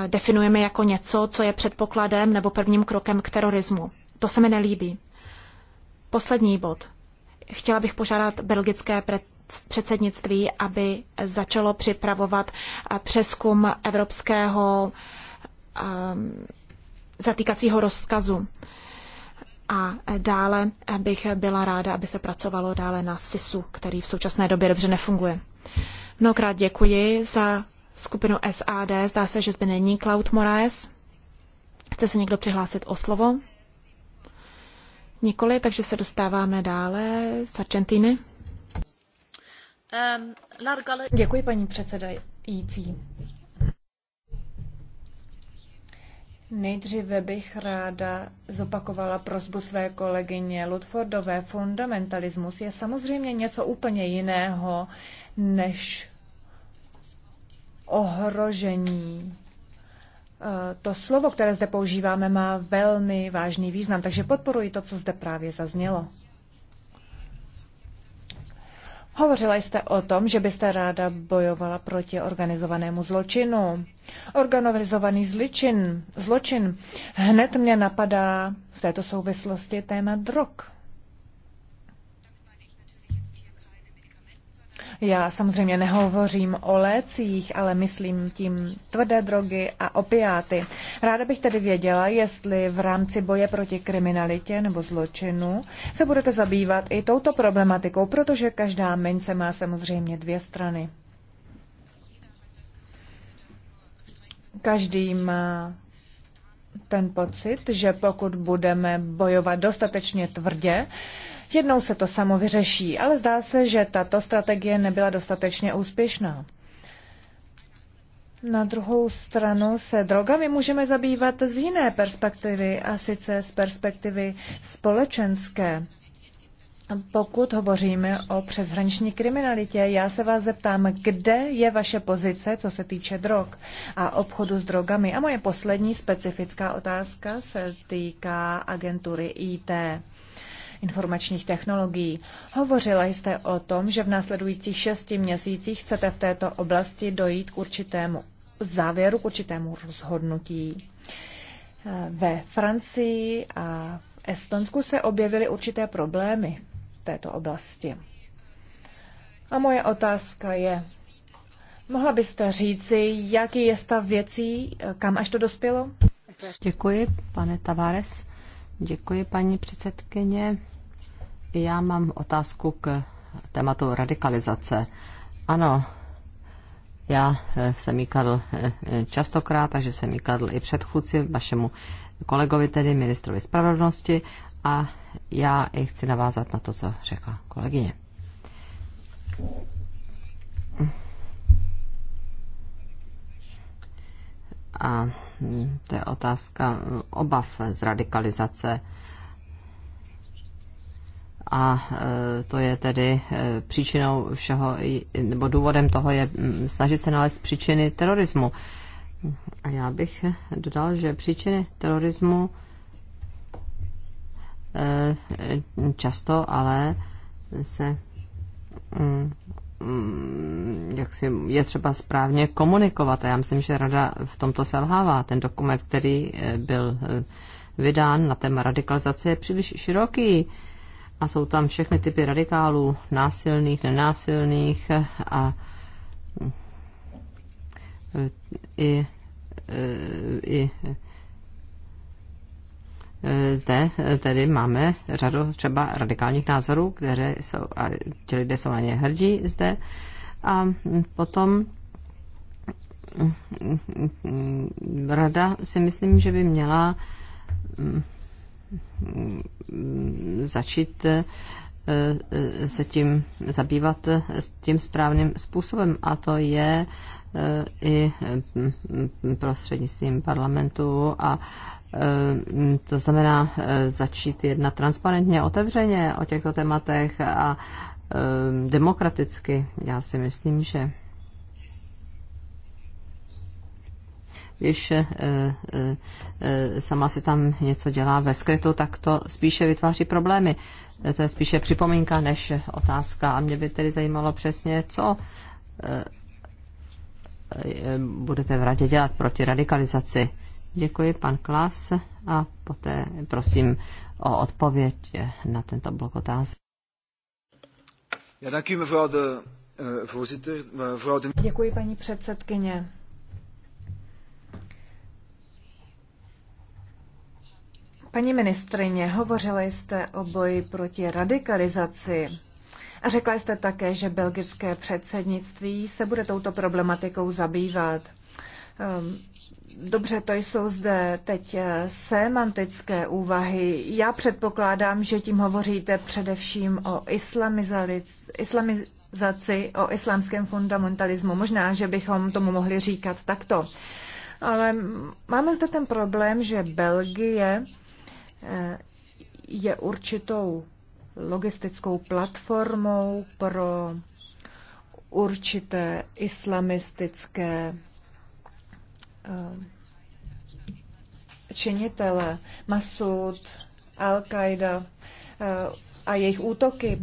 definujeme jako něco, co je předpokladem nebo prvním krokem k terorismu. To se mi nelíbí. Poslední bod. Chtěla bych požádat belgické předsednictví, aby začalo připravovat eh, přeskum evropského ehm, zatýkacího rozkazu. A eh, dále eh, bych byla ráda, aby se pracovalo dále na SISu, který v současné době dobře nefunguje. Mnohokrát děkuji za skupinu SAD. Zdá se, že zde není Cloud Moraes. Chce se někdo přihlásit o slovo? Nikoli, takže se dostáváme dále z Děkuji, paní předsedající. Nejdříve bych ráda zopakovala prozbu své kolegyně Ludfordové. Fundamentalismus je samozřejmě něco úplně jiného než ohrožení. Eh, to slovo, které zde používáme, má velmi vážný význam, takže podporuji to, co zde právě zaznělo. Hovořila jste o tom, že byste ráda bojovala proti organizovanému zločinu. Organizovaný zličin, zločin. Hned mě napadá v této souvislosti téma drog. Já samozřejmě nehovořím o lécích, ale myslím tím tvrdé drogy a opiáty. Ráda bych tedy věděla, jestli v rámci boje proti kriminalitě nebo zločinu se budete zabývat i touto problematikou, protože každá mince má samozřejmě dvě strany. Každý má ten pocit, že pokud budeme bojovat dostatečně tvrdě, Jednou se to samo vyřeší, ale zdá se, že tato strategie nebyla dostatečně úspěšná. Na druhou stranu se drogami můžeme zabývat z jiné perspektivy, a sice z perspektivy společenské. Pokud hovoříme o přeshraniční kriminalitě, já se vás zeptám, kde je vaše pozice, co se týče drog a obchodu s drogami. A moje poslední specifická otázka se týká agentury IT informačních technologií. Hovořila jste o tom, že v následujících šesti měsících chcete v této oblasti dojít k určitému závěru, k určitému rozhodnutí. Ve Francii a v Estonsku se objevily určité problémy v této oblasti. A moje otázka je, mohla byste říci, jaký je stav věcí, kam až to dospělo? Děkuji, pane Tavares. Děkuji, paní předsedkyně. Já mám otázku k tématu radikalizace. Ano, já eh, jsem ji kladl eh, častokrát, takže jsem ji kladl i předchůdci, vašemu kolegovi, tedy ministrovi spravedlnosti, a já i chci navázat na to, co řekla kolegyně. A hm, to je otázka eh, obav z radikalizace a e, to je tedy e, příčinou všeho, nebo důvodem toho je snažit se nalézt příčiny terorismu. A já bych dodal, že příčiny terorismu e, často ale se jak si je třeba správně komunikovat. A já myslím, že rada v tomto selhává. Ten dokument, který byl vydán na téma radikalizace, je příliš široký a jsou tam všechny typy radikálů, násilných, nenásilných a i, i zde tedy máme řadu třeba radikálních názorů, které jsou, a ti lidé jsou na ně hrdí zde. A potom rada si myslím, že by měla začít eh, eh, se tím zabývat eh, tím správným způsobem a to je i mm, mm, prostřednictvím parlamentu a to znamená začít jednat transparentně, otevřeně o těchto tématech a demokraticky. Já si myslím, že když eh, eh, eh, sama si tam něco dělá ve skrytu, tak to spíše vytváří problémy. To je spíše připomínka než otázka. A mě by tedy zajímalo přesně, co budete v radě dělat proti radikalizaci. Děkuji, pan Klas, a poté prosím o odpověď na tento blok otázek. Děkuji, paní předsedkyně. Paní ministrině, hovořila jste o boji proti radikalizaci. A řekla jste také, že belgické předsednictví se bude touto problematikou zabývat. Ehm, dobře, to jsou zde teď eh, semantické úvahy. Já předpokládám, že tím hovoříte především o islamizaci, o islámském fundamentalismu. Možná, že bychom tomu mohli říkat takto. Ale máme zde ten problém, že Belgie Eh, je určitou logistickou platformou pro určité islamistické eh, činitele, Masud, Al-Qaida eh, a jejich útoky.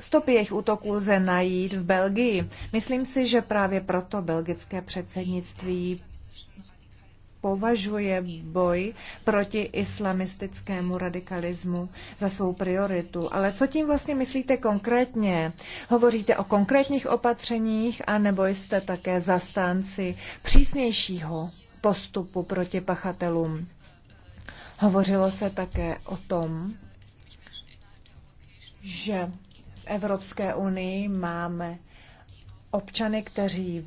Stopy jejich útoků lze najít v Belgii. Myslím si, že právě proto belgické předsednictví považuje boj proti islamistickému radikalismu za svou prioritu. Ale co tím vlastně myslíte konkrétně? Hovoříte o konkrétních opatřeních, a nebo jste také zastánci přísnějšího postupu proti pachatelům? Hovořilo se také o tom, že v Evropské unii máme občany, kteří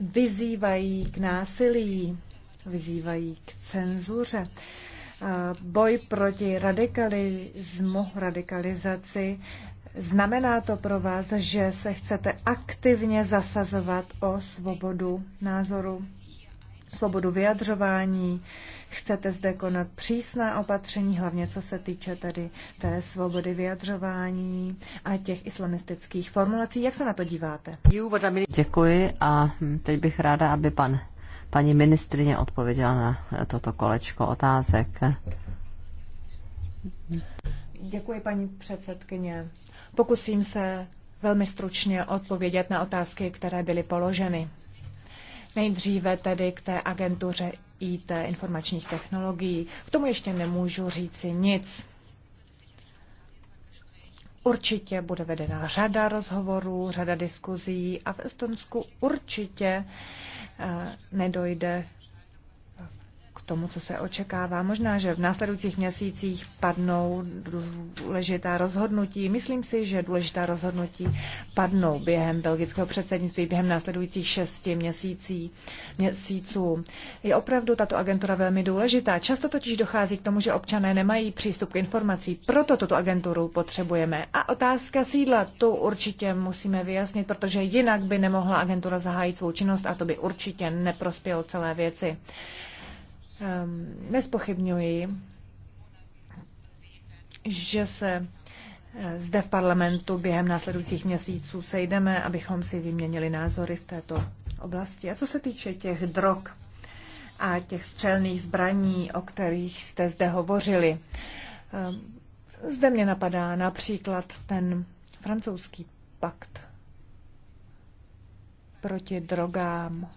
vyzývají k násilí, vyzývají k cenzuře. Boj proti radikalismu, radikalizaci, znamená to pro vás, že se chcete aktivně zasazovat o svobodu názoru, svobodu vyjadřování. Chcete zde konat přísná opatření, hlavně co se týče tedy té svobody vyjadřování a těch islamistických formulací. Jak se na to díváte? Děkuji a teď bych ráda, aby pan, paní ministrině odpověděla na toto kolečko otázek. Děkuji, paní předsedkyně. Pokusím se velmi stručně odpovědět na otázky, které byly položeny. Nejdříve tedy k té agentuře IT informačních technologií. K tomu ještě nemůžu říci nic. Určitě bude vedena řada rozhovorů, řada diskuzí a v Estonsku určitě eh, nedojde tomu, co se očekává. Možná, že v následujících měsících padnou důležitá rozhodnutí. Myslím si, že důležitá rozhodnutí padnou během belgického předsednictví, během následujících šesti měsící, měsíců. Je opravdu tato agentura velmi důležitá. Často totiž dochází k tomu, že občané nemají přístup k informací, proto tuto agenturu potřebujeme. A otázka sídla, tu určitě musíme vyjasnit, protože jinak by nemohla agentura zahájit svou činnost a to by určitě neprospělo celé věci. Ehm, nespochybňuji, že se eh, zde v parlamentu během následujících měsíců sejdeme, abychom si vyměnili názory v této oblasti. A co se týče těch drog a těch střelných zbraní, o kterých jste zde hovořili, ehm, zde mě napadá například ten francouzský pakt proti drogám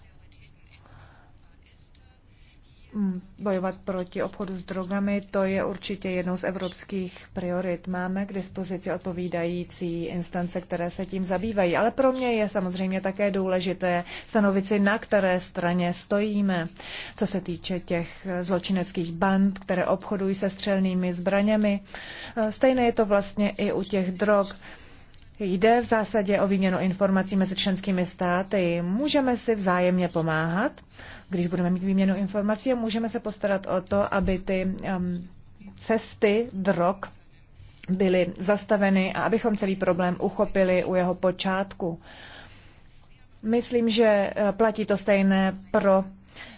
Mm, bojovat proti obchodu s drogami, to je určitě jednou z evropských priorit. Máme k dispozici odpovídající instance, které se tím zabývají, ale pro mě je samozřejmě také důležité stanovit si, na které straně stojíme, co se týče těch zločineckých band, které obchodují se střelnými zbraněmi. Eh, stejné je to vlastně i u těch drog. Jde v zásadě o výměnu informací mezi členskými státy. Můžeme si vzájemně pomáhat, když budeme mít výměnu informací a můžeme se postarat o to, aby ty um, cesty drog byly zastaveny a abychom celý problém uchopili u jeho počátku. Myslím, že eh, platí to stejné pro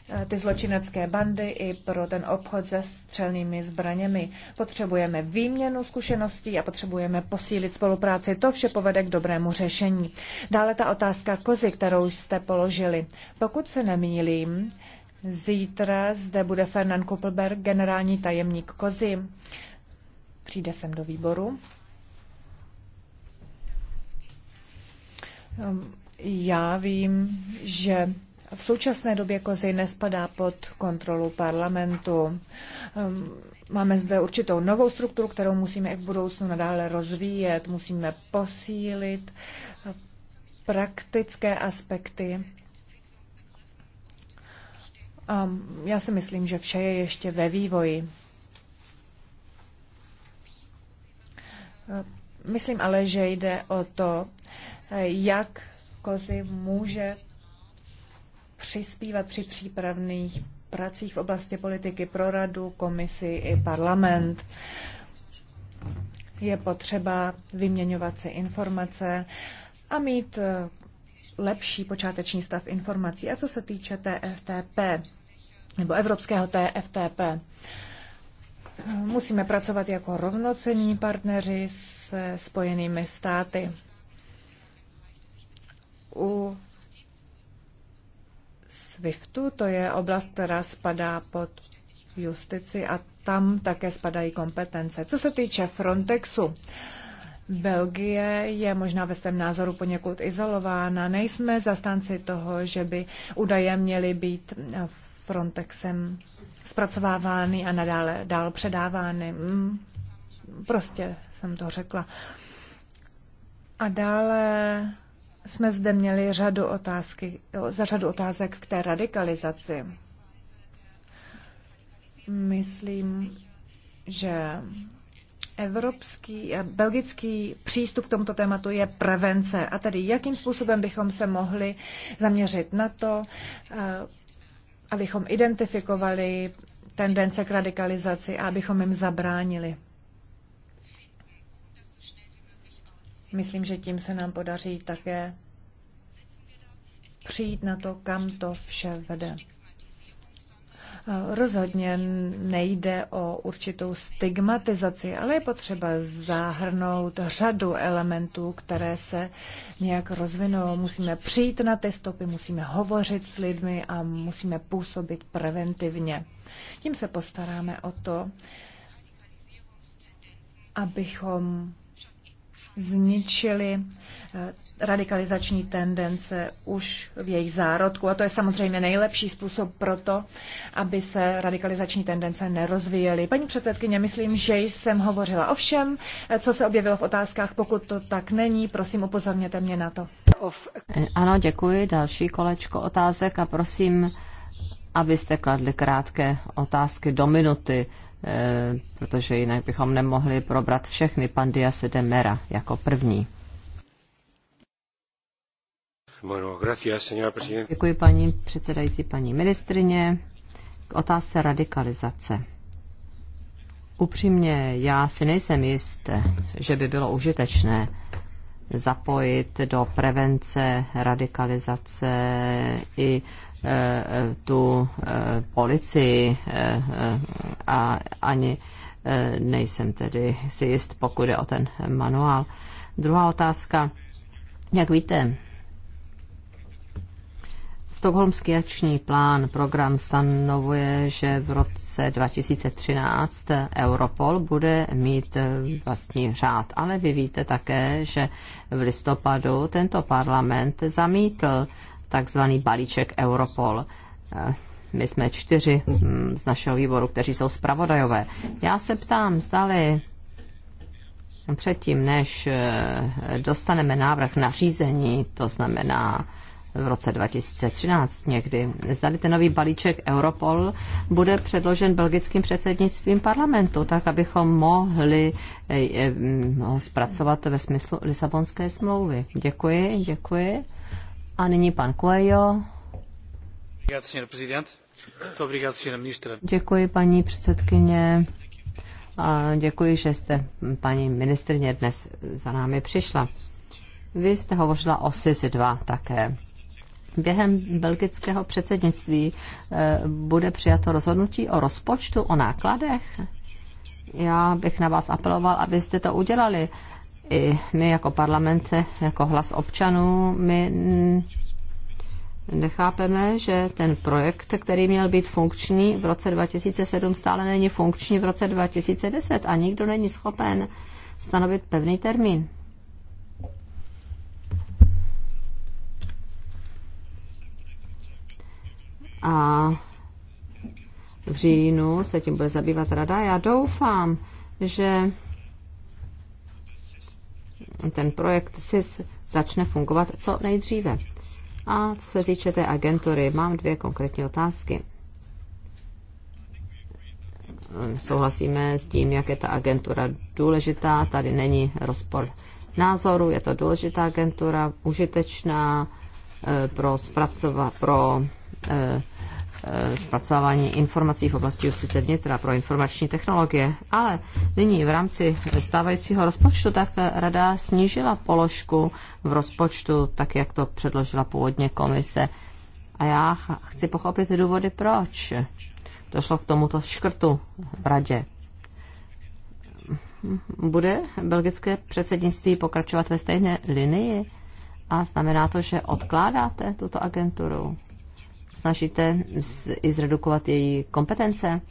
Eh, ty zločinecké bandy i pro ten obchod se střelnými zbraněmi. Potřebujeme výměnu zkušeností a potřebujeme posílit spolupráci. To vše povede k dobrému řešení. Dále ta otázka kozy, kterou jste položili. Pokud se nemýlím, zítra zde bude Fernand Kuppelberg, generální tajemník kozy. Přijde sem do výboru. Ehm, já vím, že v současné době kozy nespadá pod kontrolu parlamentu. Ehm, máme zde určitou novou strukturu, kterou musíme i v budoucnu nadále rozvíjet. Musíme posílit praktické aspekty. A ehm, já si myslím, že vše je ještě ve vývoji. Ehm, myslím ale, že jde o to, jak kozy může přispívat při přípravných pracích v oblasti politiky pro radu, komisi i parlament. Je potřeba vyměňovat si informace a mít eh, lepší počáteční stav informací. A co se týče TFTP, nebo evropského TFTP, musíme pracovat jako rovnocenní partneři se spojenými státy. U SWIFTu, to je oblast, která spadá pod justici a tam také spadají kompetence. Co se týče Frontexu, Belgie je možná ve svém názoru poněkud izolována. Nejsme zastánci toho, že by údaje měly být Frontexem zpracovávány a nadále dál předávány. Mm, prostě jsem to řekla. A dále jsme zde měli řadu otázky, za řadu otázek k té radikalizaci. Myslím, že evropský a belgický přístup k tomuto tématu je prevence. A tedy jakým způsobem bychom se mohli zaměřit na to, eh, abychom identifikovali tendence k radikalizaci a abychom jim zabránili. Myslím, že tím se nám podaří také přijít na to, kam to vše vede. Rozhodně nejde o určitou stigmatizaci, ale je potřeba zahrnout řadu elementů, které se nějak rozvinou. Musíme přijít na ty stopy, musíme hovořit s lidmi a musíme působit preventivně. Tím se postaráme o to, abychom zničili eh, radikalizační tendence už v jejich zárodku. A to je samozřejmě nejlepší způsob pro to, aby se radikalizační tendence nerozvíjely. Paní předsedkyně, myslím, že jsem hovořila o všem, eh, co se objevilo v otázkách. Pokud to tak není, prosím, upozorněte mě na to. Ano, děkuji. Další kolečko otázek a prosím, abyste kladli krátké otázky do minuty Eh, protože jinak bychom nemohli probrat všechny Pandia Sedemera Mera jako první. Děkuji paní předsedající, paní ministrině. K otázce radikalizace. Upřímně, já si nejsem jist, že by bylo užitečné zapojit do prevence radikalizace i Eh, tu eh, policii eh, a ani nejsem tedy si jist, pokud jde o ten manuál. Druhá otázka. Jak víte, Stokholmský akční plán, program stanovuje, že v roce 2013 Europol bude mít vlastní řád. Ale vy víte také, že v listopadu tento parlament zamítl takzvaný balíček Europol. Eh, my jsme čtyři hm, z našeho výboru, kteří jsou zpravodajové. Já se ptám, zdali předtím, než eh, dostaneme návrh na řízení, to znamená v roce 2013 někdy. Zdali ten nový balíček Europol bude předložen belgickým předsednictvím parlamentu, tak abychom mohli eh, hm, ho zpracovat ve smyslu Lisabonské smlouvy. Děkuji, děkuji. A nyní pan Coelho. Děkuji, paní předsedkyně. A děkuji, že jste, paní ministrně, dnes za námi přišla. Vy jste hovořila o SIS 2 také. Během belgického předsednictví eh, bude přijato rozhodnutí o rozpočtu, o nákladech? Já bych na vás apeloval, abyste to udělali i my jako parlament, jako hlas občanů, my nechápeme, že ten projekt, který měl být funkční v roce 2007, stále není funkční v roce 2010 a nikdo není schopen stanovit pevný termín. A v říjnu se tím bude zabývat rada. Já doufám, že ten projekt SIS začne fungovat co nejdříve. A co se týče té agentury, mám dvě konkrétní otázky. Souhlasíme s tím, jak je ta agentura důležitá. Tady není rozpor názoru, je to důležitá agentura, užitečná eh, pro zpracovat, pro eh, Eh, zpracování informací v oblasti justice vnitra pro informační technologie. Ale nyní v rámci stávajícího rozpočtu tak rada snížila položku v rozpočtu, tak jak to předložila původně komise. A já chci pochopit důvody, proč došlo k tomuto škrtu v radě. Bude belgické předsednictví pokračovat ve stejné linii? A znamená to, že odkládáte tuto agenturu? snažíte i zredukovat její kompetence?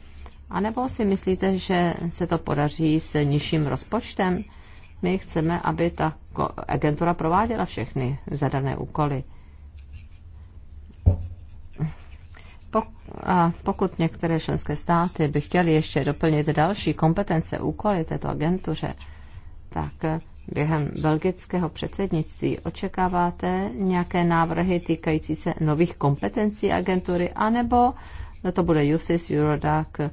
A nebo si myslíte, že se to podaří s nižším rozpočtem? My chceme, aby ta agentura prováděla všechny zadané úkoly. A pokud některé členské státy by chtěly ještě doplnit další kompetence úkoly této agentuře, tak během belgického předsednictví očekáváte nějaké návrhy týkající se nových kompetencí agentury, anebo to bude USIS, Eurodac? E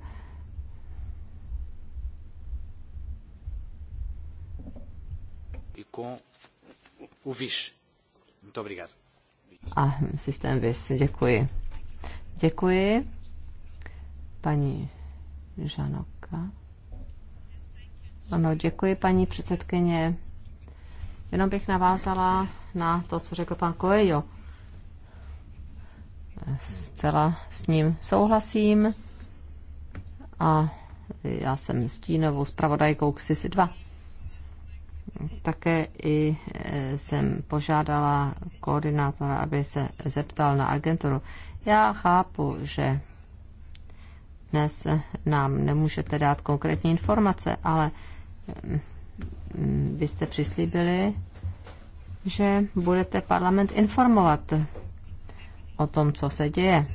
A systém VIS, děkuji. Děkuji. Paní Žanoka. Ano, děkuji, paní předsedkyně. Jenom bych navázala na to, co řekl pan Coelho. Zcela s ním souhlasím a já jsem stínovou zpravodajkou k 2. Také i e, jsem požádala koordinátora, aby se zeptal na agenturu. Já chápu, že dnes nám nemůžete dát konkrétní informace, ale Mm, vy jste přislíbili, že budete parlament informovat o tom, co se děje.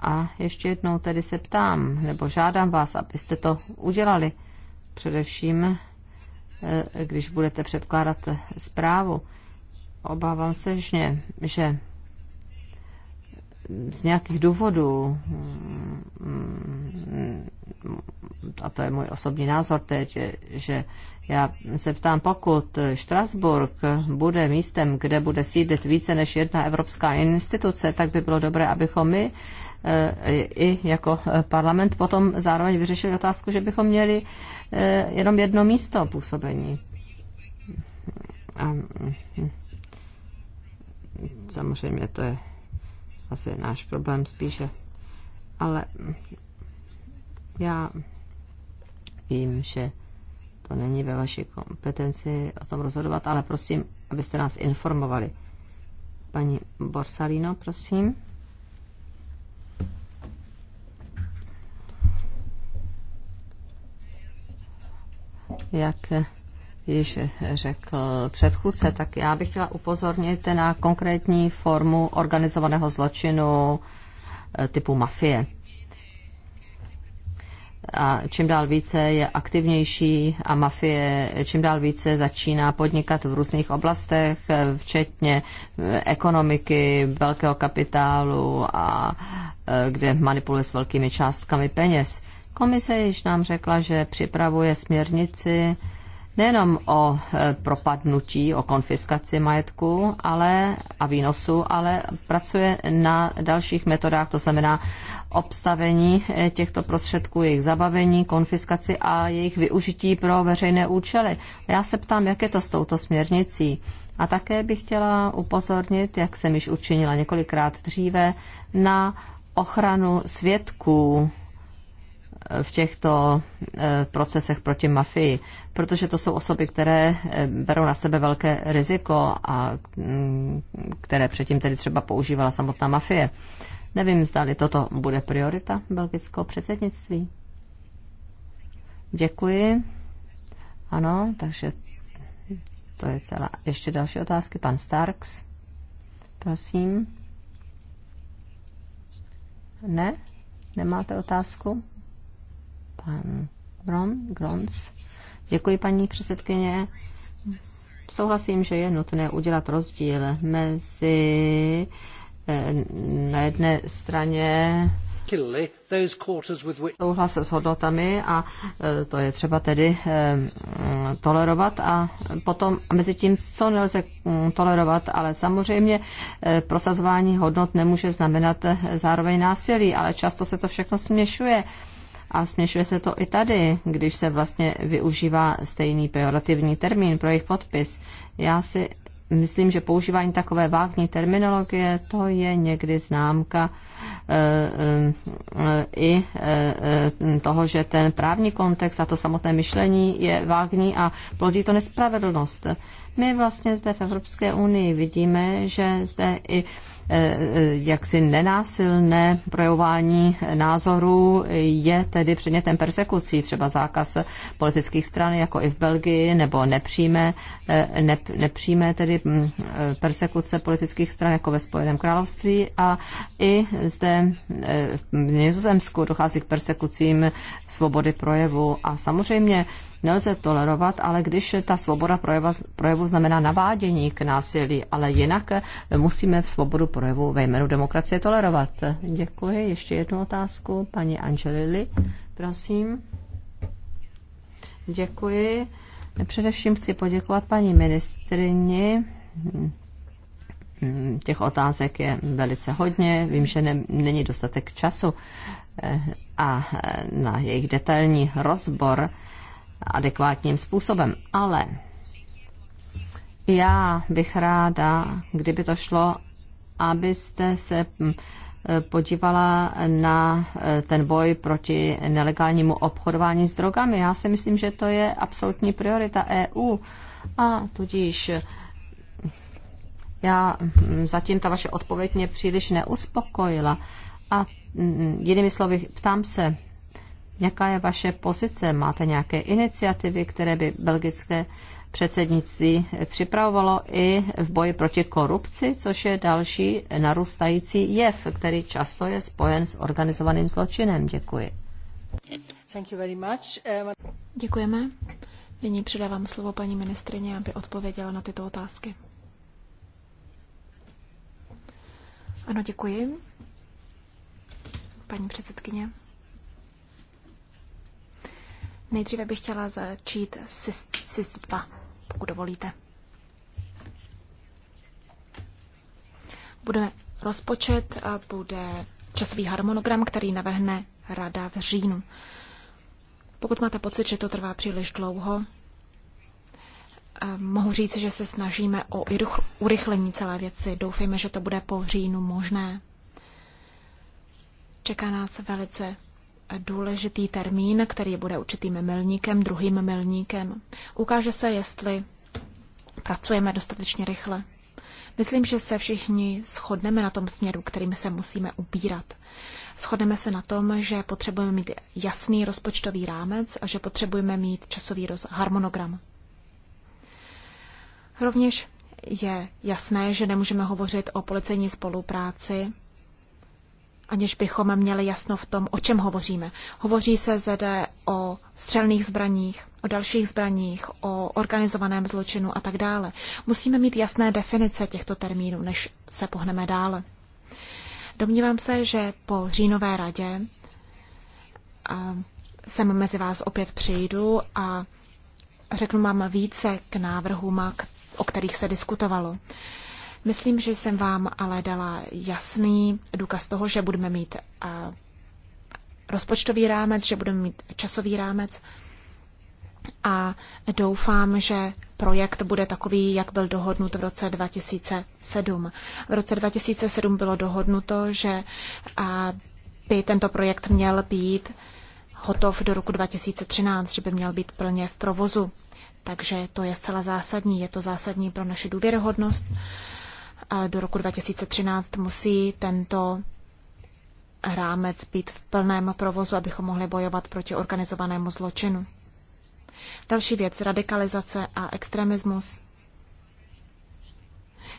A ještě jednou tedy se ptám, nebo žádám vás, abyste to udělali. Především, eh, když budete předkládat zprávu. Obávám se, že, že z nějakých důvodů mm, mm, a to je můj osobní názor teď, že já se ptám, pokud Štrasburg bude místem, kde bude sídlit více než jedna evropská instituce, tak by bylo dobré, abychom my eh, i jako parlament potom zároveň vyřešili otázku, že bychom měli eh, jenom jedno místo působení. A samozřejmě to je asi náš problém spíše. Ale já Vím, že to není ve vaší kompetenci o tom rozhodovat, ale prosím, abyste nás informovali. Paní Borsalino, prosím. Jak již řekl předchůdce, tak já bych chtěla upozornit na konkrétní formu organizovaného zločinu eh, typu mafie a čím dál více je aktivnější a mafie čím dál více začíná podnikat v různých oblastech, včetně eh, ekonomiky, velkého kapitálu a eh, kde manipuluje s velkými částkami peněz. Komise již nám řekla, že připravuje směrnici nejenom o e, propadnutí, o konfiskaci majetku ale, a výnosu, ale pracuje na dalších metodách, to znamená obstavení e, těchto prostředků, jejich zabavení, konfiskaci a jejich využití pro veřejné účely. Já se ptám, jak je to s touto směrnicí. A také bych chtěla upozornit, jak jsem již učinila několikrát dříve, na ochranu svědků v těchto eh, procesech proti mafii, protože to jsou osoby, které eh, berou na sebe velké riziko a mm, které předtím tedy třeba používala samotná mafie. Nevím, zdali toto bude priorita belgického předsednictví. Děkuji. Ano, takže to je celá. Ještě další otázky. Pan Starks, prosím. Ne? Nemáte otázku? Pan Bron, Grons. Děkuji, paní předsedkyně. Souhlasím, že je nutné udělat rozdíl mezi eh, na jedné straně souhlas s hodnotami a eh, to je třeba tedy eh, tolerovat a potom a mezi tím, co nelze mm, tolerovat, ale samozřejmě prosazování hodnot nemůže znamenat zároveň násilí, ale často se to všechno směšuje. A směšuje se to i tady, když se vlastně využívá stejný pejorativní termín pro jejich podpis. Já si myslím, že používání takové vágní terminologie, to je někdy známka eh, eh, i eh, toho, že ten právní kontext a to samotné myšlení je vágní a plodí to nespravedlnost. My vlastně zde v Evropské unii vidíme, že zde i Eh, eh, jaksi nenásilné projevování názorů je tedy předmětem persekucí, třeba zákaz politických stran, jako i v Belgii, nebo nepřímé, eh, ne, nepřímé tedy mm, persekuce politických stran, jako ve Spojeném království. A i zde v Nizozemsku dochází k persekucím svobody projevu. A samozřejmě nelze tolerovat, ale když ta svoboda projeva, projevu znamená navádění k násilí, ale jinak eh, musíme v svobodu projevu ve jménu demokracie tolerovat. Děkuji. Ještě jednu otázku. Paní Angelili, prosím. Děkuji. Především chci poděkovat paní ministrini těch otázek je velice hodně. Vím, že ne, není dostatek času eh, a eh, na jejich detailní rozbor adekvátním způsobem. Ale já bych ráda, kdyby to šlo, abyste se hm, podívala na eh, ten boj proti nelegálnímu obchodování s drogami. Já si myslím, že to je absolutní priorita EU a tudíž já hm, zatím ta vaše odpověď mě příliš neuspokojila. A hm, jinými slovy, ptám se, Jaká je vaše pozice? Máte nějaké iniciativy, které by belgické předsednictví připravovalo i v boji proti korupci, což je další narůstající jev, který často je spojen s organizovaným zločinem. Děkuji. Thank you very much. Eh, Děkujeme. Nyní předávám slovo paní ministrině, aby odpověděla na tyto otázky. Ano, děkuji. Paní předsedkyně. Nejdříve bych chtěla začít SIS-2, pokud dovolíte. Bude rozpočet, a eh, bude časový harmonogram, který navrhne Rada v říjnu. Pokud máte pocit, že to trvá příliš dlouho, eh, mohu říct, že se snažíme o urychlení celé věci. Doufejme, že to bude po říjnu možné. Čeká nás velice důležitý termín, který bude určitým milníkem, druhým milníkem. Ukáže se, jestli pracujeme dostatečně rychle. Myslím, že se všichni shodneme na tom směru, kterým se musíme ubírat. Shodneme se na tom, že potřebujeme mít jasný rozpočtový rámec a že potřebujeme mít časový harmonogram. Rovněž je jasné, že nemůžeme hovořit o policejní spolupráci aniž bychom měli jasno v tom, o čem hovoříme. Hovoří se zde o střelných zbraních, o dalších zbraních, o organizovaném zločinu a tak dále. Musíme mít jasné definice těchto termínů, než se pohneme dále. Domnívám se, že po říjnové radě sem mezi vás opět přijdu a řeknu vám více k návrhům, o kterých se diskutovalo. Myslím, že jsem vám ale dala jasný důkaz toho, že budeme mít eh, rozpočtový rámec, že budeme mít časový rámec a doufám, že projekt bude takový, jak byl dohodnut v roce 2007. V roce 2007 bylo dohodnuto, že eh, by tento projekt měl být hotov do roku 2013, že by měl být plně v provozu. Takže to je zcela zásadní. Je to zásadní pro naši důvěryhodnost do roku 2013 musí tento rámec být v plném provozu, abychom mohli bojovat proti organizovanému zločinu. Další věc, radikalizace a extremismus.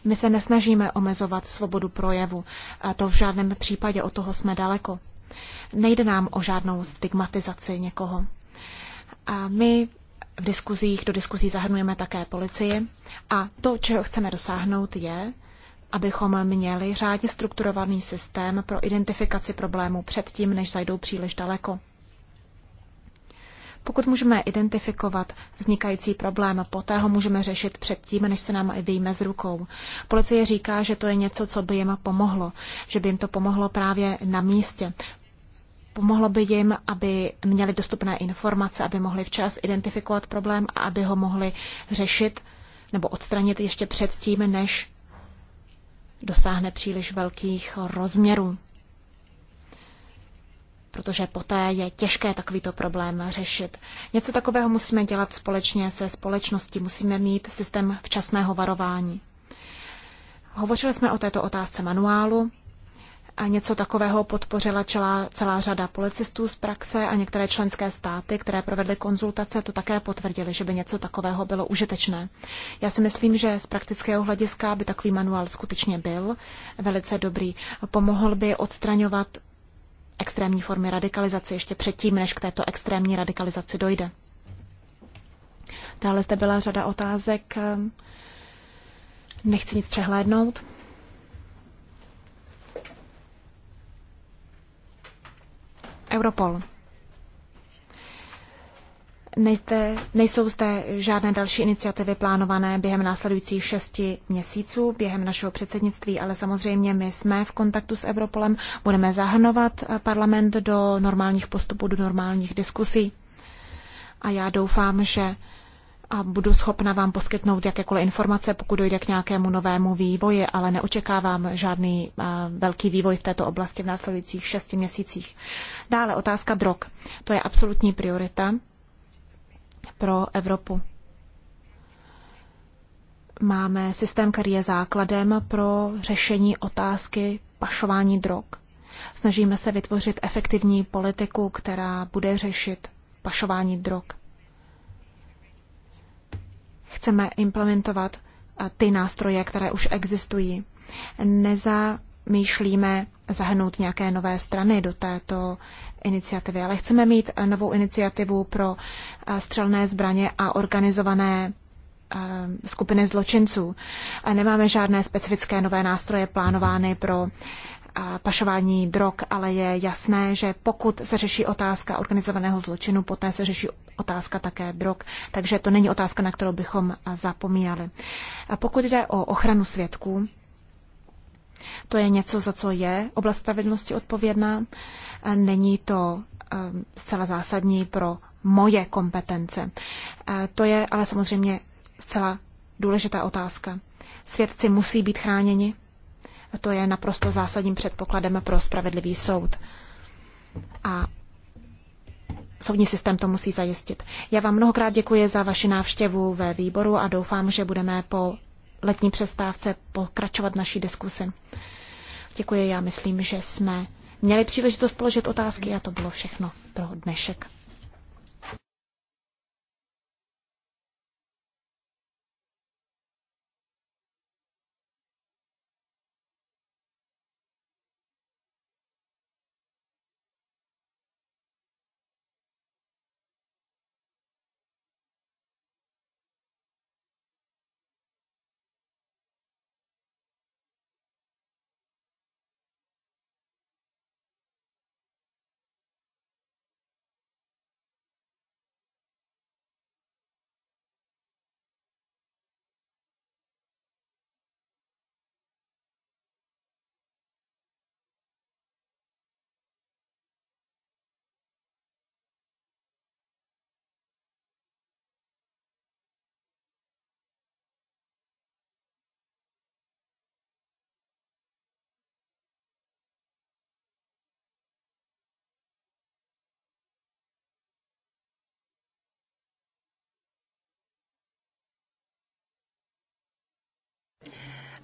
My se nesnažíme omezovat svobodu projevu, a to v žádném případě, o toho jsme daleko. Nejde nám o žádnou stigmatizaci někoho. A my v diskuzích, do diskuzí zahrnujeme také policii a to, čeho chceme dosáhnout, je, abychom měli řádně strukturovaný systém pro identifikaci problémů předtím, než zajdou příliš daleko. Pokud můžeme identifikovat vznikající problém, poté ho můžeme řešit předtím, než se nám vyjme z rukou. Policie říká, že to je něco, co by jim pomohlo, že by jim to pomohlo právě na místě. Pomohlo by jim, aby měli dostupné informace, aby mohli včas identifikovat problém a aby ho mohli řešit nebo odstranit ještě předtím, než dosáhne příliš velkých rozměrů. Protože poté je těžké takovýto problém řešit. Něco takového musíme dělat společně se společností. Musíme mít systém včasného varování. Hovořili jsme o této otázce manuálu a něco takového podpořila celá, celá řada policistů z praxe a některé členské státy, které provedly konzultace, to také potvrdili, že by něco takového bylo užitečné. Já si myslím, že z praktického hlediska by takový manuál skutečně byl velice dobrý. Pomohl by odstraňovat extrémní formy radikalizace ještě předtím, než k této extrémní radikalizaci dojde. Dále zde byla řada otázek. Nechci nic přehlédnout. Europol. Nejste, nejsou zde žádné další iniciativy plánované během následujících šesti měsíců, během našeho předsednictví, ale samozřejmě my jsme v kontaktu s Europolem, budeme zahrnovat eh, parlament do normálních postupů, do normálních diskusí. A já doufám, že a budu schopna vám poskytnout jakékoliv informace, pokud dojde k nějakému novému vývoji, ale neočekávám žádný eh, velký vývoj v této oblasti v následujících šesti měsících. Dále otázka drog. To je absolutní priorita pro Evropu. Máme systém, který je základem pro řešení otázky pašování drog. Snažíme se vytvořit efektivní politiku, která bude řešit pašování drog. Chceme implementovat ty nástroje, které už existují. Nezamýšlíme zahrnout nějaké nové strany do této iniciativy, ale chceme mít novou iniciativu pro střelné zbraně a organizované skupiny zločinců. Nemáme žádné specifické nové nástroje plánovány pro pašování drog, ale je jasné, že pokud se řeší otázka organizovaného zločinu, poté se řeší otázka také drog, takže to není otázka, na kterou bychom zapomínali. A pokud jde o ochranu svědků, to je něco, za co je oblast spravedlnosti odpovědná. Není to ehm, zcela zásadní pro moje kompetence. To je ale samozřejmě zcela důležitá otázka. Svědci musí být chráněni to je naprosto zásadním předpokladem pro spravedlivý soud. A soudní systém to musí zajistit. Já vám mnohokrát děkuji za vaši návštěvu ve výboru a doufám, že budeme po letní přestávce pokračovat naší diskusi. Děkuji, já myslím, že jsme měli příležitost položit otázky a to bylo všechno pro dnešek.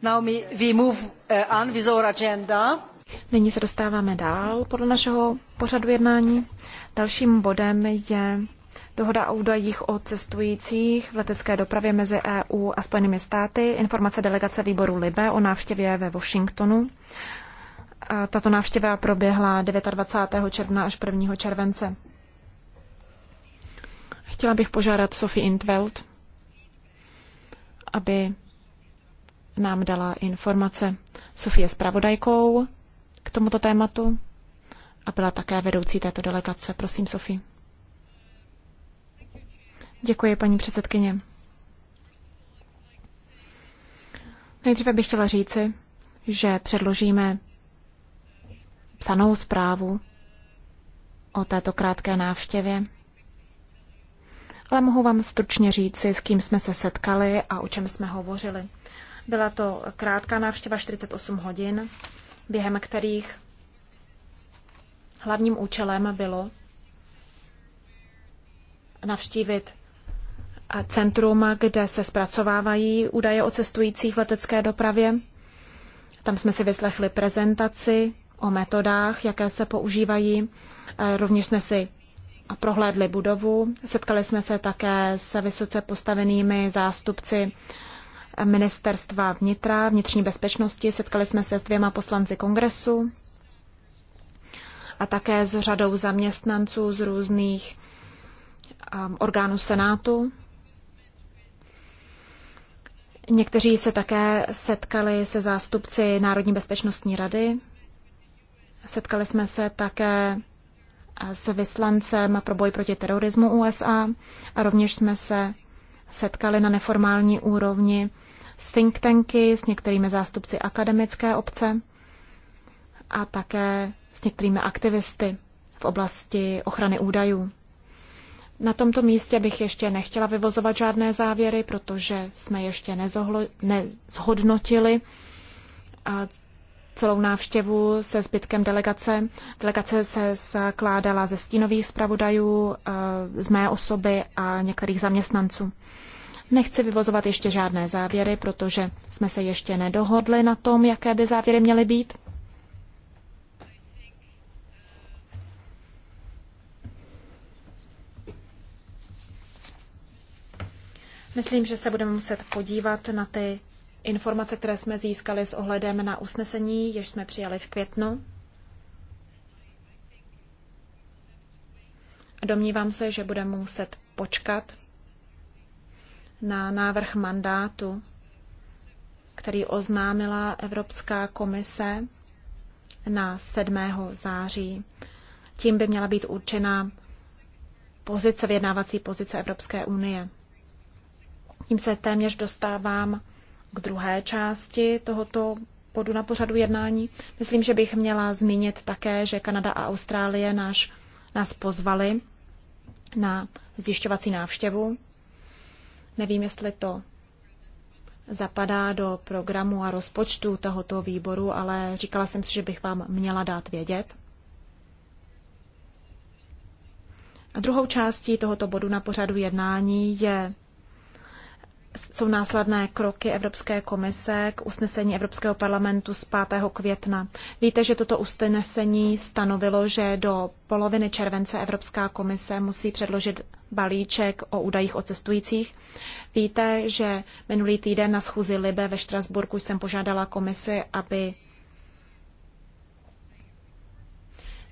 we move eh, on with our agenda. Nyní se dostáváme dál podle našeho pořadu jednání. Dalším bodem je dohoda o údajích o cestujících v letecké dopravě mezi EU a Spojenými státy, informace delegace výboru Libe o návštěvě ve Washingtonu. Tato návštěva proběhla 29. června až 1. července. Chtěla bych požádat Sophie Intveld, aby nám dala informace. Sofie spravodajkou k tomuto tématu a byla také vedoucí této delegace. Prosím, Sofie. Děkuji, paní předsedkyně. Nejdříve bych chtěla říci, že předložíme psanou zprávu o této krátké návštěvě. Ale mohu vám stručně říci, s kým jsme se setkali a o čem jsme hovořili. Byla to krátká návštěva 48 hodin, během kterých hlavním účelem bylo navštívit centrum, kde se zpracovávají údaje o cestujících v letecké dopravě. Tam jsme si vyslechli prezentaci o metodách, jaké se používají. Eh, rovněž jsme si prohlédli budovu. Setkali jsme se také s vysoce postavenými zástupci ministerstva vnitra, vnitřní bezpečnosti. Setkali jsme se s dvěma poslanci kongresu a také s řadou zaměstnanců z různých um, orgánů Senátu. Někteří se také setkali se zástupci Národní bezpečnostní rady. Setkali jsme se také eh, s vyslancem pro boj proti terorismu USA a rovněž jsme se setkali na neformální úrovni s think tanky, s některými zástupci akademické obce a také s některými aktivisty v oblasti ochrany údajů. Na tomto místě bych ještě nechtěla vyvozovat žádné závěry, protože jsme ještě nezohlo, nezhodnotili celou návštěvu se zbytkem delegace. Delegace se skládala ze stínových zpravodajů, z mé osoby a některých zaměstnanců. Nechci vyvozovat ještě žádné závěry, protože jsme se ještě nedohodli na tom, jaké by závěry měly být. Myslím, že se budeme muset podívat na ty informace, které jsme získali s ohledem na usnesení, jež jsme přijali v květnu. Domnívám se, že budeme muset počkat na návrh mandátu, který oznámila Evropská komise na 7. září. Tím by měla být určena pozice, vyjednávací pozice Evropské unie. Tím se téměř dostávám k druhé části tohoto bodu na pořadu jednání. Myslím, že bych měla zmínit také, že Kanada a Austrálie náš, nás pozvali na zjišťovací návštěvu Nevím, jestli to zapadá do programu a rozpočtu tohoto výboru, ale říkala jsem si, že bych vám měla dát vědět. A druhou částí tohoto bodu na pořadu jednání je jsou následné kroky Evropské komise k usnesení Evropského parlamentu z 5. května. Víte, že toto usnesení stanovilo, že do poloviny července Evropská komise musí předložit balíček o údajích o cestujících. Víte, že minulý týden na schůzi Libe ve Štrasburku jsem požádala komisi, aby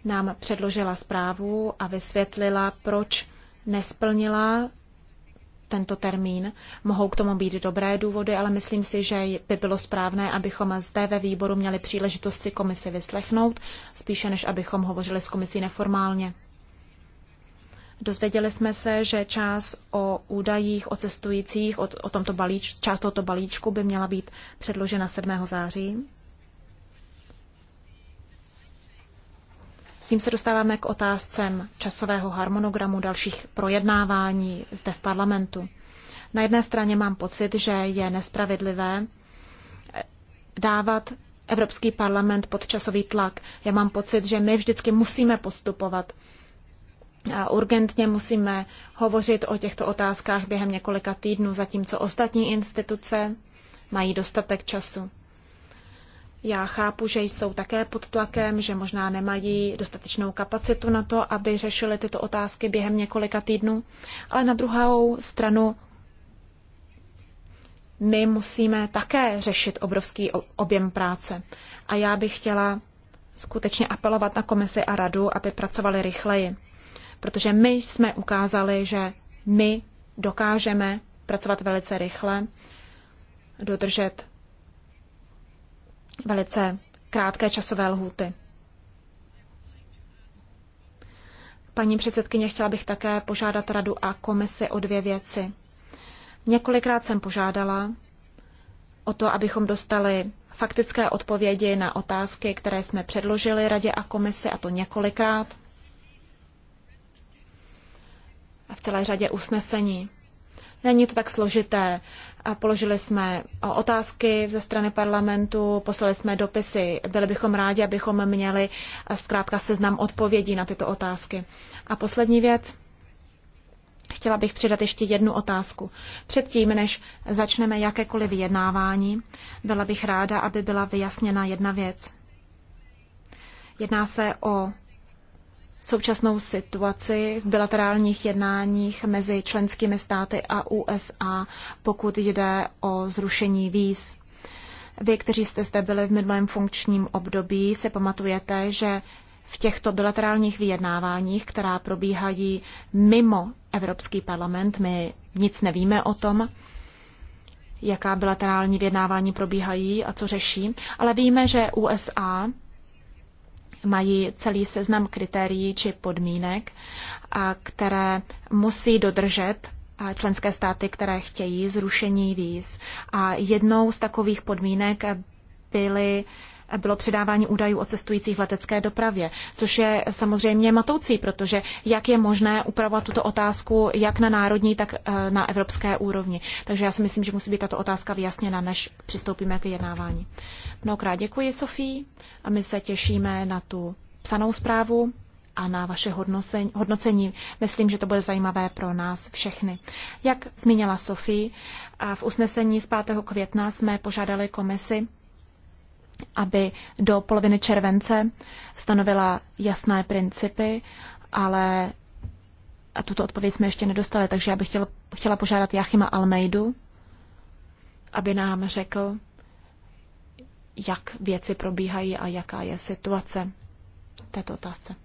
nám předložila zprávu a vysvětlila, proč nesplnila tento termín. Mohou k tomu být dobré důvody, ale myslím si, že by bylo správné, abychom zde ve výboru měli příležitost si komisi vyslechnout, spíše než abychom hovořili s komisí neformálně. Dozvěděli jsme se, že část o údajích o cestujících, o, o tomto balíč, část tohoto balíčku by měla být předložena 7. září. Tím se dostáváme k otázcem časového harmonogramu dalších projednávání zde v parlamentu. Na jedné straně mám pocit, že je nespravedlivé eh, dávat Evropský parlament pod časový tlak. Já mám pocit, že my vždycky musíme postupovat. A urgentně musíme hovořit o těchto otázkách během několika týdnů, zatímco ostatní instituce mají dostatek času. Já chápu, že jsou také pod tlakem, že možná nemají dostatečnou kapacitu na to, aby řešili tyto otázky během několika týdnů, ale na druhou stranu my musíme také řešit obrovský objem práce. A já bych chtěla skutečně apelovat na komisi a radu, aby pracovali rychleji. Protože my jsme ukázali, že my dokážeme pracovat velice rychle, dodržet velice krátké časové lhůty. Paní předsedkyně, chtěla bych také požádat radu a komisi o dvě věci. Několikrát jsem požádala o to, abychom dostali faktické odpovědi na otázky, které jsme předložili radě a komisi, a to několikrát. A v celé řadě usnesení. Není to tak složité a položili jsme otázky ze strany parlamentu, poslali jsme dopisy. Byli bychom rádi, abychom měli zkrátka seznam odpovědí na tyto otázky. A poslední věc. Chtěla bych přidat ještě jednu otázku. Předtím, než začneme jakékoliv vyjednávání, byla bych ráda, aby byla vyjasněna jedna věc. Jedná se o současnou situaci v bilaterálních jednáních mezi členskými státy a USA, pokud jde o zrušení víz. Vy, kteří jste zde byli v minulém funkčním období, se pamatujete, že v těchto bilaterálních vyjednáváních, která probíhají mimo Evropský parlament, my nic nevíme o tom, jaká bilaterální vyjednávání probíhají a co řeší, ale víme, že USA mají celý seznam kritérií či podmínek, a které musí dodržet členské státy, které chtějí zrušení víz. A jednou z takových podmínek byly bylo předávání údajů o cestujících v letecké dopravě, což je samozřejmě matoucí, protože jak je možné upravovat tuto otázku jak na národní, tak eh, na evropské úrovni. Takže já si myslím, že musí být tato otázka vyjasněna, než přistoupíme k vyjednávání. Mnohokrát děkuji, Sofii, a my se těšíme na tu psanou zprávu a na vaše hodnocení. Myslím, že to bude zajímavé pro nás všechny. Jak zmínila Sofie, v usnesení z 5. května jsme požádali komisi, aby do poloviny července stanovila jasné principy, ale a tuto odpověď jsme ještě nedostali, takže já bych chtěla, chtěla požádat Jachima Almeidu, aby nám řekl, jak věci probíhají a jaká je situace této otázce.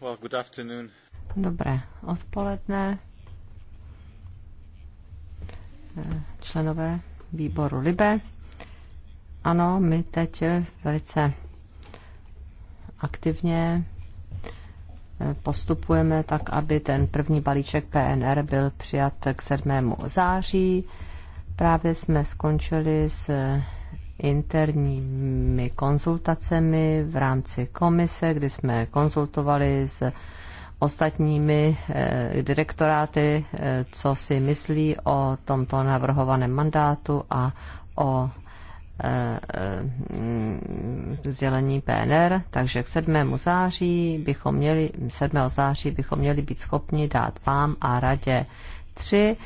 Well, good afternoon. Dobré odpoledne, členové výboru LIBE. Ano, my teď velice aktivně eh, postupujeme tak, aby ten první balíček PNR byl přijat k 7. září. Právě jsme skončili s eh, interními konzultacemi v rámci komise, kdy jsme konzultovali s ostatními eh, direktoráty, co si myslí o tomto navrhovaném mandátu a o Eh, eh, vzdělení PNR, takže k 7. září bychom měli, 7. září bychom měli být schopni dát vám a radě tři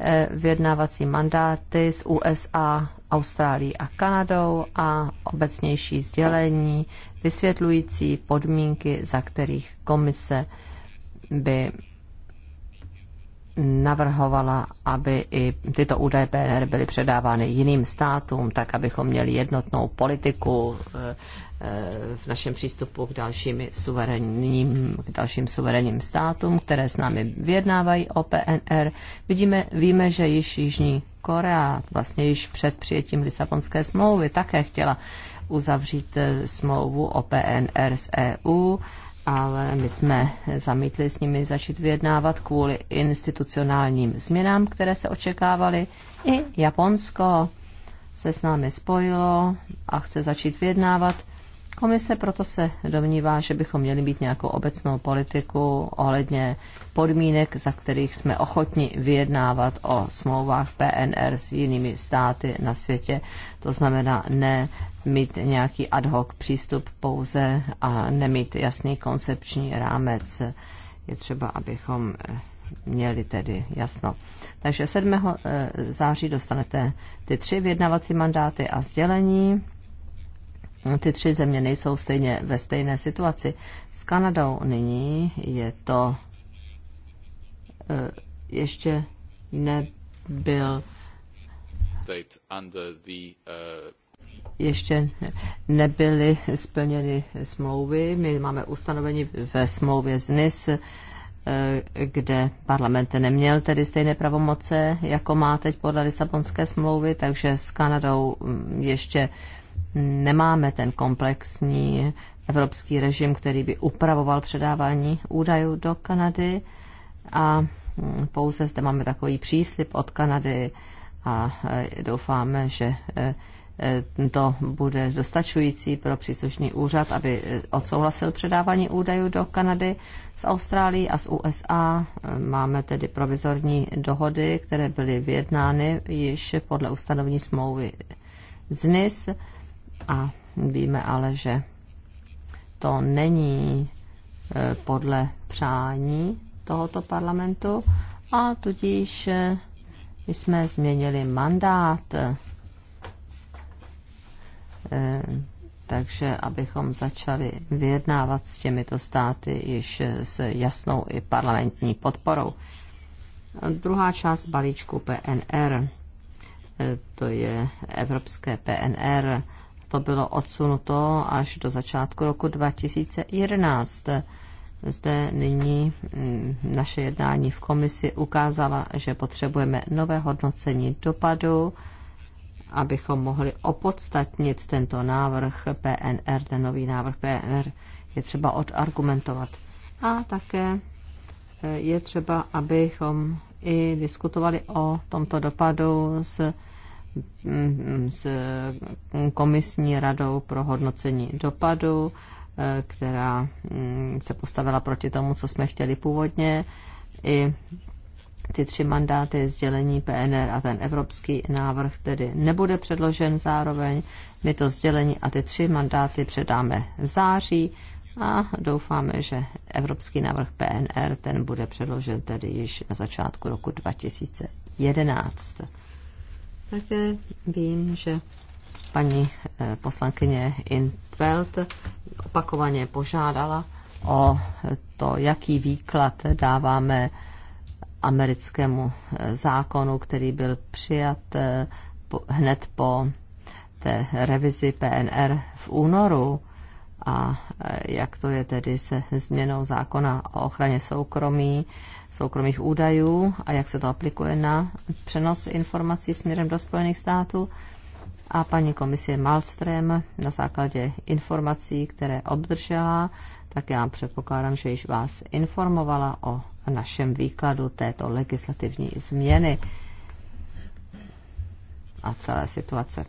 eh, vyjednávací mandáty z USA, Austrálií a Kanadou a obecnější sdělení vysvětlující podmínky, za kterých komise by navrhovala, aby i tyto údaje PNR byly předávány jiným státům, tak abychom měli jednotnou politiku eh, eh, v našem přístupu k dalším suverenním, k dalším suverénním státům, které s námi vyjednávají o PNR. Vidíme, víme, že již Jižní Korea vlastně již před přijetím Lisabonské smlouvy také chtěla uzavřít eh, smlouvu o PNR s EU ale my jsme zamítli s nimi začít vyjednávat kvůli institucionálním změnám, které se očekávaly. I Japonsko se s námi spojilo a chce začít vyjednávat. Komise proto se domnívá, že bychom měli být nějakou obecnou politiku ohledně podmínek, za kterých jsme ochotni vyjednávat o smlouvách PNR s jinými státy na světě. To znamená ne mít nějaký ad hoc přístup pouze a nemít jasný koncepční rámec. Je třeba, abychom eh, měli tedy jasno. Takže 7. Eh, září dostanete ty tři vyjednavací mandáty a sdělení. Ty tři země nejsou stejně ve stejné situaci. S Kanadou nyní je to eh, ještě nebyl ještě nebyly splněny smlouvy. My máme ustanovení ve smlouvě z NIS, eh, kde parlament neměl tedy stejné pravomoce, jako má teď podle Lisabonské smlouvy, takže s Kanadou mm, ještě nemáme ten komplexní evropský režim, který by upravoval předávání údajů do Kanady a mm, pouze zde máme takový příslip od Kanady a eh, doufáme, že eh, Eh, to bude dostačující pro příslušný úřad, aby eh, odsouhlasil předávání údajů do Kanady z Austrálie a z USA. Eh, máme tedy provizorní dohody, které byly vyjednány již podle ustanovení smlouvy z NIS a víme ale, že to není podle přání tohoto parlamentu a tudíž jsme změnili mandát Eh, takže abychom začali vyjednávat s těmito státy již s jasnou i parlamentní podporou. Druhá část balíčku PNR, eh, to je evropské PNR, to bylo odsunuto až do začátku roku 2011. Zde nyní mm, naše jednání v komisi ukázala, že potřebujeme nové hodnocení dopadu abychom mohli opodstatnit tento návrh PNR, ten nový návrh PNR, je třeba odargumentovat. A také e, je třeba, abychom i diskutovali o tomto dopadu s, mm, s komisní radou pro hodnocení dopadu, e, která mm, se postavila proti tomu, co jsme chtěli původně. I ty tři mandáty, sdělení PNR a ten evropský návrh tedy nebude předložen zároveň. My to sdělení a ty tři mandáty předáme v září a doufáme, že evropský návrh PNR ten bude předložen tedy již na začátku roku 2011. Také vím, že paní eh, poslankyně Intveld opakovaně požádala o to, jaký výklad dáváme americkému eh, zákonu, který byl přijat eh, hned po té revizi PNR v únoru a eh, jak to je tedy se změnou zákona o ochraně soukromí, soukromých údajů a jak se to aplikuje na přenos informací směrem do Spojených států. A paní komisie Malström na základě informací, které obdržela, tak já předpokládám, že již vás informovala o v našem výkladu této legislativní změny a celé situace.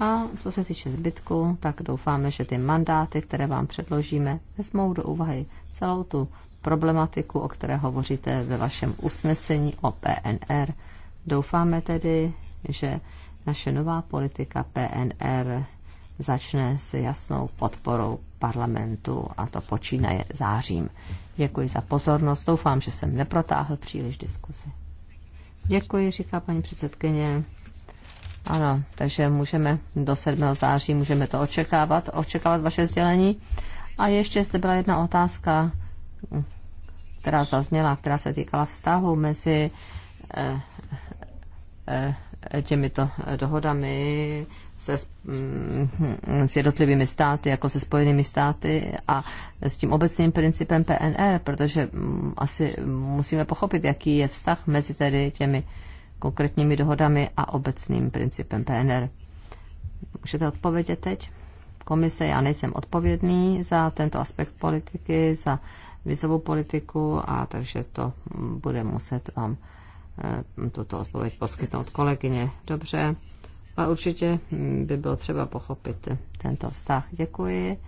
A co se týče zbytku, tak doufáme, že ty mandáty, které vám předložíme, vezmou do úvahy celou tu problematiku, o které hovoříte ve vašem usnesení o PNR. Doufáme tedy, že naše nová politika PNR začne s jasnou podporou parlamentu a to počínaje zářím. Děkuji za pozornost. Doufám, že jsem neprotáhl příliš diskuzi. Děkuji, říká paní předsedkyně. Ano, takže můžeme do 7. září můžeme to očekávat, očekávat vaše sdělení. A ještě zde byla jedna otázka, která zazněla, která se týkala vztahu mezi eh, eh, eh těmito dohodami se, mm, s jednotlivými státy, jako se spojenými státy a s tím obecným principem PNR, protože mm, asi musíme pochopit, jaký je vztah mezi tedy těmi konkrétními dohodami a obecným principem PNR. Můžete odpovědět teď? Komise, já nejsem odpovědný za tento aspekt politiky, za vizovou politiku a takže to bude muset vám eh, tuto odpověď poskytnout kolegyně. Dobře ale určitě hm, by bylo třeba pochopit eh, tento vztah. Děkuji.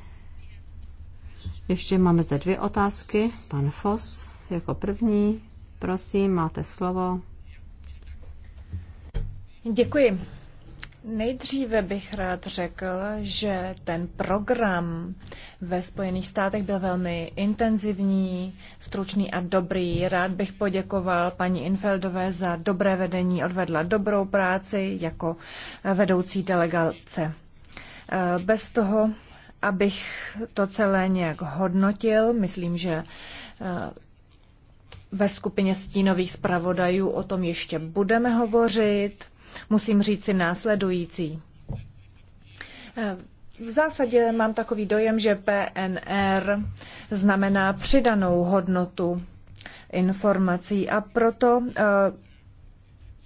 Ještě máme zde dvě otázky. Pan Fos jako první. Prosím, máte slovo. Děkuji. Nejdříve bych rád řekl, že ten program ve Spojených státech byl velmi intenzivní, stručný a dobrý. Rád bych poděkoval paní Infeldové za dobré vedení, odvedla dobrou práci jako vedoucí delegace. Eh, bez toho, abych to celé nějak hodnotil, myslím, že eh, ve skupině stínových zpravodajů o tom ještě budeme hovořit musím říci následující. Eh, v zásadě mám takový dojem, že PNR znamená přidanou hodnotu informací a proto eh,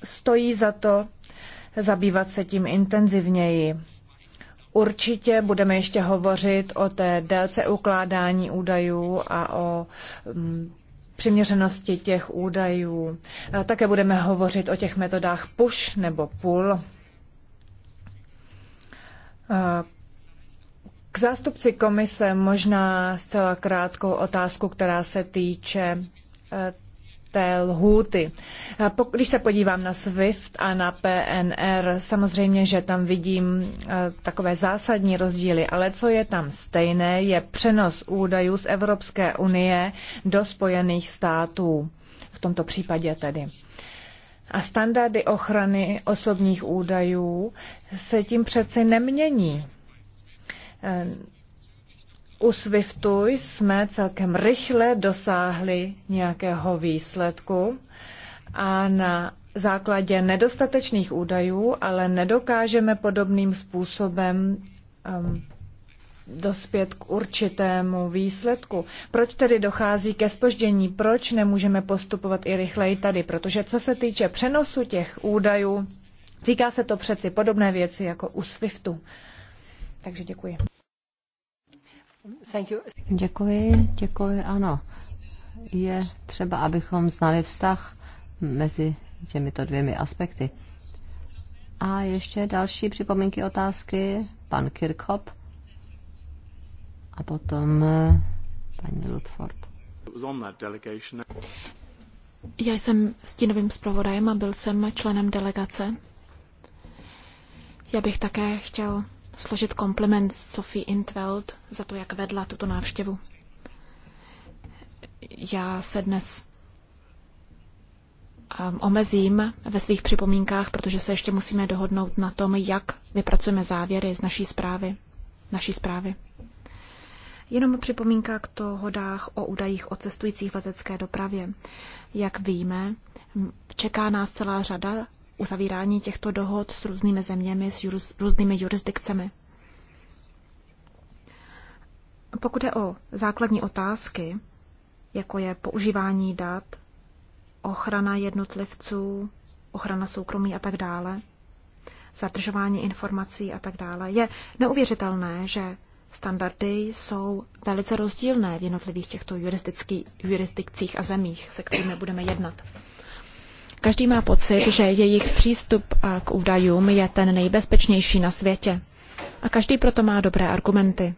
stojí za to zabývat se tím intenzivněji. Určitě budeme ještě hovořit o té délce ukládání údajů a o mm, přiměřenosti těch údajů. Eh, také budeme hovořit o těch metodách push nebo pull. Eh, k zástupci komise možná zcela krátkou otázku, která se týče eh, té lhůty. Když se podívám na SWIFT a na PNR, samozřejmě, že tam vidím e, takové zásadní rozdíly, ale co je tam stejné, je přenos údajů z Evropské unie do Spojených států. V tomto případě tedy. A standardy ochrany osobních údajů se tím přeci nemění e, u SWIFTu jsme celkem rychle dosáhli nějakého výsledku a na základě nedostatečných údajů, ale nedokážeme podobným způsobem um, dospět k určitému výsledku. Proč tedy dochází ke spoždění? Proč nemůžeme postupovat i rychleji tady? Protože co se týče přenosu těch údajů, týká se to přeci podobné věci jako u SWIFTu. Takže děkuji. Děkuji, děkuji, ano. Je třeba, abychom znali vztah mezi těmito dvěmi aspekty. A ještě další připomínky, otázky. Pan Kirchhoff a potom eh, paní Ludford. Já jsem stínovým zpravodajem a byl jsem členem delegace. Já bych také chtěl složit kompliment Sophie Intveld za to, jak vedla tuto návštěvu. Já se dnes um, omezím ve svých připomínkách, protože se ještě musíme dohodnout na tom, jak vypracujeme závěry z naší zprávy. Naší zprávy. Jenom připomínka k dohodách o údajích o cestujících v letecké dopravě. Jak víme, čeká nás celá řada uzavírání těchto dohod s různými zeměmi, s jurz, různými jurisdikcemi. Pokud je o základní otázky, jako je používání dat, ochrana jednotlivců, ochrana soukromí a tak dále, zadržování informací a tak dále, je neuvěřitelné, že standardy jsou velice rozdílné v jednotlivých těchto jurisdikcích a zemích, se kterými budeme jednat. Každý má pocit, že jejich přístup k údajům je ten nejbezpečnější na světě. A každý proto má dobré argumenty.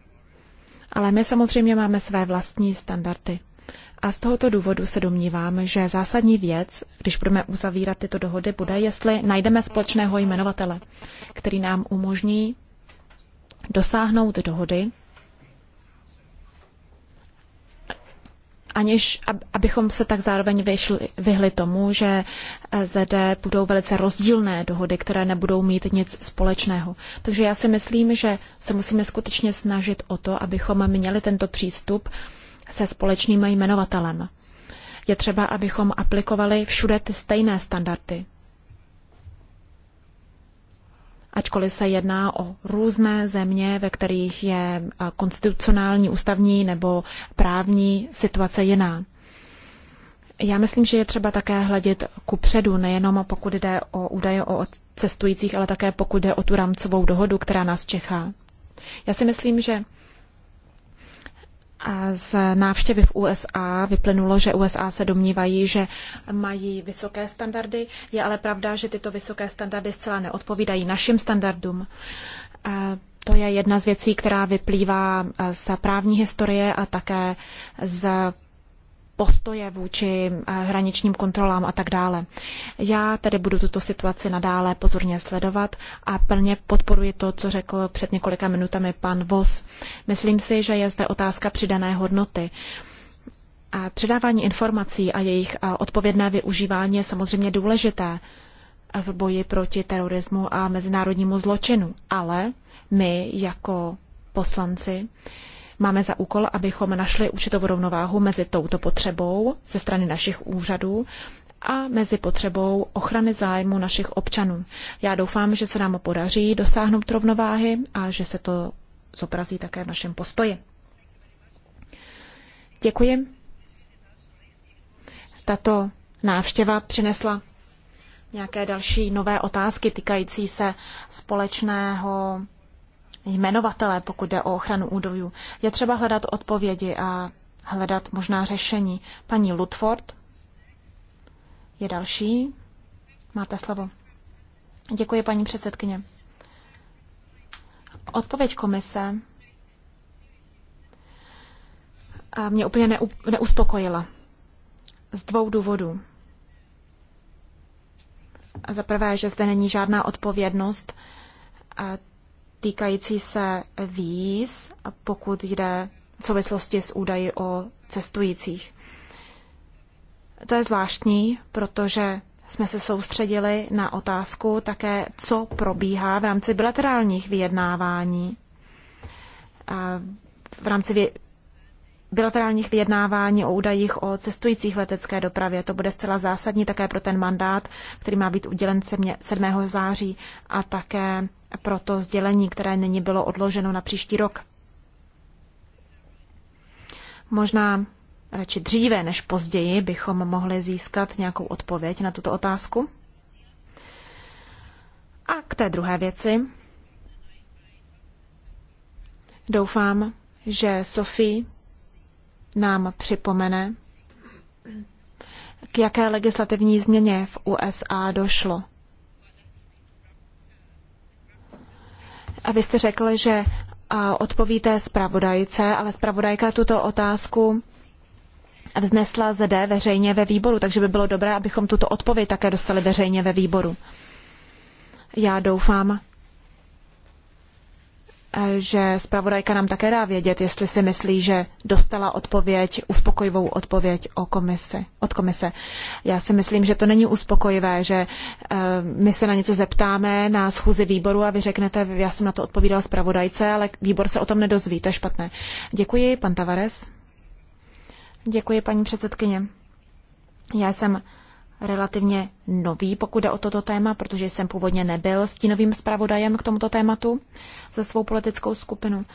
Ale my samozřejmě máme své vlastní standardy. A z tohoto důvodu se domnívám, že zásadní věc, když budeme uzavírat tyto dohody, bude, jestli najdeme společného jmenovatele, který nám umožní dosáhnout dohody, aniž abychom se tak zároveň vyšli, vyhli tomu, že eh, zde budou velice rozdílné dohody, které nebudou mít nic společného. Takže já si myslím, že se musíme skutečně snažit o to, abychom měli tento přístup se společným jmenovatelem. Je třeba, abychom aplikovali všude ty stejné standardy ačkoliv se jedná o různé země, ve kterých je eh, konstitucionální, ústavní nebo právní situace jiná. Já myslím, že je třeba také hledět ku předu, nejenom pokud jde o údaje o cestujících, ale také pokud jde o tu rámcovou dohodu, která nás čeká. Já si myslím, že z návštěvy v USA vyplynulo, že USA se domnívají, že mají vysoké standardy. Je ale pravda, že tyto vysoké standardy zcela neodpovídají našim standardům. To je jedna z věcí, která vyplývá z právní historie a také z postoje vůči eh, hraničním kontrolám a tak dále. Já tedy budu tuto situaci nadále pozorně sledovat a plně podporuji to, co řekl před několika minutami pan Vos. Myslím si, že je zde otázka přidané hodnoty. A předávání informací a jejich eh, odpovědné využívání je samozřejmě důležité v boji proti terorismu a mezinárodnímu zločinu, ale my jako poslanci Máme za úkol, abychom našli určitou rovnováhu mezi touto potřebou ze strany našich úřadů a mezi potřebou ochrany zájmu našich občanů. Já doufám, že se nám podaří dosáhnout rovnováhy a že se to zobrazí také v našem postoji. Děkuji. Tato návštěva přinesla nějaké další nové otázky týkající se společného jmenovatelé, pokud jde o ochranu údajů. Je třeba hledat odpovědi a hledat možná řešení. Paní Ludford je další. Máte slovo. Děkuji, paní předsedkyně. Odpověď komise mě úplně neuspokojila. Z dvou důvodů. Za prvé, že zde není žádná odpovědnost týkající se víz, pokud jde v souvislosti s údaji o cestujících. To je zvláštní, protože jsme se soustředili na otázku také, co probíhá v rámci bilaterálních vyjednávání v rámci bilaterálních vyjednávání o údajích o cestujících letecké dopravě. To bude zcela zásadní také pro ten mandát, který má být udělen 7. září a také pro to sdělení, které nyní bylo odloženo na příští rok. Možná radši dříve než později bychom mohli získat nějakou odpověď na tuto otázku. A k té druhé věci. Doufám, že Sophie nám připomene, k jaké legislativní změně v USA došlo. A vy jste řekl, že odpovíte zpravodajce, ale zpravodajka tuto otázku vznesla zde veřejně ve výboru, takže by bylo dobré, abychom tuto odpověď také dostali veřejně ve výboru. Já doufám, že zpravodajka nám také dá vědět, jestli si myslí, že dostala odpověď, uspokojivou odpověď o komise, od komise. Já si myslím, že to není uspokojivé, že eh, my se na něco zeptáme na schůzi výboru a vy řeknete, já jsem na to odpovídal zpravodajce, ale výbor se o tom nedozví, to je špatné. Děkuji, pan Tavares. Děkuji, paní předsedkyně. Já jsem relativně nový, pokud jde o toto téma, protože jsem původně nebyl stínovým zpravodajem k tomuto tématu za svou politickou skupinu.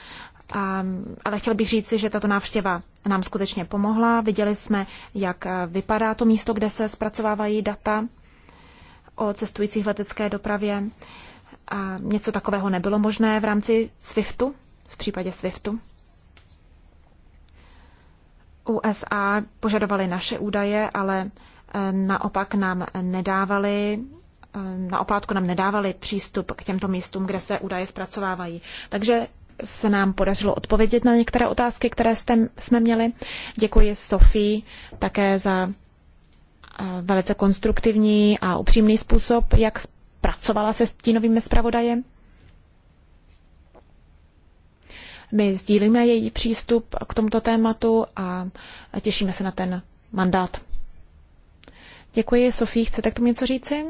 A, ale chtěl bych říci, že tato návštěva nám skutečně pomohla. Viděli jsme, jak vypadá to místo, kde se zpracovávají data o cestujících v letecké dopravě. A něco takového nebylo možné v rámci SWIFTu, v případě SWIFTu. USA požadovali naše údaje, ale naopak nám nedávali na oplátku nám nedávali přístup k těmto místům, kde se údaje zpracovávají. Takže se nám podařilo odpovědět na některé otázky, které jste, jsme měli. Děkuji Sofii také za eh, velice konstruktivní a upřímný způsob, jak pracovala se stínovými zpravodajem. My sdílíme její přístup k tomuto tématu a těšíme se na ten mandát. Děkuji, Sofí, chcete k tomu něco říci?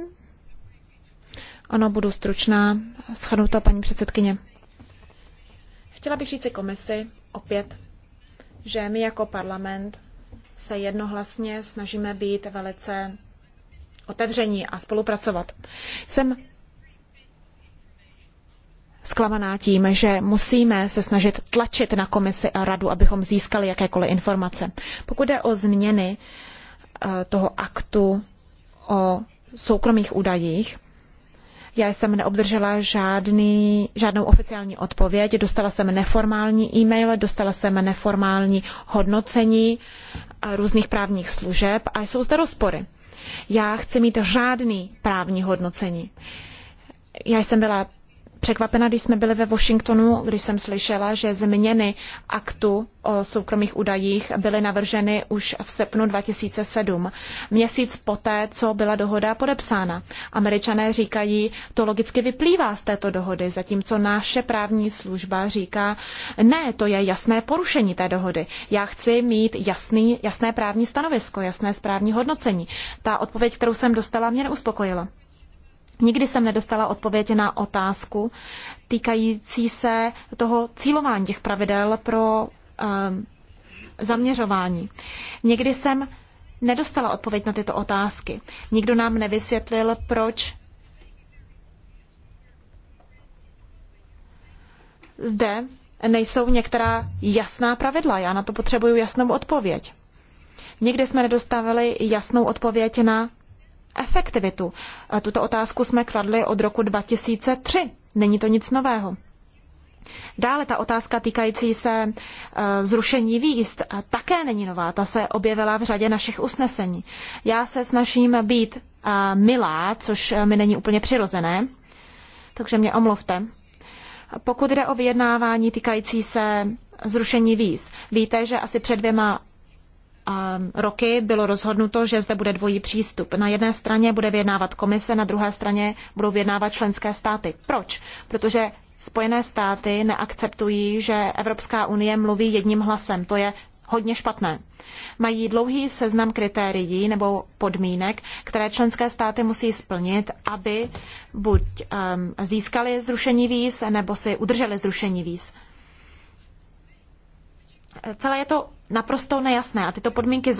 Ano, budu stručná, schrnuta paní předsedkyně. Chtěla bych říci komisi opět, že my jako parlament se jednohlasně snažíme být velice otevření a spolupracovat. Jsem zklamaná tím, že musíme se snažit tlačit na komisi a radu, abychom získali jakékoliv informace. Pokud jde o změny Eh, toho aktu o soukromých údajích. Já jsem neobdržela žádný, žádnou oficiální odpověď, dostala jsem neformální e-mail, dostala jsem neformální hodnocení eh, různých právních služeb a jsou zde rozpory. Já chci mít řádný právní hodnocení. Já jsem byla překvapena, když jsme byli ve Washingtonu, když jsem slyšela, že změny aktu o soukromých údajích byly navrženy už v srpnu 2007, měsíc poté, co byla dohoda podepsána. Američané říkají, to logicky vyplývá z této dohody, zatímco naše právní služba říká, ne, to je jasné porušení té dohody. Já chci mít jasný, jasné právní stanovisko, jasné správní hodnocení. Ta odpověď, kterou jsem dostala, mě neuspokojila. Nikdy jsem nedostala odpověď na otázku týkající se toho cílování těch pravidel pro um, zaměřování. Někdy jsem nedostala odpověď na tyto otázky. Nikdo nám nevysvětlil, proč zde nejsou některá jasná pravidla. Já na to potřebuju jasnou odpověď. Někdy jsme nedostavili jasnou odpověď na efektivitu. Tuto otázku jsme kladli od roku 2003. Není to nic nového. Dále ta otázka týkající se e, zrušení výst také není nová. Ta se objevila v řadě našich usnesení. Já se snažím být e, milá, což e, mi není úplně přirozené, takže mě omluvte. Pokud jde o vyjednávání týkající se zrušení víz, víte, že asi před dvěma roky bylo rozhodnuto, že zde bude dvojí přístup. Na jedné straně bude vyjednávat komise, na druhé straně budou vyjednávat členské státy. Proč? Protože Spojené státy neakceptují, že Evropská unie mluví jedním hlasem. To je hodně špatné. Mají dlouhý seznam kritérií nebo podmínek, které členské státy musí splnit, aby buď um, získali zrušení víz, nebo si udrželi zrušení víz. Celé je to naprosto nejasné a tyto podmínky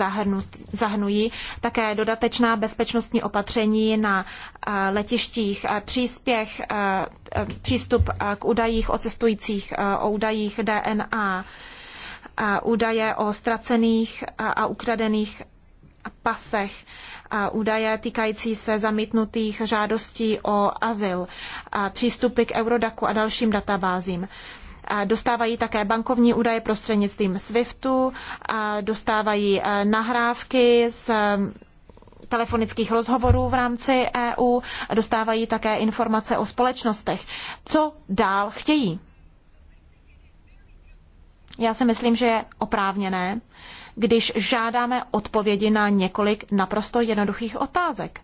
zahrnují také dodatečná bezpečnostní opatření na eh, letištích, eh, příspěch, eh, přístup k údajích o cestujících, o údajích DNA, údaje o ztracených a ukradených pasech, údaje týkající se zamítnutých žádostí o azyl, přístupy k Eurodaku a dalším databázím. Dostávají také bankovní údaje prostřednictvím SWIFTu, dostávají eh, nahrávky z eh, telefonických rozhovorů v rámci EU, dostávají také informace o společnostech. Co dál chtějí? Já si myslím, že je oprávněné, když žádáme odpovědi na několik naprosto jednoduchých otázek.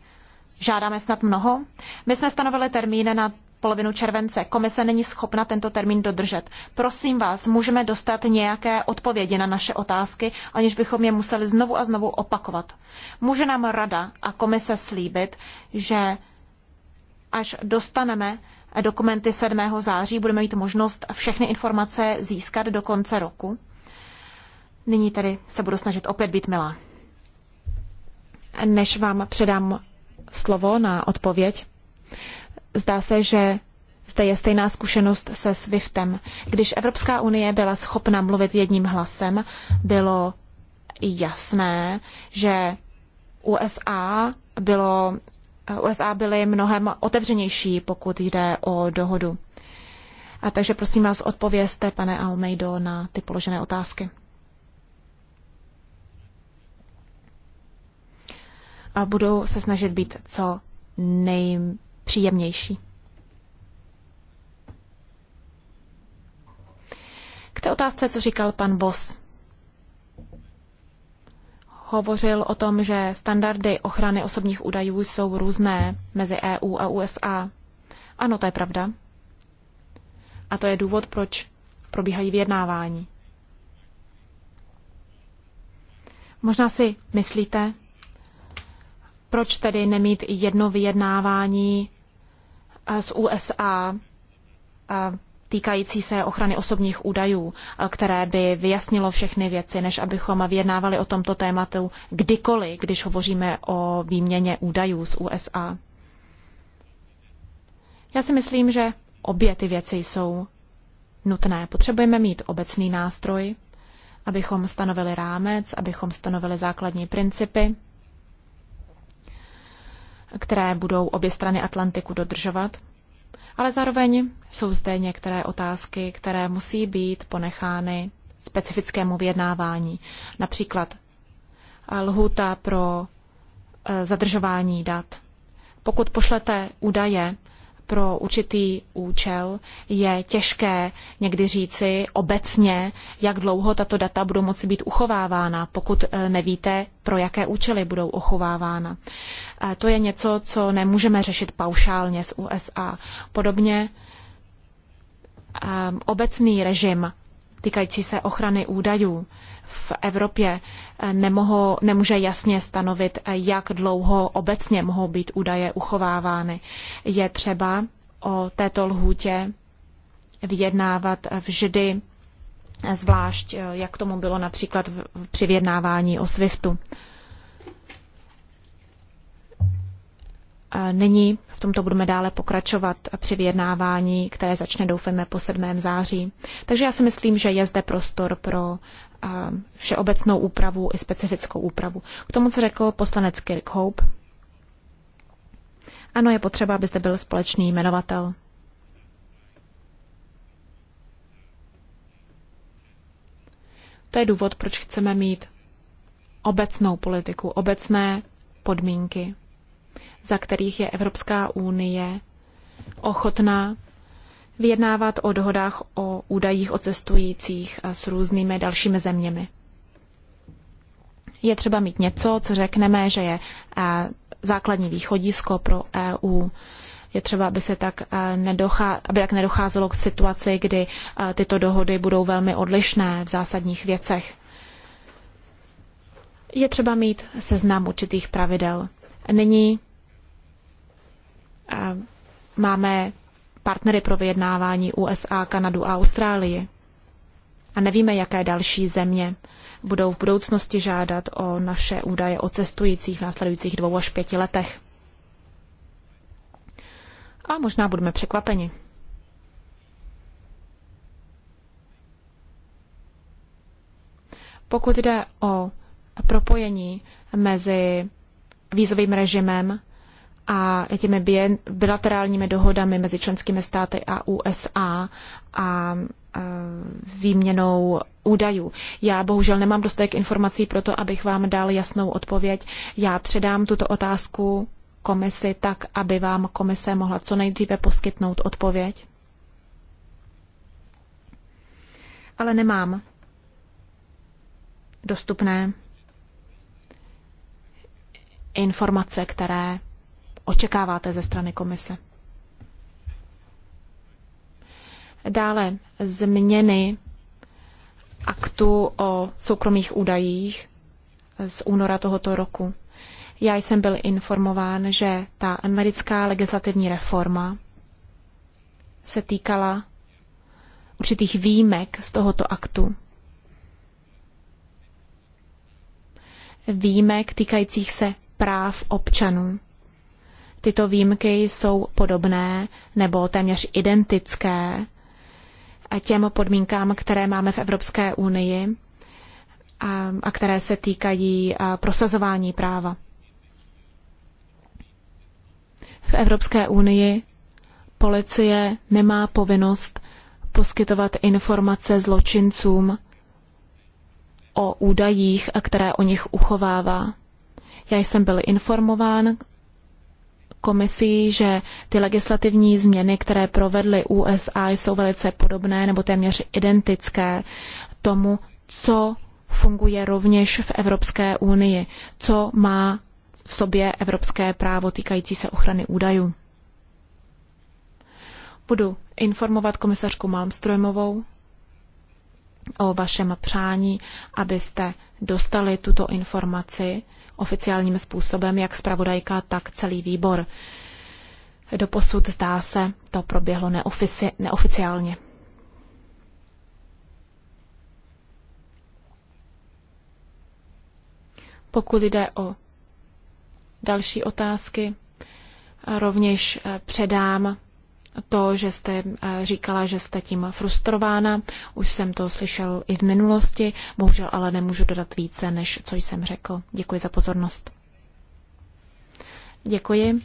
Žádáme snad mnoho? My jsme stanovili termíny na polovinu července. Komise není schopna tento termín dodržet. Prosím vás, můžeme dostat nějaké odpovědi na naše otázky, aniž bychom je museli znovu a znovu opakovat. Může nám rada a komise slíbit, že až dostaneme dokumenty 7. září, budeme mít možnost všechny informace získat do konce roku. Nyní tedy se budu snažit opět být milá. Než vám předám slovo na odpověď, zdá se, že zde je stejná zkušenost se SWIFTem. Když Evropská unie byla schopna mluvit jedním hlasem, bylo jasné, že USA bylo USA byly mnohem otevřenější, pokud jde o dohodu. A takže prosím vás, odpovězte, pane Almeido, na ty položené otázky. A budu se snažit být co nej, příjemnější. K té otázce, co říkal pan Bos. Hovořil o tom, že standardy ochrany osobních údajů jsou různé mezi EU a USA. Ano, to je pravda. A to je důvod, proč probíhají vyjednávání. Možná si myslíte, proč tedy nemít jedno vyjednávání z USA týkající se ochrany osobních údajů, které by vyjasnilo všechny věci, než abychom vyjednávali o tomto tématu kdykoliv, když hovoříme o výměně údajů z USA. Já si myslím, že obě ty věci jsou nutné. Potřebujeme mít obecný nástroj, abychom stanovili rámec, abychom stanovili základní principy které budou obě strany Atlantiku dodržovat, ale zároveň jsou zde některé otázky, které musí být ponechány specifickému vyjednávání. Například eh, lhůta pro eh, zadržování dat. Pokud pošlete údaje pro určitý účel je těžké někdy říci obecně, jak dlouho tato data budou moci být uchovávána, pokud eh, nevíte, pro jaké účely budou uchovávána. To je něco, co nemůžeme řešit paušálně z USA. Podobně eh, obecný režim týkající se ochrany údajů v Evropě eh, nemohou, nemůže jasně stanovit, eh, jak dlouho obecně mohou být údaje uchovávány. Je třeba o této lhůtě vyjednávat vždy eh, zvlášť, jak tomu bylo například při vyjednávání o SWIFTu. Nyní v tomto budeme dále pokračovat při vyjednávání, které začne, doufejme, po 7. září. Takže já si myslím, že je zde prostor pro všeobecnou úpravu i specifickou úpravu. K tomu, co řekl poslanec Kirkhope, ano, je potřeba, abyste byl společný jmenovatel. To je důvod, proč chceme mít obecnou politiku, obecné podmínky, za kterých je Evropská unie ochotná vyjednávat o dohodách o údajích o cestujících s různými dalšími zeměmi. Je třeba mít něco, co řekneme, že je základní východisko pro EU. Je třeba, aby, se tak nedochá, aby tak nedocházelo k situaci, kdy tyto dohody budou velmi odlišné v zásadních věcech. Je třeba mít seznam určitých pravidel. Nyní máme partnery pro vyjednávání USA, Kanadu a Austrálii. A nevíme, jaké další země budou v budoucnosti žádat o naše údaje o cestujících v následujících dvou až pěti letech. A možná budeme překvapeni. Pokud jde o propojení mezi vízovým režimem a těmi bilaterálními dohodami mezi členskými státy a USA a výměnou údajů. Já bohužel nemám dostatek informací pro to, abych vám dal jasnou odpověď. Já předám tuto otázku komisi tak, aby vám komise mohla co nejdříve poskytnout odpověď. Ale nemám dostupné informace, které očekáváte ze strany komise. Dále změny aktu o soukromých údajích z února tohoto roku. Já jsem byl informován, že ta americká legislativní reforma se týkala určitých výjimek z tohoto aktu. Výjimek týkajících se práv občanů. Tyto výjimky jsou podobné nebo téměř identické těm podmínkám, které máme v Evropské unii a, a které se týkají prosazování práva. V Evropské unii policie nemá povinnost poskytovat informace zločincům o údajích, které o nich uchovává. Já jsem byl informován komisí, že ty legislativní změny, které provedly USA, jsou velice podobné nebo téměř identické tomu, co funguje rovněž v Evropské unii, co má v sobě evropské právo týkající se ochrany údajů. Budu informovat komisařku Malmströmovou o vašem přání, abyste dostali tuto informaci oficiálním způsobem, jak zpravodajka, tak celý výbor. Doposud zdá se, to proběhlo neofici- neoficiálně. Pokud jde o další otázky, rovněž eh, předám to, že jste eh, říkala, že jste tím frustrována. Už jsem to slyšel i v minulosti, bohužel ale nemůžu dodat více, než co jsem řekl. Děkuji za pozornost. Děkuji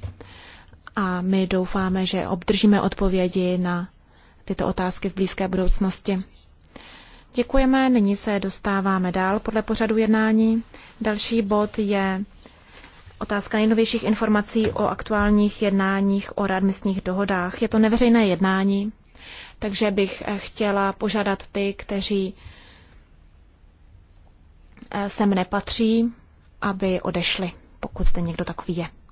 a my doufáme, že obdržíme odpovědi na tyto otázky v blízké budoucnosti. Děkujeme, nyní se dostáváme dál podle pořadu jednání. Další bod je Otázka nejnovějších informací o aktuálních jednáních o readmisních dohodách. Je to neveřejné jednání, takže bych eh, chtěla požádat ty, kteří eh, sem nepatří, aby odešli, pokud zde někdo takový je.